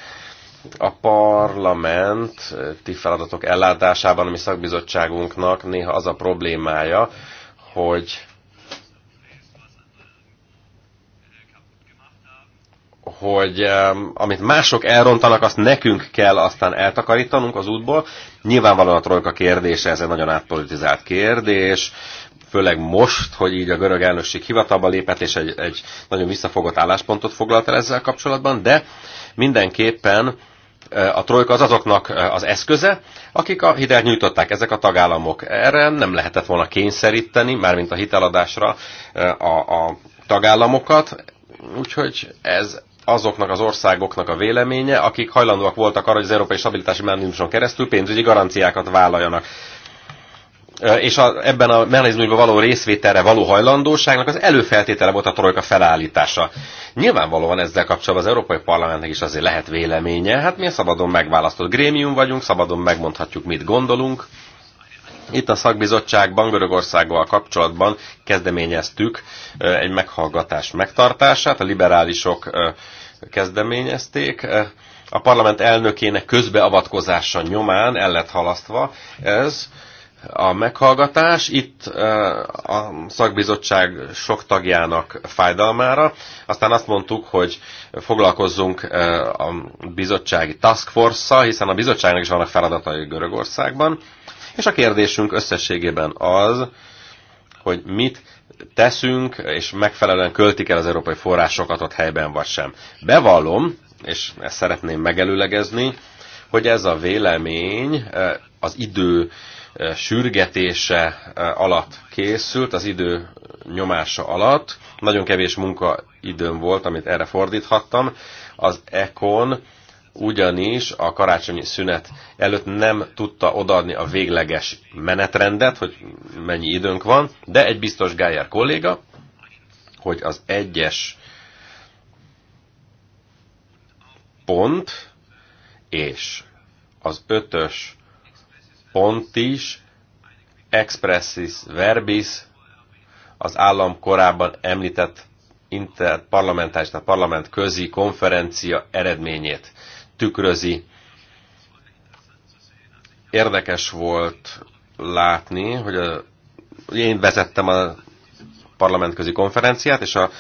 S1: a Parlament eh, ti feladatok ellátásában, ami szakbizottságunknak néha az a problémája, hogy hogy amit mások elrontanak, azt nekünk kell aztán eltakarítanunk az útból. Nyilvánvalóan a trojka kérdése, ez egy nagyon átpolitizált kérdés főleg most, hogy így a görög elnökség hivatalba lépett, és egy, egy nagyon visszafogott álláspontot foglalt el ezzel kapcsolatban, de mindenképpen a trojka az azoknak az eszköze, akik a hitelt nyújtották, ezek a tagállamok. Erre nem lehetett volna kényszeríteni, mármint a hiteladásra a, a tagállamokat, úgyhogy ez azoknak az országoknak a véleménye, akik hajlandóak voltak arra, hogy az Európai Stabilitási Mechanizmuson keresztül pénzügyi garanciákat vállaljanak és a, ebben a mechanizmusban való részvételre való hajlandóságnak az előfeltétele volt a trojka felállítása. Nyilvánvalóan ezzel kapcsolatban az Európai Parlamentnek is azért lehet véleménye, hát mi a szabadon megválasztott grémium vagyunk, szabadon megmondhatjuk, mit gondolunk. Itt a szakbizottságban Görögországgal kapcsolatban kezdeményeztük egy meghallgatás megtartását, a liberálisok kezdeményezték, a parlament elnökének közbeavatkozása nyomán el lett halasztva ez, a meghallgatás itt a szakbizottság sok tagjának fájdalmára. Aztán azt mondtuk, hogy foglalkozzunk a bizottsági task force hiszen a bizottságnak is vannak feladatai Görögországban. És a kérdésünk összességében az, hogy mit teszünk, és megfelelően költik el az európai forrásokat ott helyben vagy sem. Bevallom, és ezt szeretném megelőlegezni, hogy ez a vélemény az idő sürgetése eh, alatt készült, az idő nyomása alatt. Nagyon kevés munkaidőm volt, amit erre fordíthattam. Az Econ ugyanis a karácsonyi szünet előtt nem tudta odaadni a végleges menetrendet, hogy mennyi időnk van, de egy biztos Gájer kolléga, hogy az egyes pont és az ötös pontis, expressis verbis, az állam korábban említett interparlamentális, tehát parlament közi konferencia eredményét tükrözi. Érdekes volt látni, hogy a, én vezettem a parlamentközi konferenciát, és a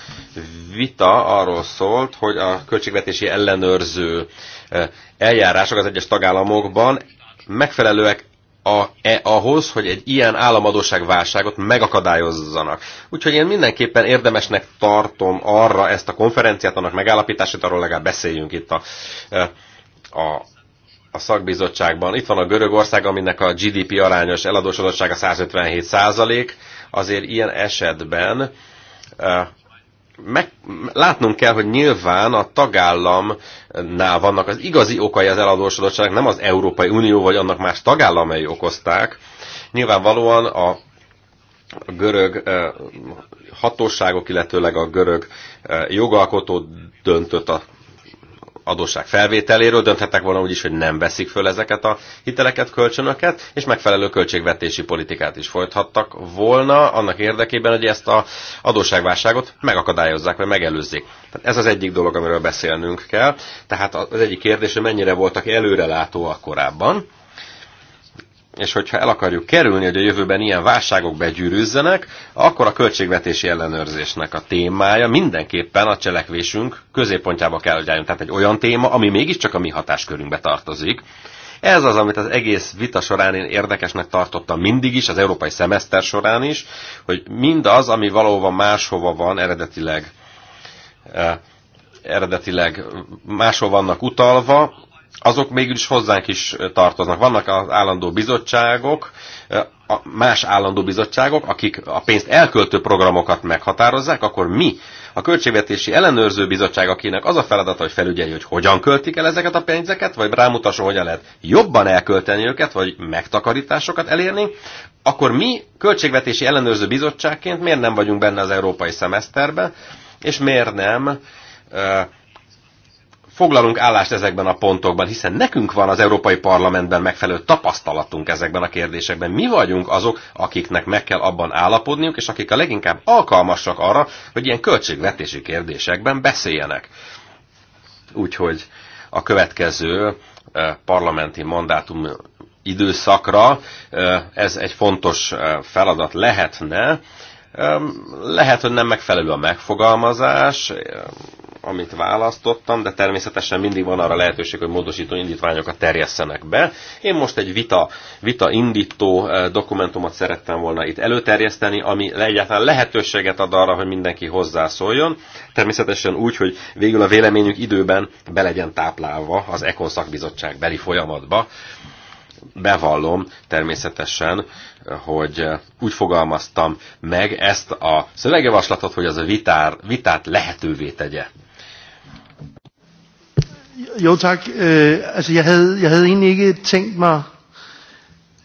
S1: vita arról szólt, hogy a költségvetési ellenőrző eh, eljárások az egyes tagállamokban megfelelőek a, e, ahhoz, hogy egy ilyen államadóság válságot megakadályozzanak. Úgyhogy én mindenképpen érdemesnek tartom arra ezt a konferenciát, annak megállapítását, arról legalább beszéljünk itt a, e, a, a szakbizottságban. Itt van a Görögország, aminek a GDP arányos eladósodottsága 157 százalék. Azért ilyen esetben e, meg, látnunk kell, hogy nyilván a tagállamnál vannak az igazi okai az eladósodottságnak, nem az Európai Unió vagy annak más tagállamai okozták. Nyilvánvalóan a görög eh, hatóságok, illetőleg a görög eh, jogalkotó döntött a adósság felvételéről, dönthettek volna úgy is, hogy nem veszik föl ezeket a hiteleket, kölcsönöket, és megfelelő költségvetési politikát is folytathattak volna annak érdekében, hogy ezt az adósságválságot megakadályozzák, vagy megelőzzék. Tehát ez az egyik dolog, amiről beszélnünk kell. Tehát az egyik kérdés, hogy mennyire voltak előrelátóak korábban, és hogyha el akarjuk kerülni, hogy a jövőben ilyen válságok begyűrűzzenek, akkor a költségvetési ellenőrzésnek a témája mindenképpen a cselekvésünk középpontjába kell, hogy álljunk. Tehát egy olyan téma, ami mégiscsak a mi hatáskörünkbe tartozik. Ez az, amit az egész vita során én érdekesnek tartottam mindig is, az európai szemeszter során is, hogy mindaz, ami valóban máshova van eredetileg, eh, eredetileg máshol vannak utalva, azok mégis hozzánk is tartoznak. Vannak az állandó bizottságok, más állandó bizottságok, akik a pénzt elköltő programokat meghatározzák, akkor mi, a Költségvetési Ellenőrző Bizottság, akinek az a feladata, hogy felügyelje, hogy hogyan költik el ezeket a pénzeket, vagy rámutasson, hogyan lehet jobban elkölteni őket, vagy megtakarításokat elérni, akkor mi Költségvetési Ellenőrző Bizottságként miért nem vagyunk benne az európai szemeszterben, és miért nem foglalunk állást ezekben a pontokban, hiszen nekünk van az Európai Parlamentben megfelelő tapasztalatunk ezekben a kérdésekben. Mi vagyunk azok, akiknek meg kell abban állapodniuk, és akik a leginkább alkalmasak arra, hogy ilyen költségvetési kérdésekben beszéljenek. Úgyhogy a következő eh, parlamenti mandátum időszakra eh, ez egy fontos eh, feladat lehetne. Lehet, hogy nem megfelelő a megfogalmazás, amit választottam, de természetesen mindig van arra lehetőség, hogy módosító indítványokat terjesszenek be. Én most egy vita, vita indító eh, dokumentumot szerettem volna itt előterjeszteni, ami egyáltalán lehetőséget ad arra, hogy mindenki hozzászóljon. Természetesen úgy, hogy végül a véleményük időben be legyen táplálva az Ekon szakbizottság beli folyamatba bevallom természetesen, eh, hogy eh, úgy fogalmaztam meg ezt a szövegjavaslatot, hogy az a vitár, vitát lehetővé tegye.
S3: Jo
S5: tak. Øh, altså, jeg havde, jeg havde egentlig ikke tænkt mig...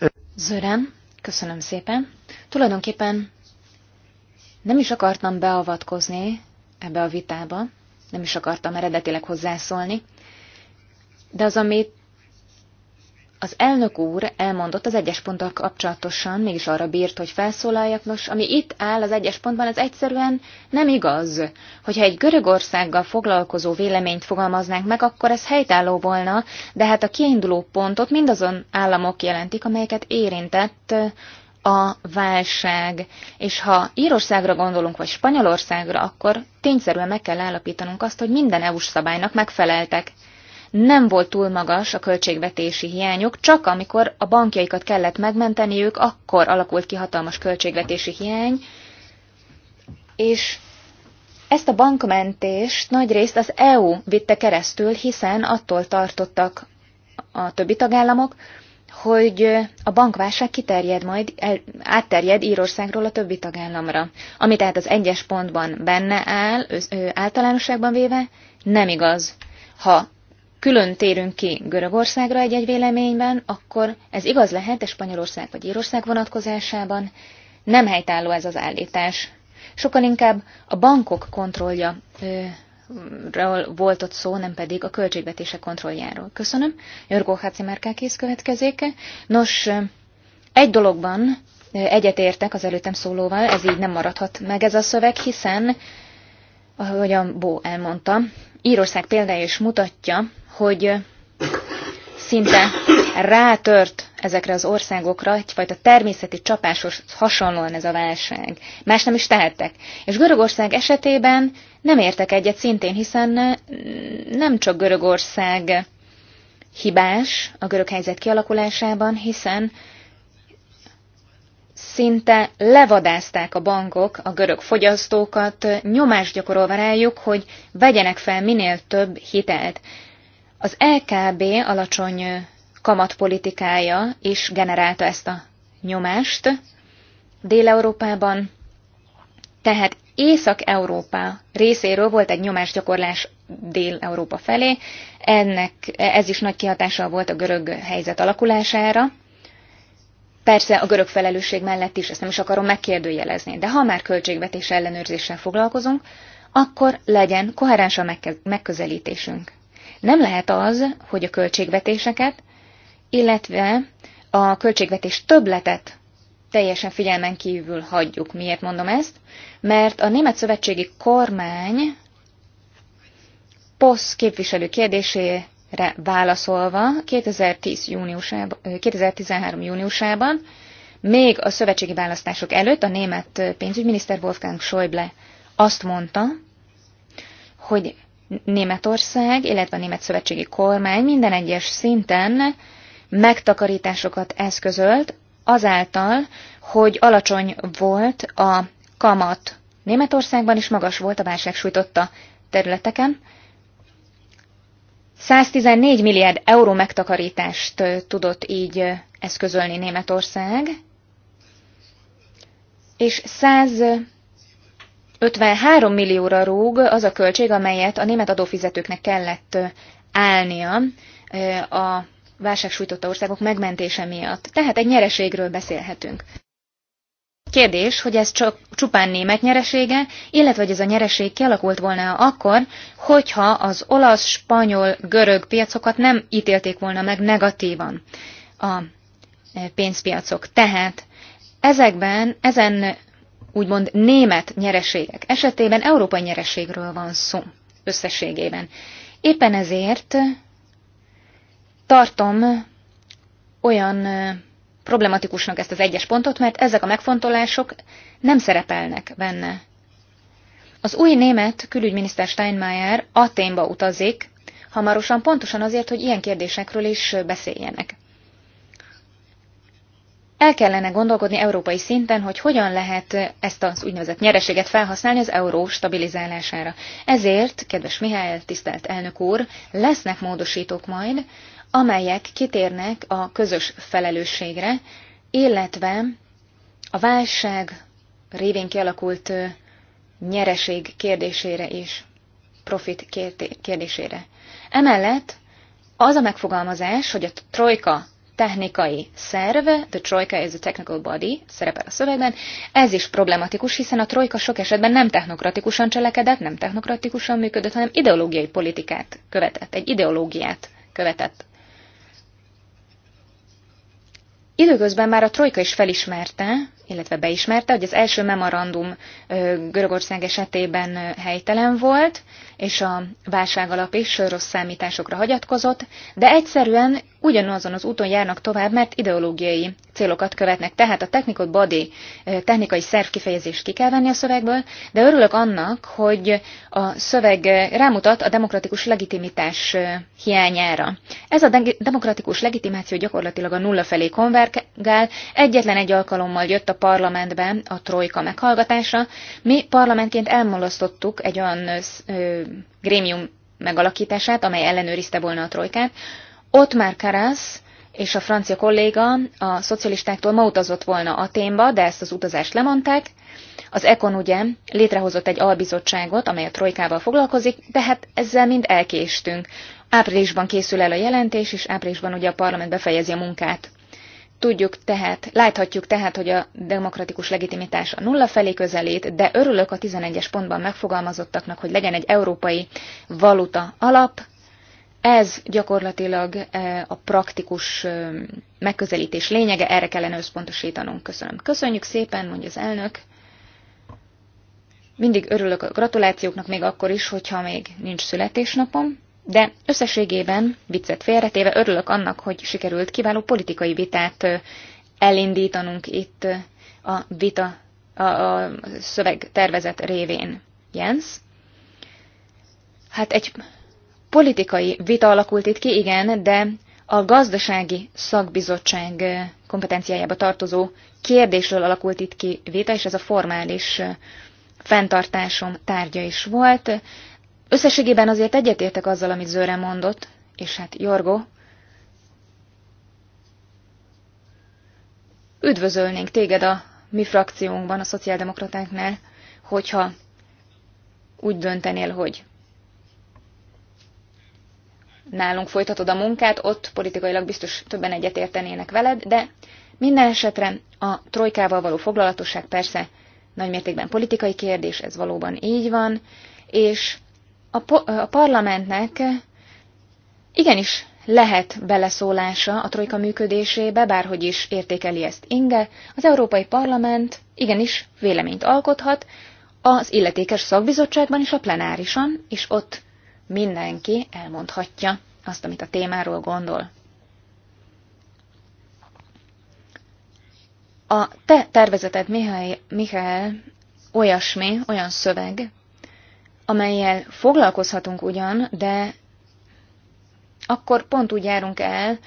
S5: Øh.
S3: Zören, köszönöm szépen. Tulajdonképpen nem is akartam beavatkozni ebbe a vitába, nem is akartam eredetileg hozzászólni, de az, amit az elnök úr elmondott az egyes ponttal kapcsolatosan, mégis arra bírt, hogy felszólaljak. Nos, ami itt áll az egyes pontban, az egyszerűen nem igaz. Hogyha egy Görögországgal foglalkozó véleményt fogalmaznánk meg, akkor ez helytálló volna, de hát a kiinduló pontot mindazon államok jelentik, amelyeket érintett a válság. És ha Írországra gondolunk, vagy Spanyolországra, akkor tényszerűen meg kell állapítanunk azt, hogy minden EU-s szabálynak megfeleltek nem volt túl magas a költségvetési hiányok, csak amikor a bankjaikat kellett megmenteniük, akkor alakult ki hatalmas költségvetési hiány, és ezt a bankmentést nagy részt az EU vitte keresztül, hiszen attól tartottak a többi tagállamok, hogy a bankválság kiterjed majd, el, átterjed Írországról a többi tagállamra. Ami tehát az egyes pontban benne áll, ő általánosságban véve, nem igaz. Ha külön térünk ki Görögországra egy-egy véleményben, akkor ez igaz lehet, de Spanyolország vagy Írország vonatkozásában nem helytálló ez az állítás. Sokkal inkább a bankok kontrollja volt ott szó, nem pedig a költségvetése kontrolljáról. Köszönöm. Jörgó kész következik. Nos, egy dologban egyetértek az előttem szólóval, ez így nem maradhat meg ez a szöveg, hiszen, ahogy a Bó elmondta, Írország példája is mutatja, hogy szinte rátört ezekre az országokra egyfajta természeti csapáshoz hasonlóan ez a válság. Más nem is tehettek. És Görögország esetében nem értek egyet szintén, hiszen nem csak Görögország hibás a görög helyzet kialakulásában, hiszen szinte levadázták a bankok a görög fogyasztókat, nyomást gyakorolva rájuk, hogy vegyenek fel minél több hitelt. Az LKB alacsony kamatpolitikája is generálta ezt a nyomást Dél-Európában, tehát Észak-Európa részéről volt egy nyomásgyakorlás Dél-Európa felé, ennek ez is nagy kihatással volt a görög helyzet alakulására. Persze a görög felelősség mellett is, ezt nem is akarom megkérdőjelezni, de ha már költségvetés ellenőrzéssel foglalkozunk, akkor legyen koherens a megközelítésünk. Nem lehet az, hogy a költségvetéseket, illetve a költségvetés többletet teljesen figyelmen kívül hagyjuk. Miért mondom ezt? Mert a német szövetségi kormány POSZ képviselő kérdésére válaszolva 2010 júniusában, 2013 júniusában, még a szövetségi választások előtt a német pénzügyminiszter Wolfgang Schäuble azt mondta, hogy Németország, illetve a Német Szövetségi Kormány minden egyes szinten megtakarításokat eszközölt azáltal, hogy alacsony volt a kamat Németországban, és magas volt a válság sújtotta területeken. 114 milliárd euró megtakarítást tudott így eszközölni Németország, és 100 53 millióra rúg az a költség, amelyet a német adófizetőknek kellett állnia a válság sújtotta országok megmentése miatt. Tehát egy nyereségről beszélhetünk. Kérdés, hogy ez csak csupán német nyeresége, illetve hogy ez a nyereség kialakult volna akkor, hogyha az olasz, spanyol, görög piacokat nem ítélték volna meg negatívan a pénzpiacok. Tehát ezekben, ezen úgymond német nyereségek esetében európai nyereségről van szó összességében. Éppen ezért tartom olyan problematikusnak ezt az egyes pontot, mert ezek a megfontolások nem szerepelnek benne. Az új német külügyminiszter Steinmeier Aténba utazik, hamarosan pontosan azért, hogy ilyen kérdésekről is beszéljenek. El kellene gondolkodni európai szinten, hogy hogyan lehet ezt az úgynevezett nyereséget felhasználni az euró stabilizálására. Ezért, kedves Mihály, tisztelt elnök úr, lesznek módosítók majd, amelyek kitérnek a közös felelősségre, illetve a válság révén kialakult nyereség kérdésére és profit kérdésére. Emellett az a megfogalmazás, hogy a trojka technikai szerv, the Troika is a technical body, szerepel a szövegben, ez is problematikus, hiszen a trojka sok esetben nem technokratikusan cselekedett, nem technokratikusan működött, hanem ideológiai politikát követett, egy ideológiát követett. Időközben már a trojka is felismerte, illetve beismerte, hogy az első memorandum Görögország esetében helytelen volt, és a válság alap is rossz számításokra hagyatkozott, de egyszerűen ugyanazon az úton járnak tovább, mert ideológiai célokat követnek. Tehát a technikot body, technikai szerv kifejezést ki kell venni a szövegből, de örülök annak, hogy a szöveg rámutat a demokratikus legitimitás hiányára. Ez a de demokratikus legitimáció gyakorlatilag a nulla felé konvergál, egyetlen egy alkalommal jött a parlamentben a trojka meghallgatása. Mi parlamentként elmolasztottuk egy olyan grémium megalakítását, amely ellenőrizte volna a trojkát. Ott már Karasz és a francia kolléga a szocialistáktól ma utazott volna Aténba, de ezt az utazást lemondták. Az Ekon ugye létrehozott egy albizottságot, amely a trojkával foglalkozik, de hát ezzel mind elkéstünk. Áprilisban készül el a jelentés, és áprilisban ugye a parlament befejezi a munkát. Tudjuk tehát, láthatjuk tehát, hogy a demokratikus legitimitás a nulla felé közelít, de örülök a 11-es pontban megfogalmazottaknak, hogy legyen egy európai valuta alap. Ez gyakorlatilag e, a praktikus e, megközelítés lényege, erre kellene összpontosítanunk. Köszönöm. Köszönjük szépen, mondja az elnök. Mindig örülök a gratulációknak, még akkor is, hogyha még nincs születésnapom. De összességében, viccet félretéve, örülök annak, hogy sikerült kiváló politikai vitát elindítanunk itt a vita, a, a szöveg révén. Jens? Hát egy politikai vita alakult itt ki, igen, de a gazdasági szakbizottság kompetenciájába tartozó kérdésről alakult itt ki vita, és ez a formális fenntartásom tárgya is volt. Összességében azért egyetértek azzal, amit Zőre mondott, és hát Jorgo, üdvözölnénk téged a mi frakciónkban, a szociáldemokratáknál, hogyha úgy döntenél, hogy nálunk folytatod a munkát, ott politikailag biztos többen egyetértenének veled, de minden esetre a trojkával való foglalatosság persze nagymértékben politikai kérdés, ez valóban így van, és a, a parlamentnek igenis lehet beleszólása a trojka működésébe, bárhogy is értékeli ezt Inge, az Európai Parlament igenis véleményt alkothat az illetékes szakbizottságban és a plenárisan, és ott mindenki elmondhatja azt, amit a témáról gondol. A te tervezeted, Mihály, Mihály, olyasmi, olyan szöveg, amelyel foglalkozhatunk ugyan, de akkor pont úgy járunk el,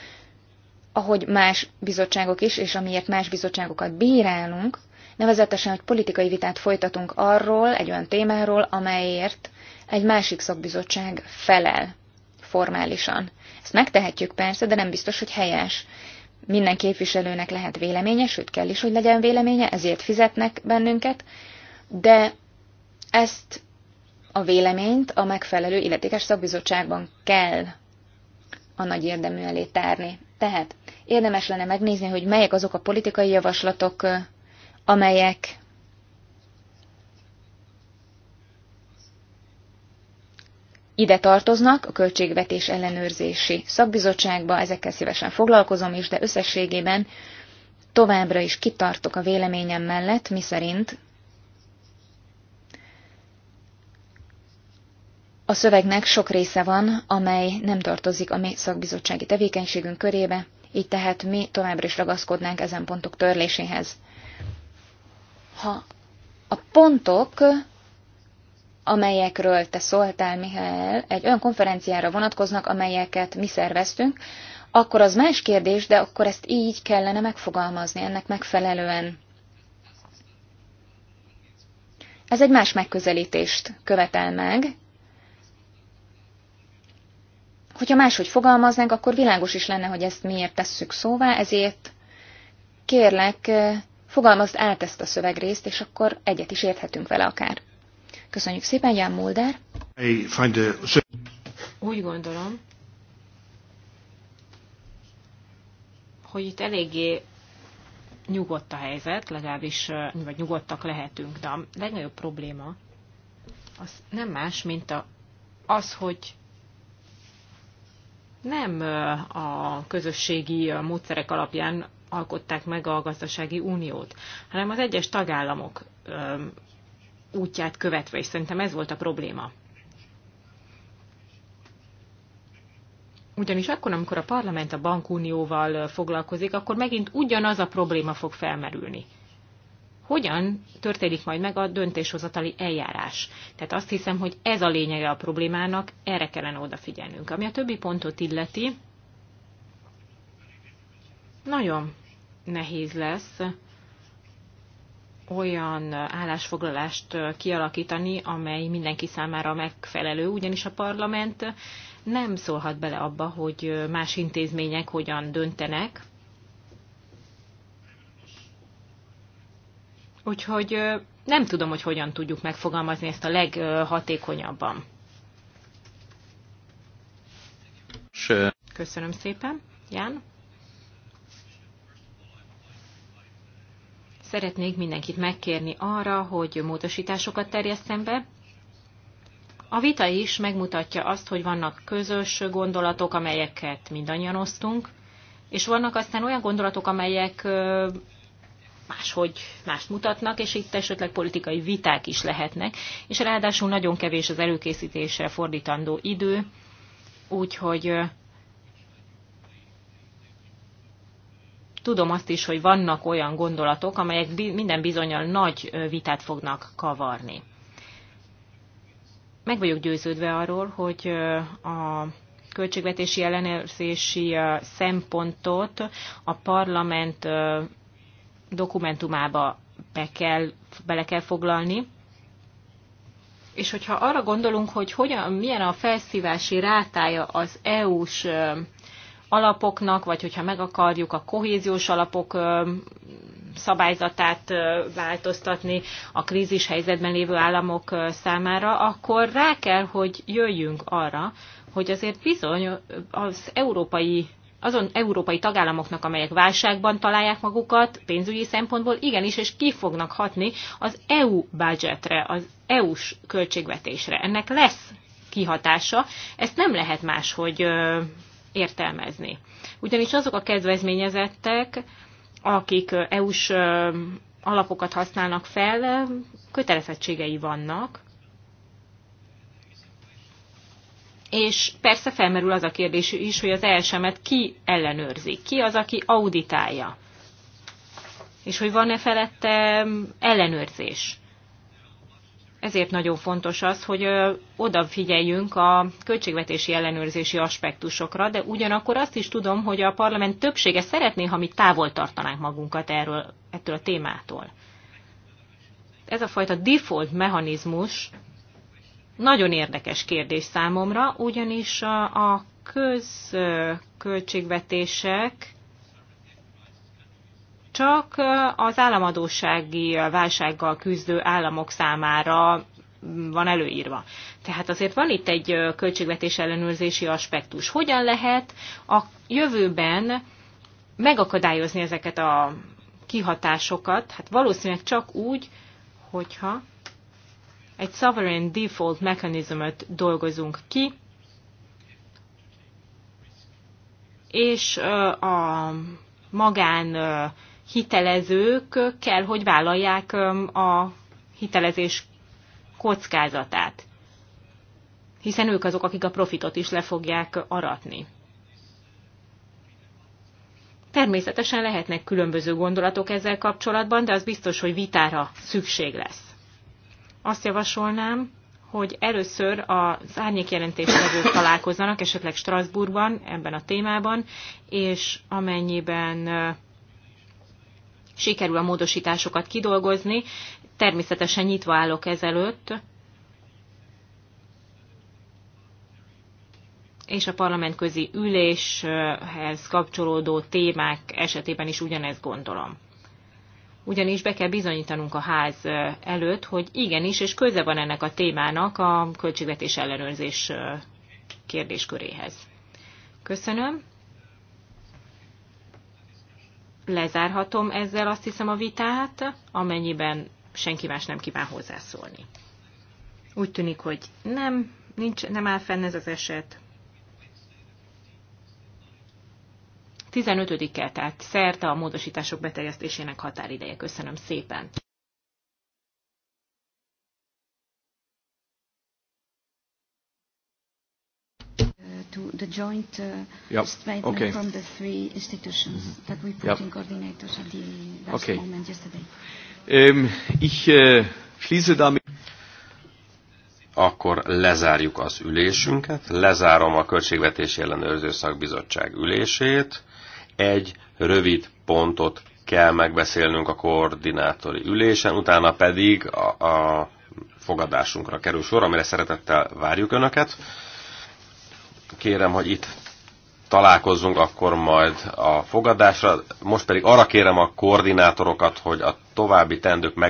S3: ahogy más bizottságok is, és amiért más bizottságokat bírálunk, nevezetesen, hogy politikai vitát folytatunk arról, egy olyan témáról, amelyért egy másik szakbizottság felel formálisan. Ezt megtehetjük persze, de nem biztos, hogy helyes. Minden képviselőnek lehet véleménye, sőt kell is, hogy legyen véleménye, ezért fizetnek bennünket, de ezt a véleményt a megfelelő illetékes szakbizottságban kell a nagy érdemű elé tárni. Tehát érdemes lenne megnézni, hogy melyek azok a politikai javaslatok, amelyek ide tartoznak a költségvetés ellenőrzési szakbizottságba, ezekkel szívesen foglalkozom is, de összességében továbbra is kitartok a véleményem mellett, miszerint A szövegnek sok része van, amely nem tartozik a mi szakbizottsági tevékenységünk körébe, így tehát mi továbbra is ragaszkodnánk ezen pontok törléséhez. Ha a pontok, amelyekről te szóltál, Mihály, egy olyan konferenciára vonatkoznak, amelyeket mi szerveztünk, akkor az más kérdés, de akkor ezt így kellene megfogalmazni, ennek megfelelően. Ez egy más megközelítést követel meg, Hogyha máshogy fogalmaznánk, akkor világos is lenne, hogy ezt miért tesszük szóvá, ezért kérlek, fogalmazd át ezt a szövegrészt, és akkor egyet is érthetünk vele akár. Köszönjük szépen, Jan Mulder. Úgy gondolom,
S2: hogy itt eléggé nyugodt a helyzet, legalábbis vagy nyugodtak lehetünk, de a legnagyobb probléma az nem más, mint a, az, hogy nem a közösségi módszerek alapján alkották meg a gazdasági uniót, hanem az egyes tagállamok útját követve, és szerintem ez volt a probléma. Ugyanis akkor, amikor a parlament a bankunióval foglalkozik, akkor megint ugyanaz a probléma fog felmerülni hogyan történik majd meg a döntéshozatali eljárás. Tehát azt hiszem, hogy ez a lényege a problémának, erre kellene odafigyelnünk. Ami a többi pontot illeti, nagyon nehéz lesz olyan állásfoglalást kialakítani, amely mindenki számára megfelelő, ugyanis a parlament nem szólhat bele abba, hogy más intézmények hogyan döntenek, Úgyhogy nem tudom, hogy hogyan tudjuk megfogalmazni ezt a leghatékonyabban. Köszönöm szépen. Ján? Szeretnék mindenkit megkérni arra, hogy módosításokat terjesszem be. A vita is megmutatja azt, hogy vannak közös gondolatok, amelyeket mindannyian osztunk, és vannak aztán olyan gondolatok, amelyek máshogy mást mutatnak, és itt esetleg politikai viták is lehetnek, és ráadásul nagyon kevés az előkészítésre fordítandó idő, úgyhogy tudom azt is, hogy vannak olyan gondolatok, amelyek minden bizonyal nagy vitát fognak kavarni. Meg vagyok győződve arról, hogy a költségvetési ellenőrzési szempontot a parlament dokumentumába be kell, bele kell foglalni. És hogyha arra gondolunk, hogy hogyan, milyen a felszívási rátája az EU-s alapoknak, vagy hogyha meg akarjuk a kohéziós alapok szabályzatát változtatni a krízis helyzetben lévő államok számára, akkor rá kell, hogy jöjjünk arra, hogy azért bizony az európai azon európai tagállamoknak, amelyek válságban találják magukat pénzügyi szempontból, igenis, és ki fognak hatni az EU budgetre, az EU-s költségvetésre. Ennek lesz kihatása, ezt nem lehet máshogy ö, értelmezni. Ugyanis azok a kedvezményezettek, akik EU-s alapokat használnak fel, kötelezettségei vannak, és persze felmerül az a kérdés is, hogy az elsemet ki ellenőrzi, ki az, aki auditálja, és hogy van-e felette mm, ellenőrzés. Ezért nagyon fontos az, hogy odafigyeljünk a költségvetési ellenőrzési aspektusokra, de ugyanakkor azt is tudom, hogy a parlament többsége szeretné, ha mi távol tartanánk magunkat erről, ettől a témától. Ez a fajta default mechanizmus nagyon érdekes kérdés számomra, ugyanis a közköltségvetések csak az államadósági válsággal küzdő államok számára mm, van előírva. Tehát azért van itt egy költségvetés ellenőrzési aspektus. Hogyan lehet a jövőben megakadályozni ezeket a kihatásokat? Hát valószínűleg csak úgy, hogyha egy sovereign default mechanizmot dolgozunk ki, és a magán hitelezők kell, hogy vállalják a hitelezés kockázatát, hiszen ők azok, akik a profitot is le fogják aratni. Természetesen lehetnek különböző gondolatok ezzel kapcsolatban, de az biztos, hogy vitára szükség lesz azt javasolnám, hogy először az árnyékjelentéstevők találkozzanak, esetleg Strasbourgban ebben a témában, és amennyiben sikerül a módosításokat kidolgozni, természetesen nyitva állok ezelőtt, és a parlamentközi üléshez kapcsolódó témák esetében is ugyanezt gondolom ugyanis be kell bizonyítanunk a ház előtt, hogy igenis, és köze van ennek a témának a költségvetés ellenőrzés kérdésköréhez. Köszönöm. Lezárhatom ezzel azt hiszem a vitát, amennyiben senki más nem kíván hozzászólni. Úgy tűnik, hogy nem, nincs, nem áll fenn ez az eset. 15-e, tehát szerte a módosítások beterjesztésének határideje. Köszönöm szépen!
S4: Uh, to the joint uh, yep. statement okay. from the three
S3: institutions mm-hmm. that we put yep. in coordinators at the last okay. moment yesterday.
S1: Um,
S5: ich uh,
S1: schließe damit. Akkor lezárjuk az ülésünket, lezárom a Költségvetési Ellenőrző Szakbizottság ülését egy rövid pontot kell megbeszélnünk a koordinátori ülésen, utána pedig a, a fogadásunkra kerül sor, amire szeretettel várjuk Önöket. Kérem, hogy itt találkozzunk akkor majd a fogadásra. Most pedig arra kérem a koordinátorokat, hogy a további tendők meg